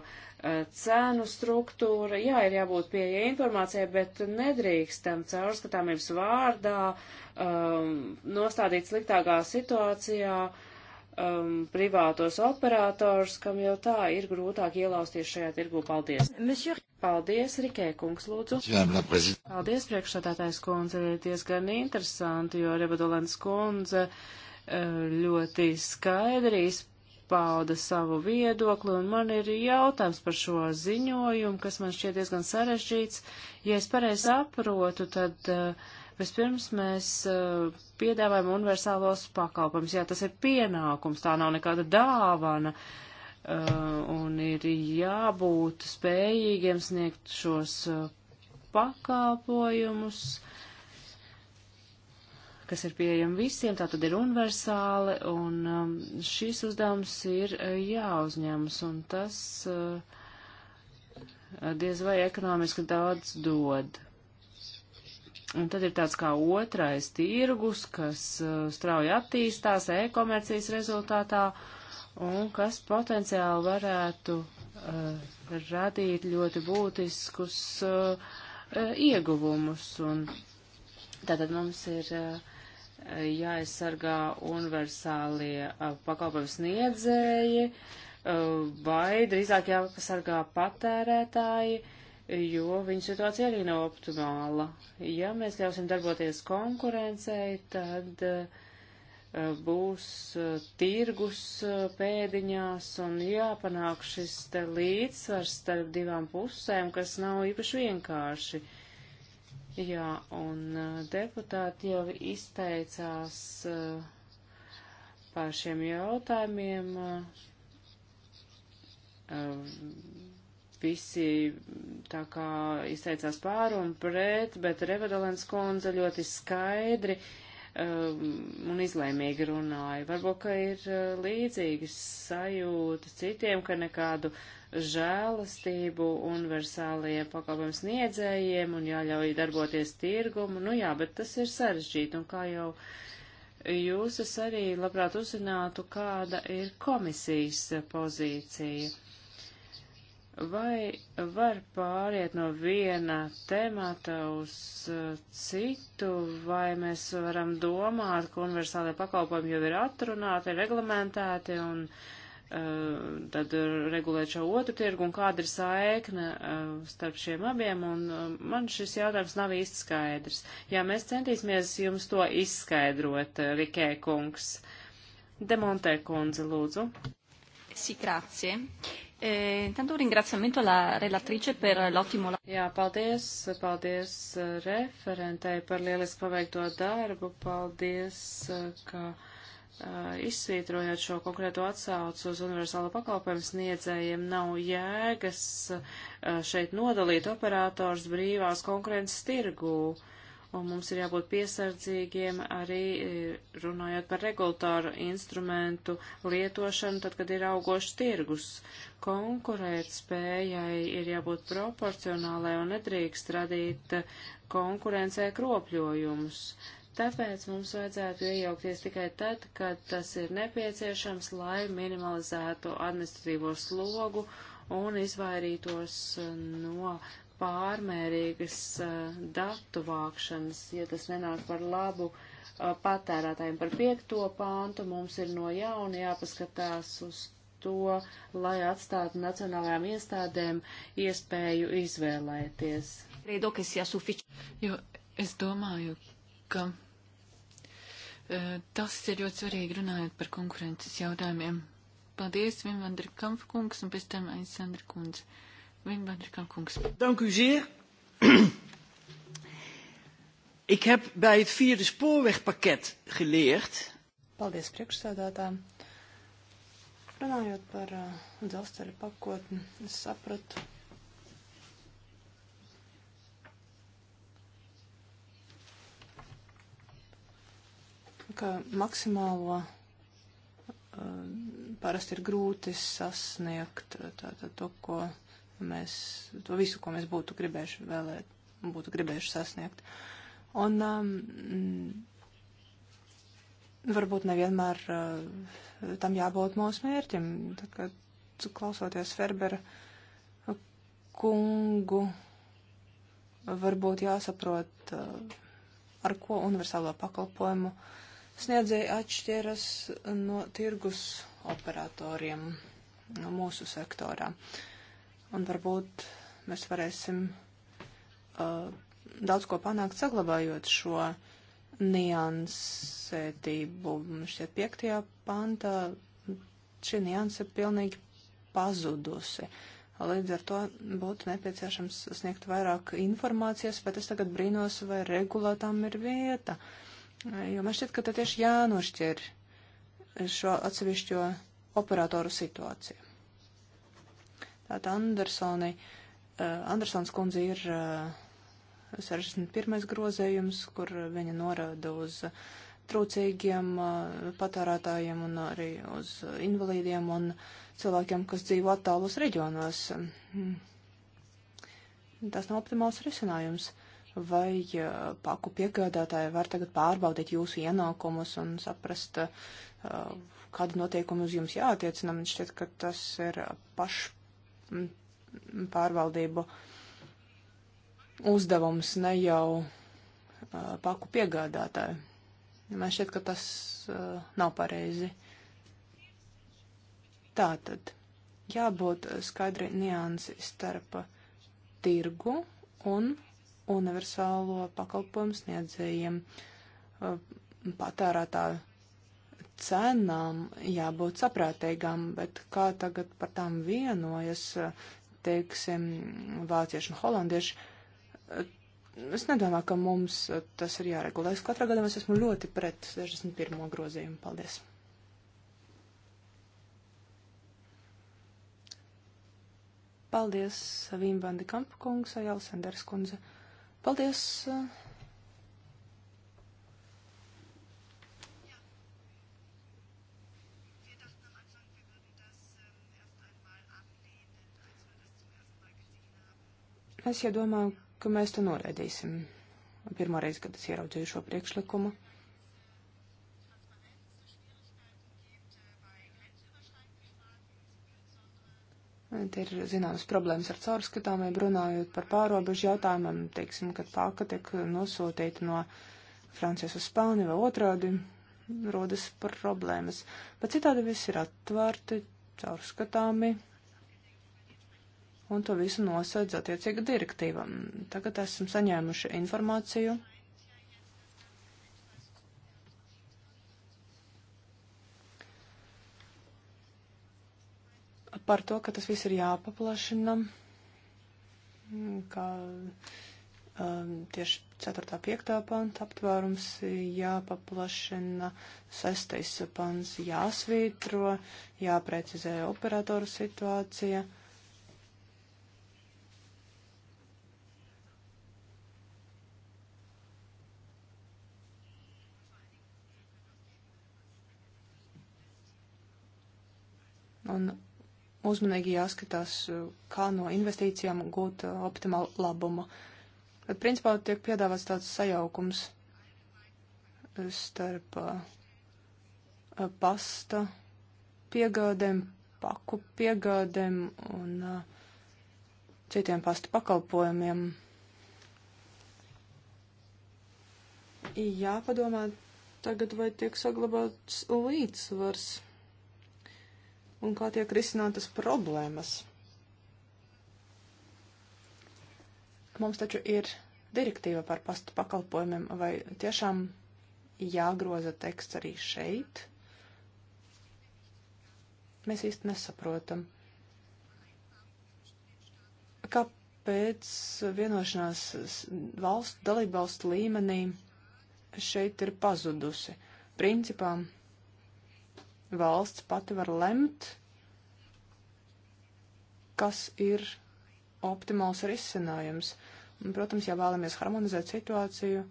cenu struktūra, jā, ir jābūt pieeja informācijai, bet nedrīkstam caurskatāmības vārdā um, nostādīt sliktākā situācijā um, privātos operators, kam jau tā ir grūtāk ielausties šajā tirgu. Paldies! Monsieur... Paldies, Rikē, kungs, lūdzu. Jā, Paldies, priekšsādātājs kundze, ir diezgan interesanti, jo Rebadolens kundze eh, ļoti skaidri izpauda savu viedokli, un man ir jautājums par šo ziņojumu, kas man šķiet diezgan sarežģīts. Ja es pareizi saprotu, tad eh, vispirms mēs eh, piedāvājam universālos pakalpojumus. Jā, tas ir pienākums, tā nav nekāda dāvana. Uh, Uh, un ir jābūt spējīgiem sniegt šos uh, pakāpojumus, kas ir pieejami visiem, tā tad ir universāli, un um, šīs uzdevums ir uh, jāuzņemas, un tas diez vai ekonomiski daudz dod. Un tad ir tāds kā otrais tirgus, kas strauji attīstās e-komercijas rezultātā, uh, un kas potenciāli varētu uh, radīt ļoti būtiskus uh, ieguvumus. Un tātad mums ir uh, jāaizsargā universālie uh, pakalpojumu sniedzēji, uh, vai drīzāk jāpasargā patērētāji, jo viņu situācija arī nav optimāla. Ja mēs ļausim darboties konkurencei, tad uh, Eh, būs eh, tirgus eh, pēdiņās un jāpanāk šis te līdzsvars starp divām pusēm, kas nav īpaši vienkārši. Jā, un deputāti jau izteicās par šiem jautājumiem. Visi tā kā izteicās pār un pret, bet Revedolens kundze ļoti skaidri uh, Um, un izlēmīgi runāja. Varbūt, ka ir uh, līdzīgas sajūta citiem, ka nekādu žēlastību universālajiem pakalpojumu sniedzējiem un jāļauj darboties tirgumu. Nu jā, bet tas ir sarežģīti un kā jau jūs es arī labprāt uzzinātu, kāda ir komisijas pozīcija Vai var pāriet no viena temata uz uh, citu, vai mēs varam domāt, ka universālajie pakalpojumi jau ir atrunāti, reglamentēti un uh, tad regulēt šo otru tirgu un kāda ir saikne uh, starp šiem abiem, un uh, man šis jautājums nav īsti skaidrs. Jā, mēs centīsimies jums to izskaidrot, uh, Rikē kungs. Demontē kundze, lūdzu. Sī, grācie. E, intanto un ringraziamento alla relatrice per l'ottimo lavoro. Jā, paldies, paldies eh, referentei par lielisku paveikto darbu, paldies, eh, ka uh, izsvītrojot šo konkrēto atsaucu uz universālo pakalpojumu sniedzējiem, nav jēgas uh, šeit nodalīt operators brīvās konkurences tirgū. Uh, un mums ir jābūt piesardzīgiem arī e, runājot par regulatāru instrumentu lietošanu, tad, kad ir augošs tirgus. Konkurēt spējai ir jābūt proporcionālai un nedrīkst radīt e, konkurencē kropļojumus. Tāpēc mums vajadzētu iejaukties tikai tad, kad tas ir nepieciešams, lai minimalizētu administratīvo slogu un izvairītos e, no pārmērīgas uh, datu vākšanas, ja tas nenāk par labu uh, patērētājiem. Par piekto pāntu mums ir no jauna jāpaskatās uz to, lai atstātu nacionālajām iestādēm iespēju izvēlēties. Jo es domāju, ka uh, tas ir ļoti svarīgi runājot par konkurences jautājumiem. Paldies, Vimandra Kampfkungs un pēc tam Aizsandra Kundze. Wim van der Kankungs. Dank u zeer. Ik heb bij het vierde spoorwegpakket geleerd. Paldies priekšsēdētājiem. Runājot par uh, dzelzceļa pakotni, es sapratu, ka maksimālo uh, parasti ir grūti sasniegt uh, tātad tā, to, ko mēs, to visu, ko mēs būtu gribējuši vēlēt, būtu gribējuši sasniegt. Un um, mm, varbūt nevienmēr uh, tam jābūt mūsu mērķim. Tā kā klausoties Ferbera kungu, varbūt jāsaprot, uh, ar ko universālo pakalpojumu sniedzēji atšķiras no tirgus operatoriem no mūsu sektorā. Uh, Un varbūt mēs varēsim uh, daudz ko panākt, saglabājot šo niansētību. Šķiet, piektajā pantā šī nianse pilnīgi pazudusi. Līdz ar to būtu nepieciešams sniegt vairāk informācijas, bet es tagad brīnos, vai regulātām ir vieta. Jo man šķiet, ka te tieši jānošķir šo atsevišķo operatoru situāciju. Tātad Andersoni, eh, Andersons kundze ir 61. Eh, grozējums, kur viņa norāda uz trūcīgiem eh, patērētājiem un arī uz invalīdiem un cilvēkiem, kas dzīvo attālos reģionos. Tas nav optimāls risinājums. Vai paku piegādātāji var tagad pārbaudīt jūsu ienākumus un saprast, kādi noteikumi uz jums jāattiecina? Man šķiet, ka tas ir pašs pārvaldību uzdevums, ne jau uh, paku piegādātāju. Man šķiet, ka tas uh, nav pareizi. Tātad jābūt skaidri niansi starp tirgu un universālo pakalpojumu sniedzējiem, uh, patērētāju cenām jābūt saprātīgām, bet kā tagad par tām vienojas, teiksim, vācieši un holandieši, es nedomāju, ka mums tas ir jāregulē. Es katrā gadā es esmu ļoti pret 61. grozījumu. Paldies! Paldies, Vīmbandi Kampkungs, Ajāls Enders kundze. Paldies! Uh, Es jau domāju, ka mēs to noraidīsim. Pirmoreiz, kad es ieraudzīju šo priekšlikumu. Te ir zināmas problēmas ar caurskatāmību, runājot par pārobežu jautājumiem, teiksim, kad pāka tiek nosūtīta no Francijas uz Spāniju vai otrādi, rodas problēmas. Bet citādi viss ir atvērti, caurskatāmi, un to visu nosedz attiecīga direktīva. Tagad esam saņēmuši informāciju. Par to, ka tas viss ir jāpaplašina, ka um, tieši 4. 5. panta aptvērums jāpaplašina, 6. pants jāsvītro, jāprecizē operatora situācija. Uh, Un uzmanīgi jāskatās, kā no investīcijām gūt uh, optimālu labumu. Bet principā tiek piedāvāts tāds sajaukums uh, starp uh, pasta piegādēm, paku piegādēm un citiem pasta pakalpojumiem. Jāpadomā tagad, vai tiek saglabāts līdzsvars un kā tiek risinātas problēmas. Mums taču ir direktīva par pastu pakalpojumiem, vai tiešām jāgroza teksts arī šeit? Mēs īsti nesaprotam. Kāpēc vienošanās valstu, dalībvalstu līmenī šeit ir pazudusi? Principām valsts pati var lemt, kas ir optimāls risinājums. Un, protams, ja vēlamies harmonizēt situāciju,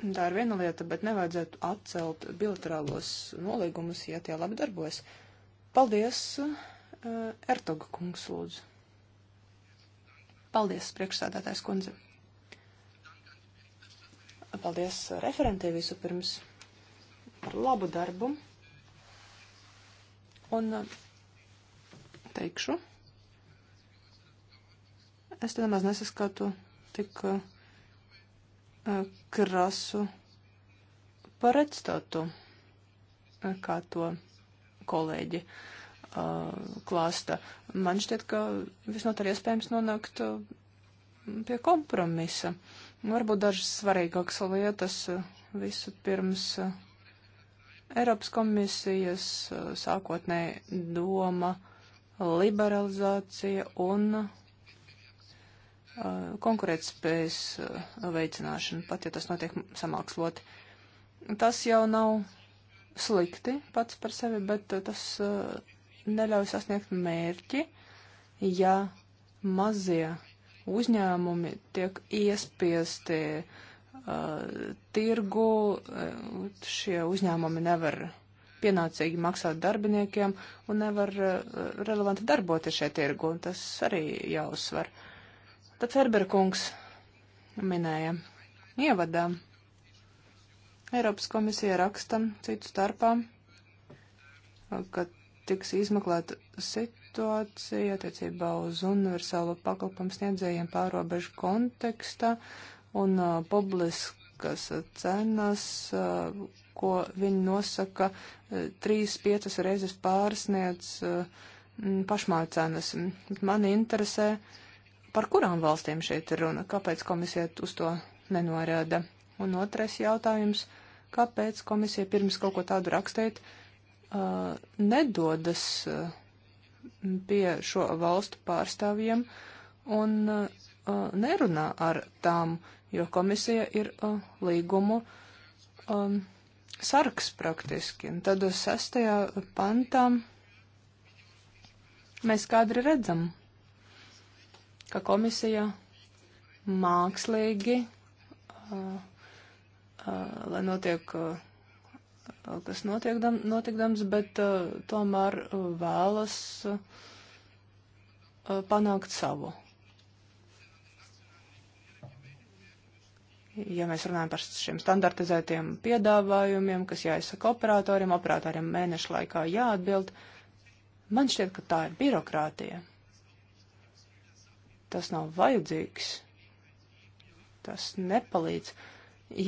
tā ir viena lieta, bet nevajadzētu atcelt bilaterālos nolīgumus, ja tie labi darbojas. Paldies, eh, Ertoga kungs, lūdzu. Paldies, priekšsēdētājs kundze. Paldies uh, referentē visu pirms par labu darbu. Un uh, teikšu, es te nemaz nesaskatu tik uh, krasu pretstatu, kā to kolēģi uh, klāsta. Man šķiet, ka visnotaļ iespējams nonākt pie kompromisa. Uh, Nu, varbūt dažas svarīgākas lietas eh, visu pirms eh, Eiropas komisijas eh, sākotnēji doma liberalizācija un konkurētspējas veicināšana, pat ja tas notiek samāksloti. Tas jau nav slikti pats par sevi, bet tas neļauj sasniegt mērķi, ja mazie uzņēmumi tiek iespiesti uh, tirgu, uh, šie uzņēmumi nevar pienācīgi maksāt darbiniekiem un nevar uh, relevanti darboties šajā tirgu, un tas arī jāuzsver. Tad Ferbera kungs minēja ievadā. Eiropas komisija raksta citu starpā, uh, ka tiks izmeklēta sit situācija attiecībā uz universālo pakalpojumu sniedzējiem pārobežu kontekstā un uh, publiskas uh, cenas, uh, ko viņi nosaka, uh, 3-5 reizes pārsniedz uh, pašmāju cenas. Mani interesē, par kurām valstīm šeit ir runa, kāpēc komisija uz to nenorāda. Un otrais jautājums, kāpēc komisija pirms kaut ko tādu rakstīt, uh, nedodas. Uh, pie šo valstu pārstāvjiem un uh, nerunā ar tām, jo komisija ir uh, līgumu um, sargs praktiski. Un tad uz sastajā pantā mēs kādri redzam, ka komisija mākslīgi, uh, uh, lai notiek uh, kas notiekdam, notiekdams, bet uh, tomēr uh, vēlas uh, panākt savu. Ja mēs runājam par šiem standartizētiem piedāvājumiem, kas jāizsaka operatoriem, operatoriem mēnešu laikā jāatbild, man šķiet, ka tā ir birokrātija. Tas nav vajadzīgs. Tas nepalīdz.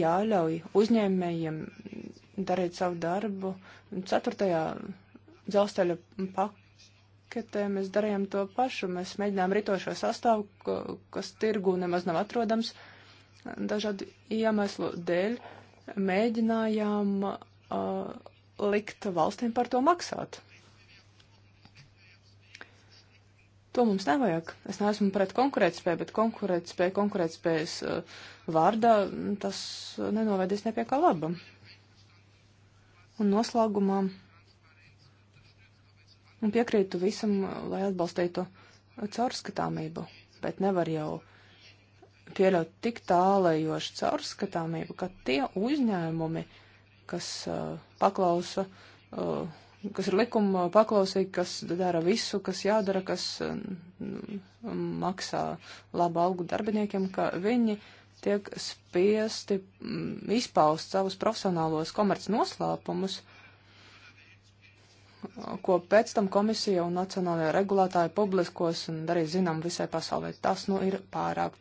Jāļauj uzņēmējiem darīt savu darbu. Ceturtajā dzelzceļa paketē mēs darījām to pašu. Mēs mēģinām ritošo sastāvu, kas tirgu nemaz nav atrodams, dažādu iemeslu dēļ mēģinājām uh, likt valstīm par to maksāt. To mums nevajag. Es neesmu pret konkurētspēju, bet konkurētspēja konkurētspējas vārdā tas nenovedīs nepie kā laba. Un noslēgumā un piekrītu visam, lai atbalstītu caurskatāmību, bet nevar jau pieļaut tik tālējošu caurskatāmību, ka tie uzņēmumi, kas uh, paklausa, uh, kas ir likuma paklausīgi, kas dara visu, kas jādara, kas uh, maksā labu algu darbiniekiem, ka viņi uh, tiek spiesti mm, izpaust savus profesionālos komerc noslēpumus, ko pēc tam komisija un nacionālajie regulātāji publiskos un darīs zinām visai pasaulē. Tas nu ir pārāk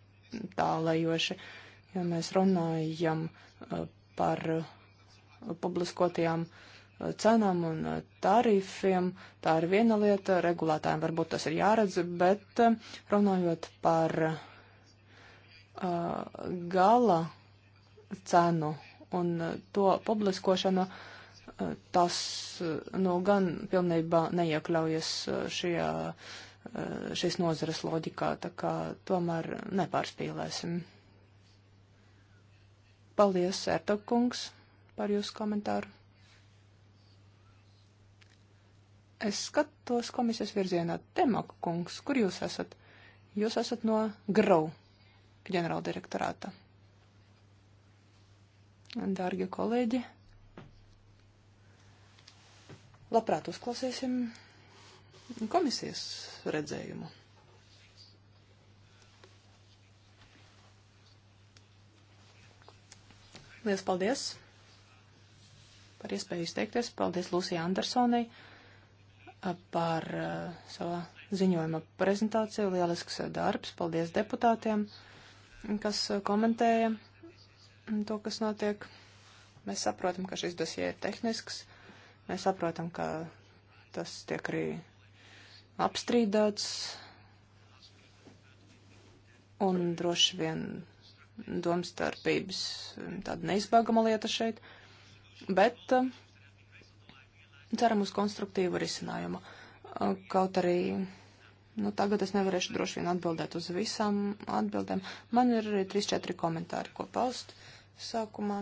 tālējoši, ja mēs runājam uh, par uh, publiskotajām uh, cenām un tarifiem. Tā ir viena lieta, regulātājiem varbūt tas ir jāredz, bet runājot par Uh, gala cenu un uh, to publiskošanu, uh, tas nu, gan pilnībā neiekļaujas šajā, šīs nozares loģikā, tā kā tomēr nepārspīlēsim. Paldies, Ertokungs, par jūsu komentāru. Es skatos komisijas virzienā. Temaka kungs, kur jūs esat? Jūs esat no Grau ģenerāldirektorāta. Dārgie kolēģi, labprāt uzklausīsim komisijas redzējumu. Lielas paldies par iespēju izteikties. Paldies Lūsija Andersonai par uh, savā ziņojuma prezentāciju. Lielisks darbs. Paldies deputātiem kas uh, komentēja to, kas notiek. Mēs saprotam, ka šis dosie ir tehnisks. Mēs saprotam, ka tas tiek arī apstrīdēts. Un droši vien domstarpības um, tāda neizbēgama lieta šeit. Bet uh, ceram uz konstruktīvu risinājumu. Uh, kaut arī Nu, tagad es nevarēšu droši vien atbildēt uz visām atbildēm. Man ir arī 3-4 komentāri, ko paust sākumā.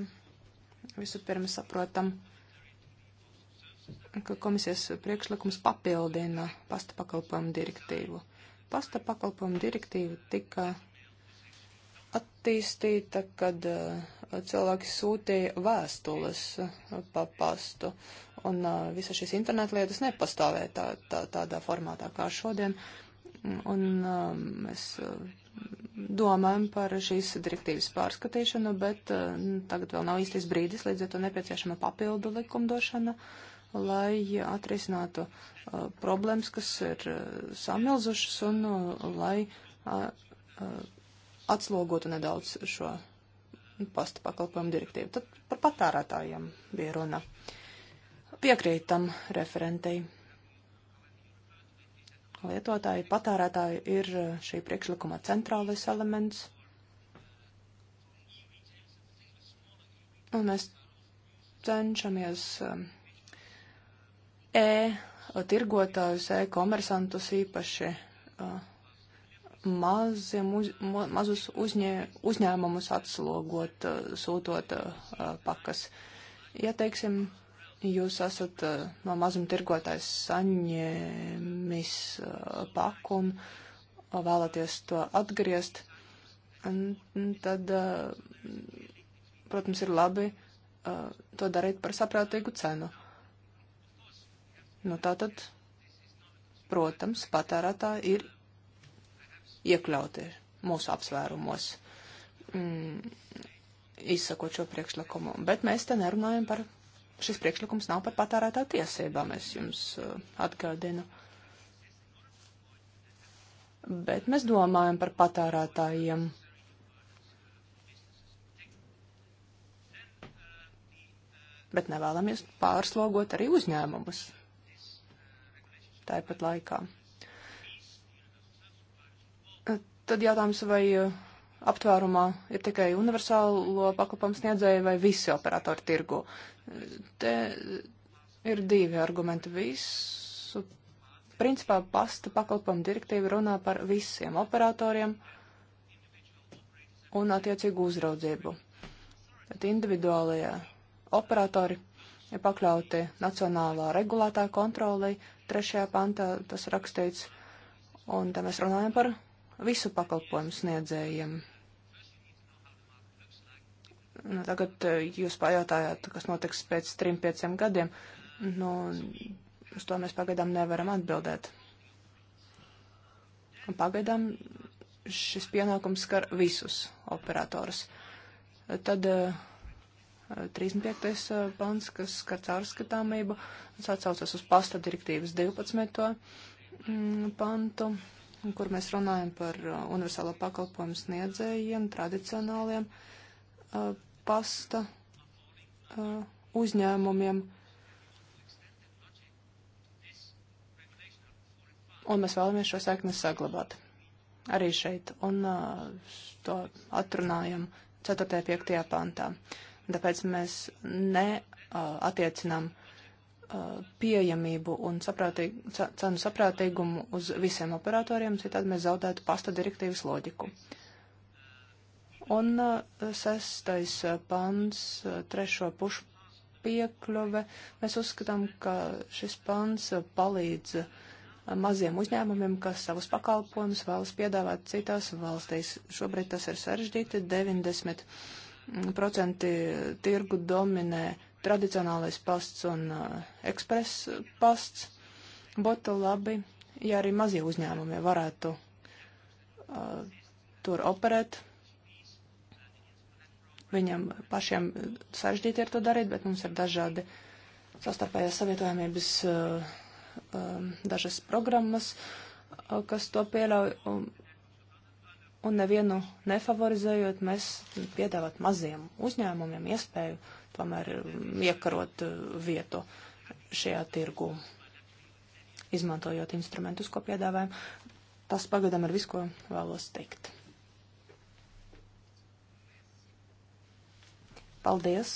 Vispirms saprotam, ka komisijas priekšlikums papildina pasta pakalpojumu direktīvu. Pasta pakalpojumu direktīva tika attīstīta, kad eh, cilvēki sūtīja vēstules eh, pa pastu. Uh, un uh, visa šīs internetlietas nepastāvēja tā, tā, tādā formātā kā šodien. Un uh, mēs domājam par šīs direktīvas pārskatīšanu, bet uh, tagad vēl nav īstais brīdis, līdz ar to nepieciešama papildu likumdošana, lai atrisinātu uh, problēmas, kas ir uh, samilzušas un uh, lai uh, uh, atslogotu nedaudz šo pasta pakalpojumu direktīvu. Tad par patērētājiem bija runa. Uh, Piekrītam referentei. Lietotāji, patērētāji ir eh, šī priekšlikuma centrālais elements. Un mēs cenšamies eh, e-tirgotājus, e-komersantus īpaši eh, maziem, uz, mazus uzņē, uzņēmumus atslogot, sūtot pakas. Ja, teiksim, jūs esat eh, no mazumtirgotājs saņēmis eh, paku un eh, vēlaties to atgriezt, tad, protams, ir labi to darīt par saprātīgu cenu. Nu, tātad, protams, patērētāji ir iekļauti mūsu apsvērumos, mm, izsakot šo priekšlikumu. Bet mēs te nerunājam par šis priekšlikums nav par patērētā tiesībām, es jums uh, atgādinu. Bet mēs domājam par patērētājiem. Bet nevēlamies pārslogot arī uzņēmumus. Tāpat laikā. Tad jautājums, vai uh, aptvērumā ir tikai universālo pakalpojumu sniedzēji vai visi operatori tirgu. Te ir divi argumenti. Visu, principā, pasta pakalpojumu direktīva runā par visiem operatoriem un attiecīgu uzraudzību. Bet individuālajie operatori ir pakļauti nacionālā regulētā kontrolei, trešajā pantā tas rakstīts, un te mēs runājam par visu pakalpojumu sniedzējiem. Nu, tagad eh, jūs pajautājāt, kas notiks pēc trim, pieciem gadiem. Nu, uz to mēs pagaidām nevaram atbildēt. Un pagaidām šis pienākums skar visus operatorus. Tad uh, eh, 35. Eh, pants, kas skar caurskatāmību, tas atsaucas uz pasta direktīvas 12. Mm, pantu kur mēs runājam par uh, universālo pakalpojumu sniedzējiem, tradicionāliem uh, pasta uh, uzņēmumiem. Un mēs vēlamies šo saikni saglabāt arī šeit, un uh, to atrunājam 4. un 5. pantā. Tāpēc mēs neatiecinām uh, pieejamību un saprātīgu, cenu saprātīgumu uz visiem operatoriem, citādi mēs zaudētu pasta direktīvas loģiku. Un uh, sestais uh, pants, uh, trešo pušu piekļuve. Mēs uzskatām, ka šis pants palīdz maziem uzņēmumiem, kas savus pakalpojumus vēlas piedāvāt citās valstīs. Šobrīd tas ir sarežģīti. 90% mm, tirgu dominē uh, tradicionālais pasts un uh, ekspres pasts. Būtu labi, ja arī mazie uzņēmumi varētu uh, tur operēt. Viņam pašiem sarežģīti ir to darīt, bet mums ir dažādi sastarpējās savietojamības uh, um, dažas programmas, uh, kas to pieļauj. Un, un nevienu nefavorizējot, mēs piedāvāt maziem uzņēmumiem iespēju uh, tomēr um, iekarot uh, vietu šajā tirgū, izmantojot instrumentus, ko piedāvājam. Tas pagadam ir viss, ko vēlos teikt. Paldies!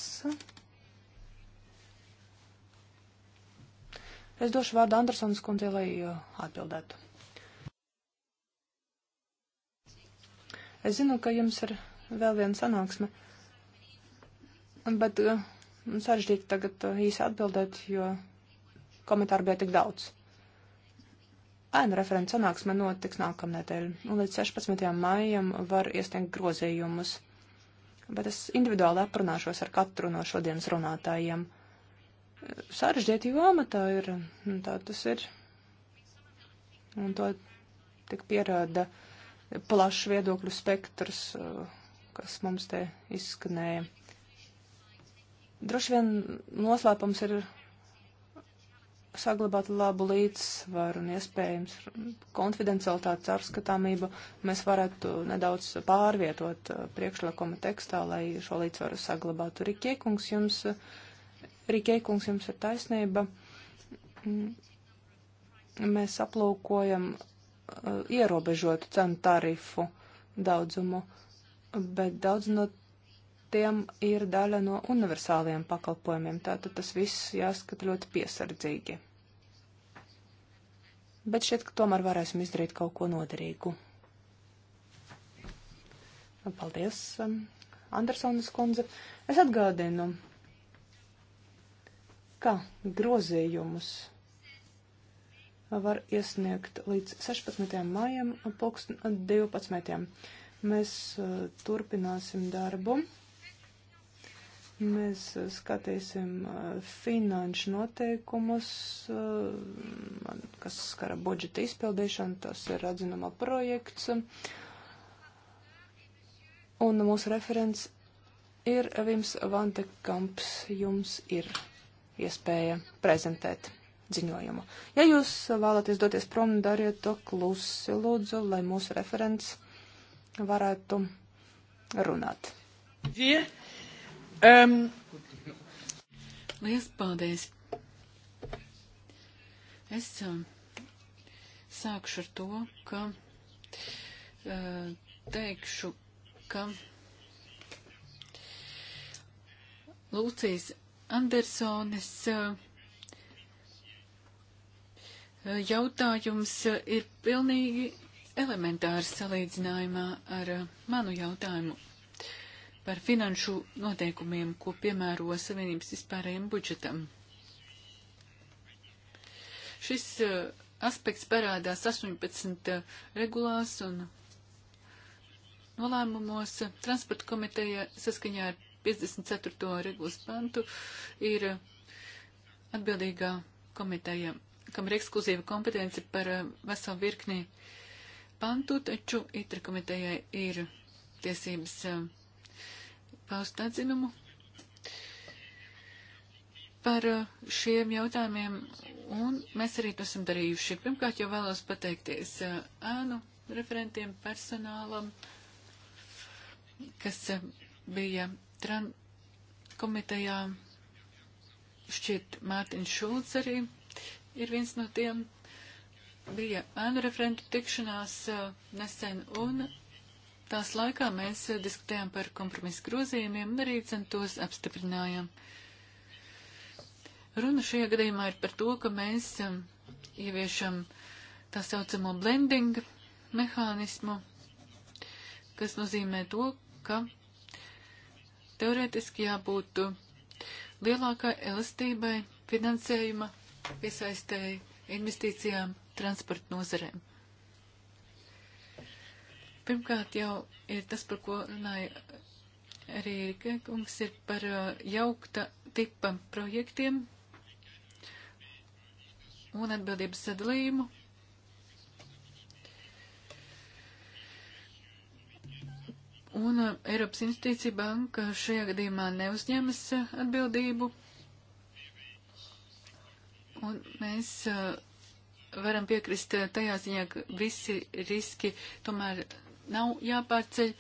Es došu vārdu Andersonas kundzei, lai uh, atbildētu. Es zinu, ka jums ir vēl viena sanāksme. Uh, Bet uh, sarežģīti tagad uh, īsi atbildēt, jo komentāru bija tik daudz. Ēnu referents sanāksme notiks nākamnedēļ, un līdz 16. maijam var iesniegt grozījumus. Bet es individuāli aprunāšos ar katru no šodienas runātājiem. Sarežģīti joma tā ir, tā tas ir. Un to tik pierāda plašs viedokļu spektrs, uh, kas mums te izskanēja. Droši vien noslēpums ir saglabāt labu līdzsvaru un iespējams konfidencialitātes apskatāmību. Mēs varētu nedaudz pārvietot uh, priekšlikuma tekstā, lai šo līdzsvaru saglabātu. Rikiekungs jums, Rikiekungs jums ir taisnība. Mēs aplūkojam uh, ierobežotu cenu tarifu daudzumu, bet daudz no tiem ir daļa no universāliem pakalpojumiem, tātad tas viss jāskata ļoti piesardzīgi. Bet šķiet, ka tomēr varēsim izdarīt kaut ko noderīgu. Paldies, um, Andersonas kundze. Es atgādinu, ka grozījumus var iesniegt līdz 16. maijam, pulksten 12. Mēs uh, turpināsim darbu. Mēs uh, skatīsim uh, finanšu noteikumus, uh, kas skara budžeta izpildīšanu, tas ir atzinuma projekts. Un mūsu referents ir Vims Vantekamps, jums ir iespēja prezentēt ziņojumu. Ja jūs vēlaties doties prom, dariet to klusi, lūdzu, lai mūsu referents varētu runāt. Yeah. Um. Lielas paldies! Es um, sākšu ar to, ka uh, teikšu, ka Lūcijas Andersonis uh, jautājums ir pilnīgi elementārs salīdzinājumā ar uh, manu jautājumu par finanšu noteikumiem, ko piemēro Savienības vispārējiem budžetam. Šis uh, aspekts parādās 18 uh, eh, regulās un nolēmumos. Transporta komiteja saskaņā ar 54. regulas pantu ir eh, atbildīgā komiteja, kam ir ekskluzīva kompetence par veselu virkni pantu, taču itra komitejai ir tiesības uh, paust atzinumu par uh, šiem jautājumiem, un mēs arī to esam darījuši. Pirmkārt, jau vēlos pateikties uh, ēnu referentiem personālam, kas uh, bija tran komitejā, šķiet Mārtiņš Šulc arī ir viens no tiem, bija ēnu referentu tikšanās nesen, un tās laikā mēs diskutējām par kompromisu grozījumiem un arī centos apstiprinājām. Runa šajā gadījumā ir par to, ka mēs um, ieviešam tā saucamo blending mehānismu, kas nozīmē to, ka teorētiski jābūt lielākai elastībai finansējuma piesaistēji investīcijām transporta nozarēm. Pirmkārt jau ir tas, par ko runāja arī kungs, ir par uh, jaukta tipa projektiem un atbildības sadalījumu. Un uh, Eiropas Investīcija banka šajā gadījumā neuzņemas uh, atbildību. Un mēs uh, varam piekrist uh, tajā ziņā, ka visi riski tomēr nav jāpārceļ.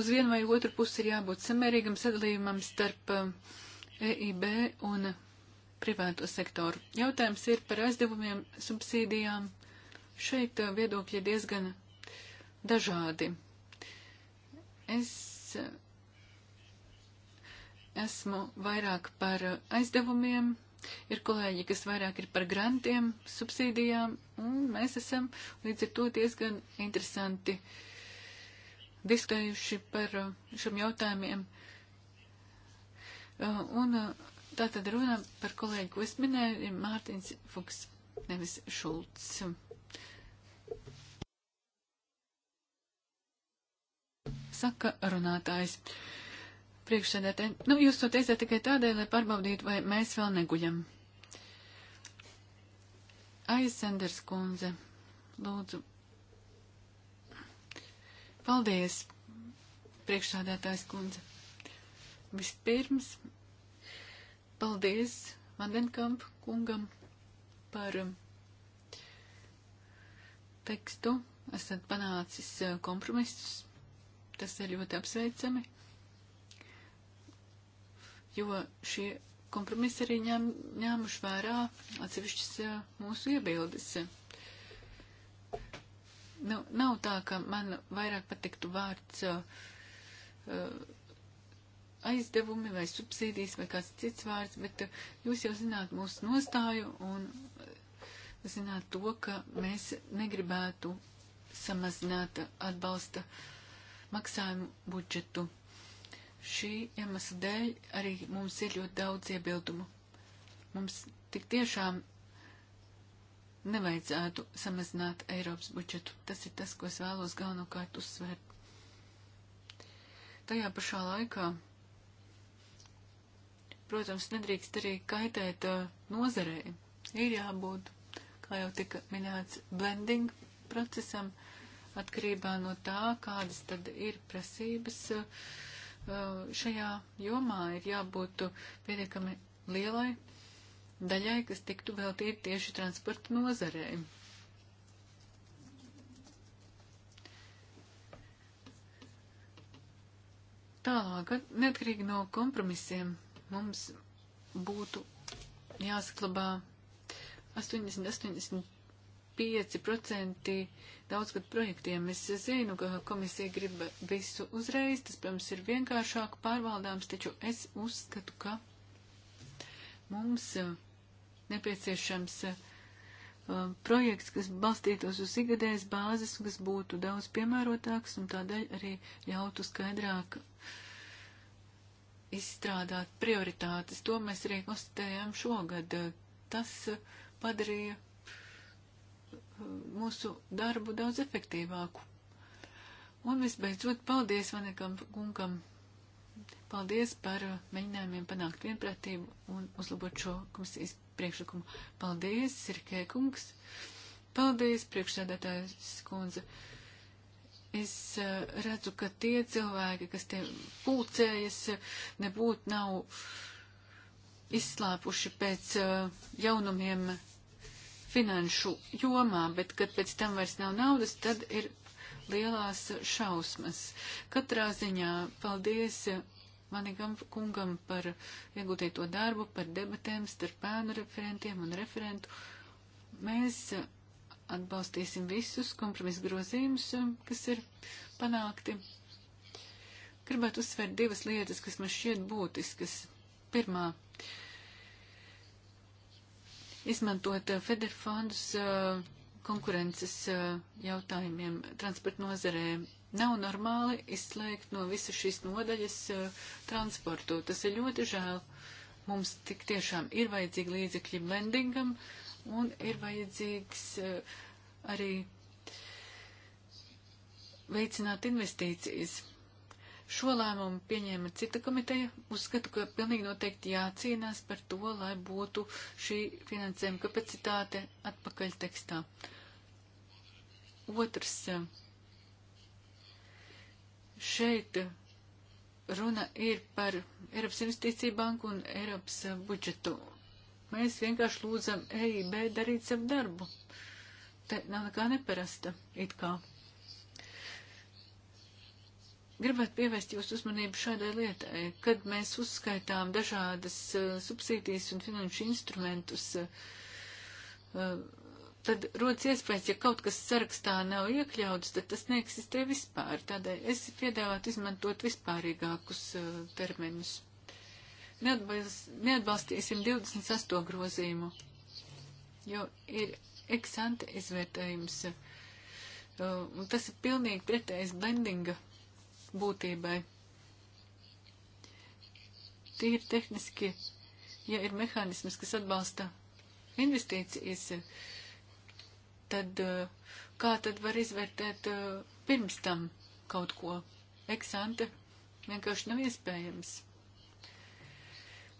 Uz vienu vai otru pusi ir jābūt samērīgam sadalījumam starp um, EIB un privāto sektoru. Jautājums ir par aizdevumiem, subsīdijām. Šeit uh, viedokļi diezgan dažādi. Es uh, esmu vairāk par aizdevumiem, ir kolēģi, kas vairāk ir par grantiem, subsīdijām, un mēs esam līdz ar to diezgan interesanti uh, diskutējuši par uh, šiem jautājumiem. Uh, un uh, tā tad runā par kolēģi, ko es minēju, ir Mārtiņš Fuks, nevis Šulcs. Saka runātājs. Priekšsēdētāji, nu jūs to teicāt tikai tādēļ, lai pārbaudītu, vai mēs vēl neguļam. Aizsenders kundze, lūdzu, Paldies, priekšsādātājs kundze. Vispirms, paldies Vandenkamp kungam par um, tekstu. Esat panācis uh, kompromisus. Tas ir ļoti apsveicami, jo šie kompromisi arī ņem, ņēmuši vērā atsevišķas uh, mūsu iebildes. Nav, nu, nav tā, ka man vairāk patiktu vārds uh, uh, aizdevumi vai subsīdijas vai kāds cits vārds, bet uh, jūs jau zināt mūsu nostāju un uh, zināt to, ka mēs negribētu samazināt atbalsta maksājumu budžetu. Šī iemesla dēļ arī mums ir ļoti daudz iebildumu. Mums tik tiešām nevajadzētu samazināt Eiropas budžetu. Tas ir tas, ko es vēlos galvenokārt uzsvērt. Tajā pašā laikā, protams, nedrīkst arī kaitēt uh, nozarei. Ir jābūt, kā jau tika minēts, blending procesam, atkarībā no tā, kādas tad ir prasības uh, šajā jomā, ir jābūt pietiekami lielai daļai, kas tiktu veltīti tieši transporta nozarei. Tālāk, neatkarīgi no kompromisiem, mums būtu jāsaklabā 80-85% daudzgad projektiem. Es zinu, ka komisija grib visu uzreiz, tas, protams, ir vienkāršāk pārvaldāms, taču es uzskatu, ka mums. Uh, nepieciešams um, projekts, kas balstītos uz ikgadējas bāzes, kas būtu daudz piemērotāks un tādēļ arī ļautu skaidrāk izstrādāt prioritātes. To mēs arī konstatējām šogad. Tas uh, padarīja uh, mūsu darbu daudz efektīvāku. Un visbeidzot, paldies Vanekam kungam. Paldies par mēģinājumiem panākt vienprātību un uzlabot šo komisijas priekšlikumu. Paldies, Sirkē kungs. Paldies, priekšsēdētājs kundze. Es uh, redzu, ka tie cilvēki, kas te pulcējas, nebūtu nav izslāpuši pēc uh, jaunumiem finanšu jomā, bet kad pēc tam vairs nav naudas, tad ir lielās šausmas. Katrā ziņā paldies Manigam kungam par iegūtīto darbu, par debatēm starp ēnu referentiem un referentu. Mēs atbalstīsim visus kompromisu grozījumus, um, kas ir panākti. Gribētu uzsvērt divas lietas, kas man šķiet būtiskas. Pirmā izmantot uh, federfondus uh, konkurences uh, jautājumiem transporta nozarē Nav normāli izslēgt no visa šīs nodaļas eh, transportu. Tas ir ļoti žēl. Mums tik tiešām ir vajadzīgi līdzekļi blendingam un ir vajadzīgs eh, arī veicināt investīcijas. Šo lēmumu pieņēma cita komiteja. Uzskatu, ka pilnīgi noteikti jācīnās par to, lai būtu šī finansējuma kapacitāte atpakaļ tekstā. Otrs eh, Šeit runa ir par Eiropas investīciju banku un Eiropas budžetu. Mēs vienkārši lūdzam EIB darīt savu darbu. Te nav nekā neparasta, it kā. Gribētu pievērst jūsu uzmanību šādai lietai, kad mēs uzskaitām dažādas uh, subsīdijas un finanšu instrumentus uh, tad rodas iespējas, ja kaut kas sarakstā nav iekļauts, tad tas neeksistē vispār. Tādēļ es piedāvātu izmantot vispārīgākus uh, terminus. Neatbalst, neatbalstīsim 28 grozījumu, jo ir eksante izvērtējums, uh, un tas ir pilnīgi pretējs blendinga būtībai. Tīri tehniski, ja ir mehānisms, kas atbalsta investīcijas, uh, tad eh, kā tad var izvērtēt eh, pirms tam kaut ko? Eksante vienkārši nav iespējams.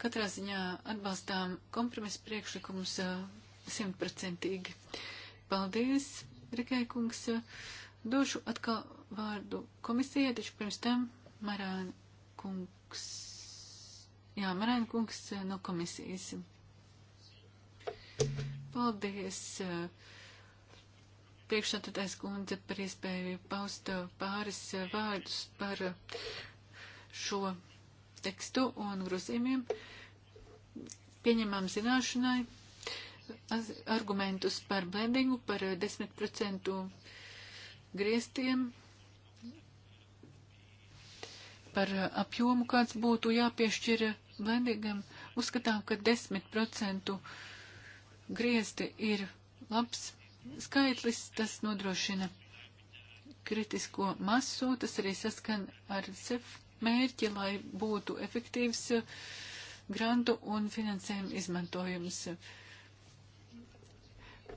Katrā ziņā atbalstām kompromisu priekšlikumus eh, simtprocentīgi. Paldies, Rikai kungs. Došu atkal vārdu komisijai, taču pirms tam Marāna kungs. Jā, Marāna kungs no komisijas. Paldies. Uh, priekšsādātājs kundze par iespēju paust pāris vārdus par šo tekstu un grozījumiem. Pieņemam zināšanai argumentus par blendingu, par 10% griestiem, par apjomu, kāds būtu jāpiešķir blendingam. Uzskatām, ka 10% griesti ir labs skaitlis, tas nodrošina kritisko masu, tas arī saskan ar CEF mērķi, lai būtu efektīvs uh, grantu un finansējumu izmantojums.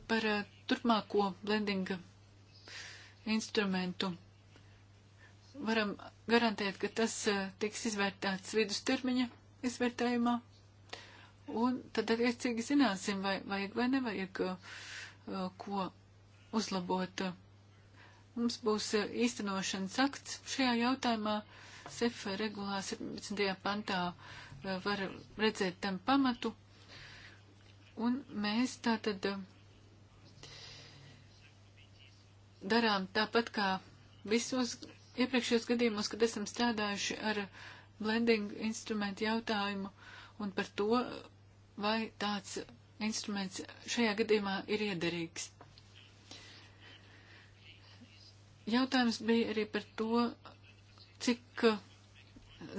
Par uh, turpmāko blendinga instrumentu varam garantēt, ka tas uh, tiks izvērtēts vidustermiņa izvērtējumā, un tad attiecīgi zināsim, vai vajag vai nevajag uh, Uh, ko uzlabot. Mums būs uh, īstenošanas akts šajā jautājumā. SEF regulā 17. pantā uh, var redzēt tam pamatu. Un mēs tātad darām tāpat kā visos iepriekšējos gadījumos, kad esam strādājuši ar blending instrumentu jautājumu un par to, vai tāds instruments šajā gadījumā ir iederīgs. Jautājums bija arī par to, cik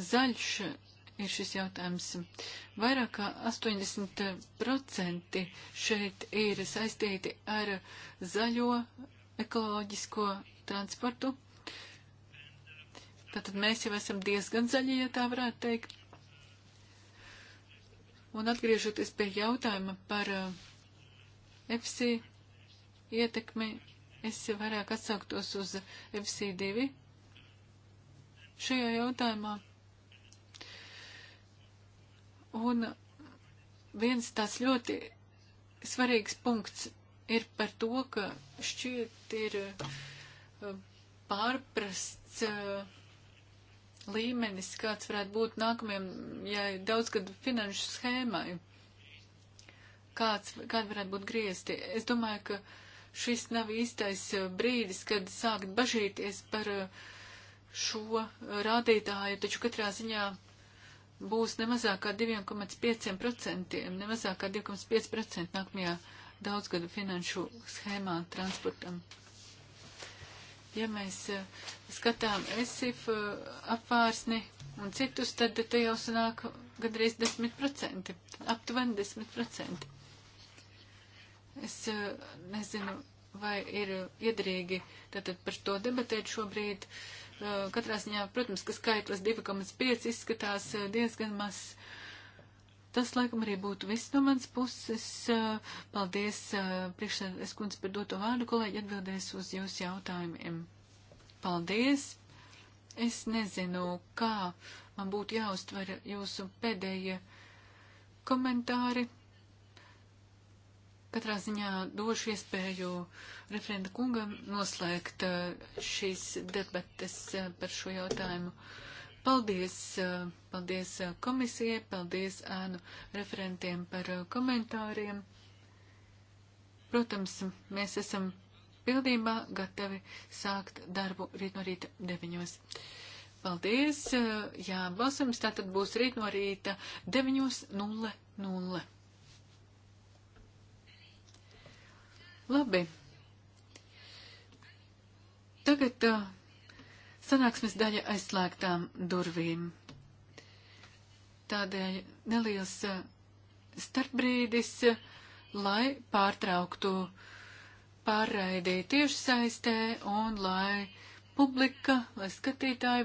zaļš ir šis jautājums. Vairāk kā 80% šeit ir saistīti ar zaļo ekoloģisko transportu. Tātad mēs jau esam diezgan zaļi, ja tā varētu teikt. Un atgriežoties pie jautājuma par eh, FC ietekmi, es vairāk atsauktos uz FC2. Šajā jautājumā. Un viens tāds ļoti svarīgs punkts ir par to, ka šķiet ir eh, pārprasts uh, līmenis, kāds varētu būt nākamajam, ja daudzgadu finanšu schēmai, kāds, kāda varētu būt griezti. Es domāju, ka šis nav īstais eh, brīdis, kad sākt bažīties par eh, šo eh, rādītāju, taču katrā ziņā būs nemazāk kā 2,5%, nemazāk kā 2,5% nākamajā daudzgadu finanšu schēmā transportam. Ja mēs eh, skatām ESIF eh, apvārsni un citus, tad te jau sanāk gandrīz 10%, aptuveni 10%. Es eh, nezinu, vai ir iedrīgi tātad par to debatēt šobrīd. Katrā ziņā, protams, ka skaitlis 2,5 izskatās diezgan mazs Tas, laikam, arī būtu viss no manas puses. Paldies, priekšsēdētājs kundze, par doto vārdu. Kolēģi atbildēs uz jūsu jautājumiem. Paldies! Es nezinu, kā man būtu jāuztver jūsu pēdējie komentāri. Katrā ziņā došu iespēju referenta kungam noslēgt uh, šīs debates uh, par šo jautājumu. Paldies, eh, paldies eh, komisijai, paldies ēnu referentiem par eh, komentāriem. Protams, mēs esam pildībā gatavi sākt darbu rīt no rīta deviņos. Paldies! Jā, balsams, tātad būs rīt no rīta 9.00. Labi. Tagad sanāksmes daļa aizslēgtām durvīm. Tādēļ neliels eh, starpbrīdis, eh, lai pārtrauktu pārraidī tiešsaistē un lai publika, lai skatītāji var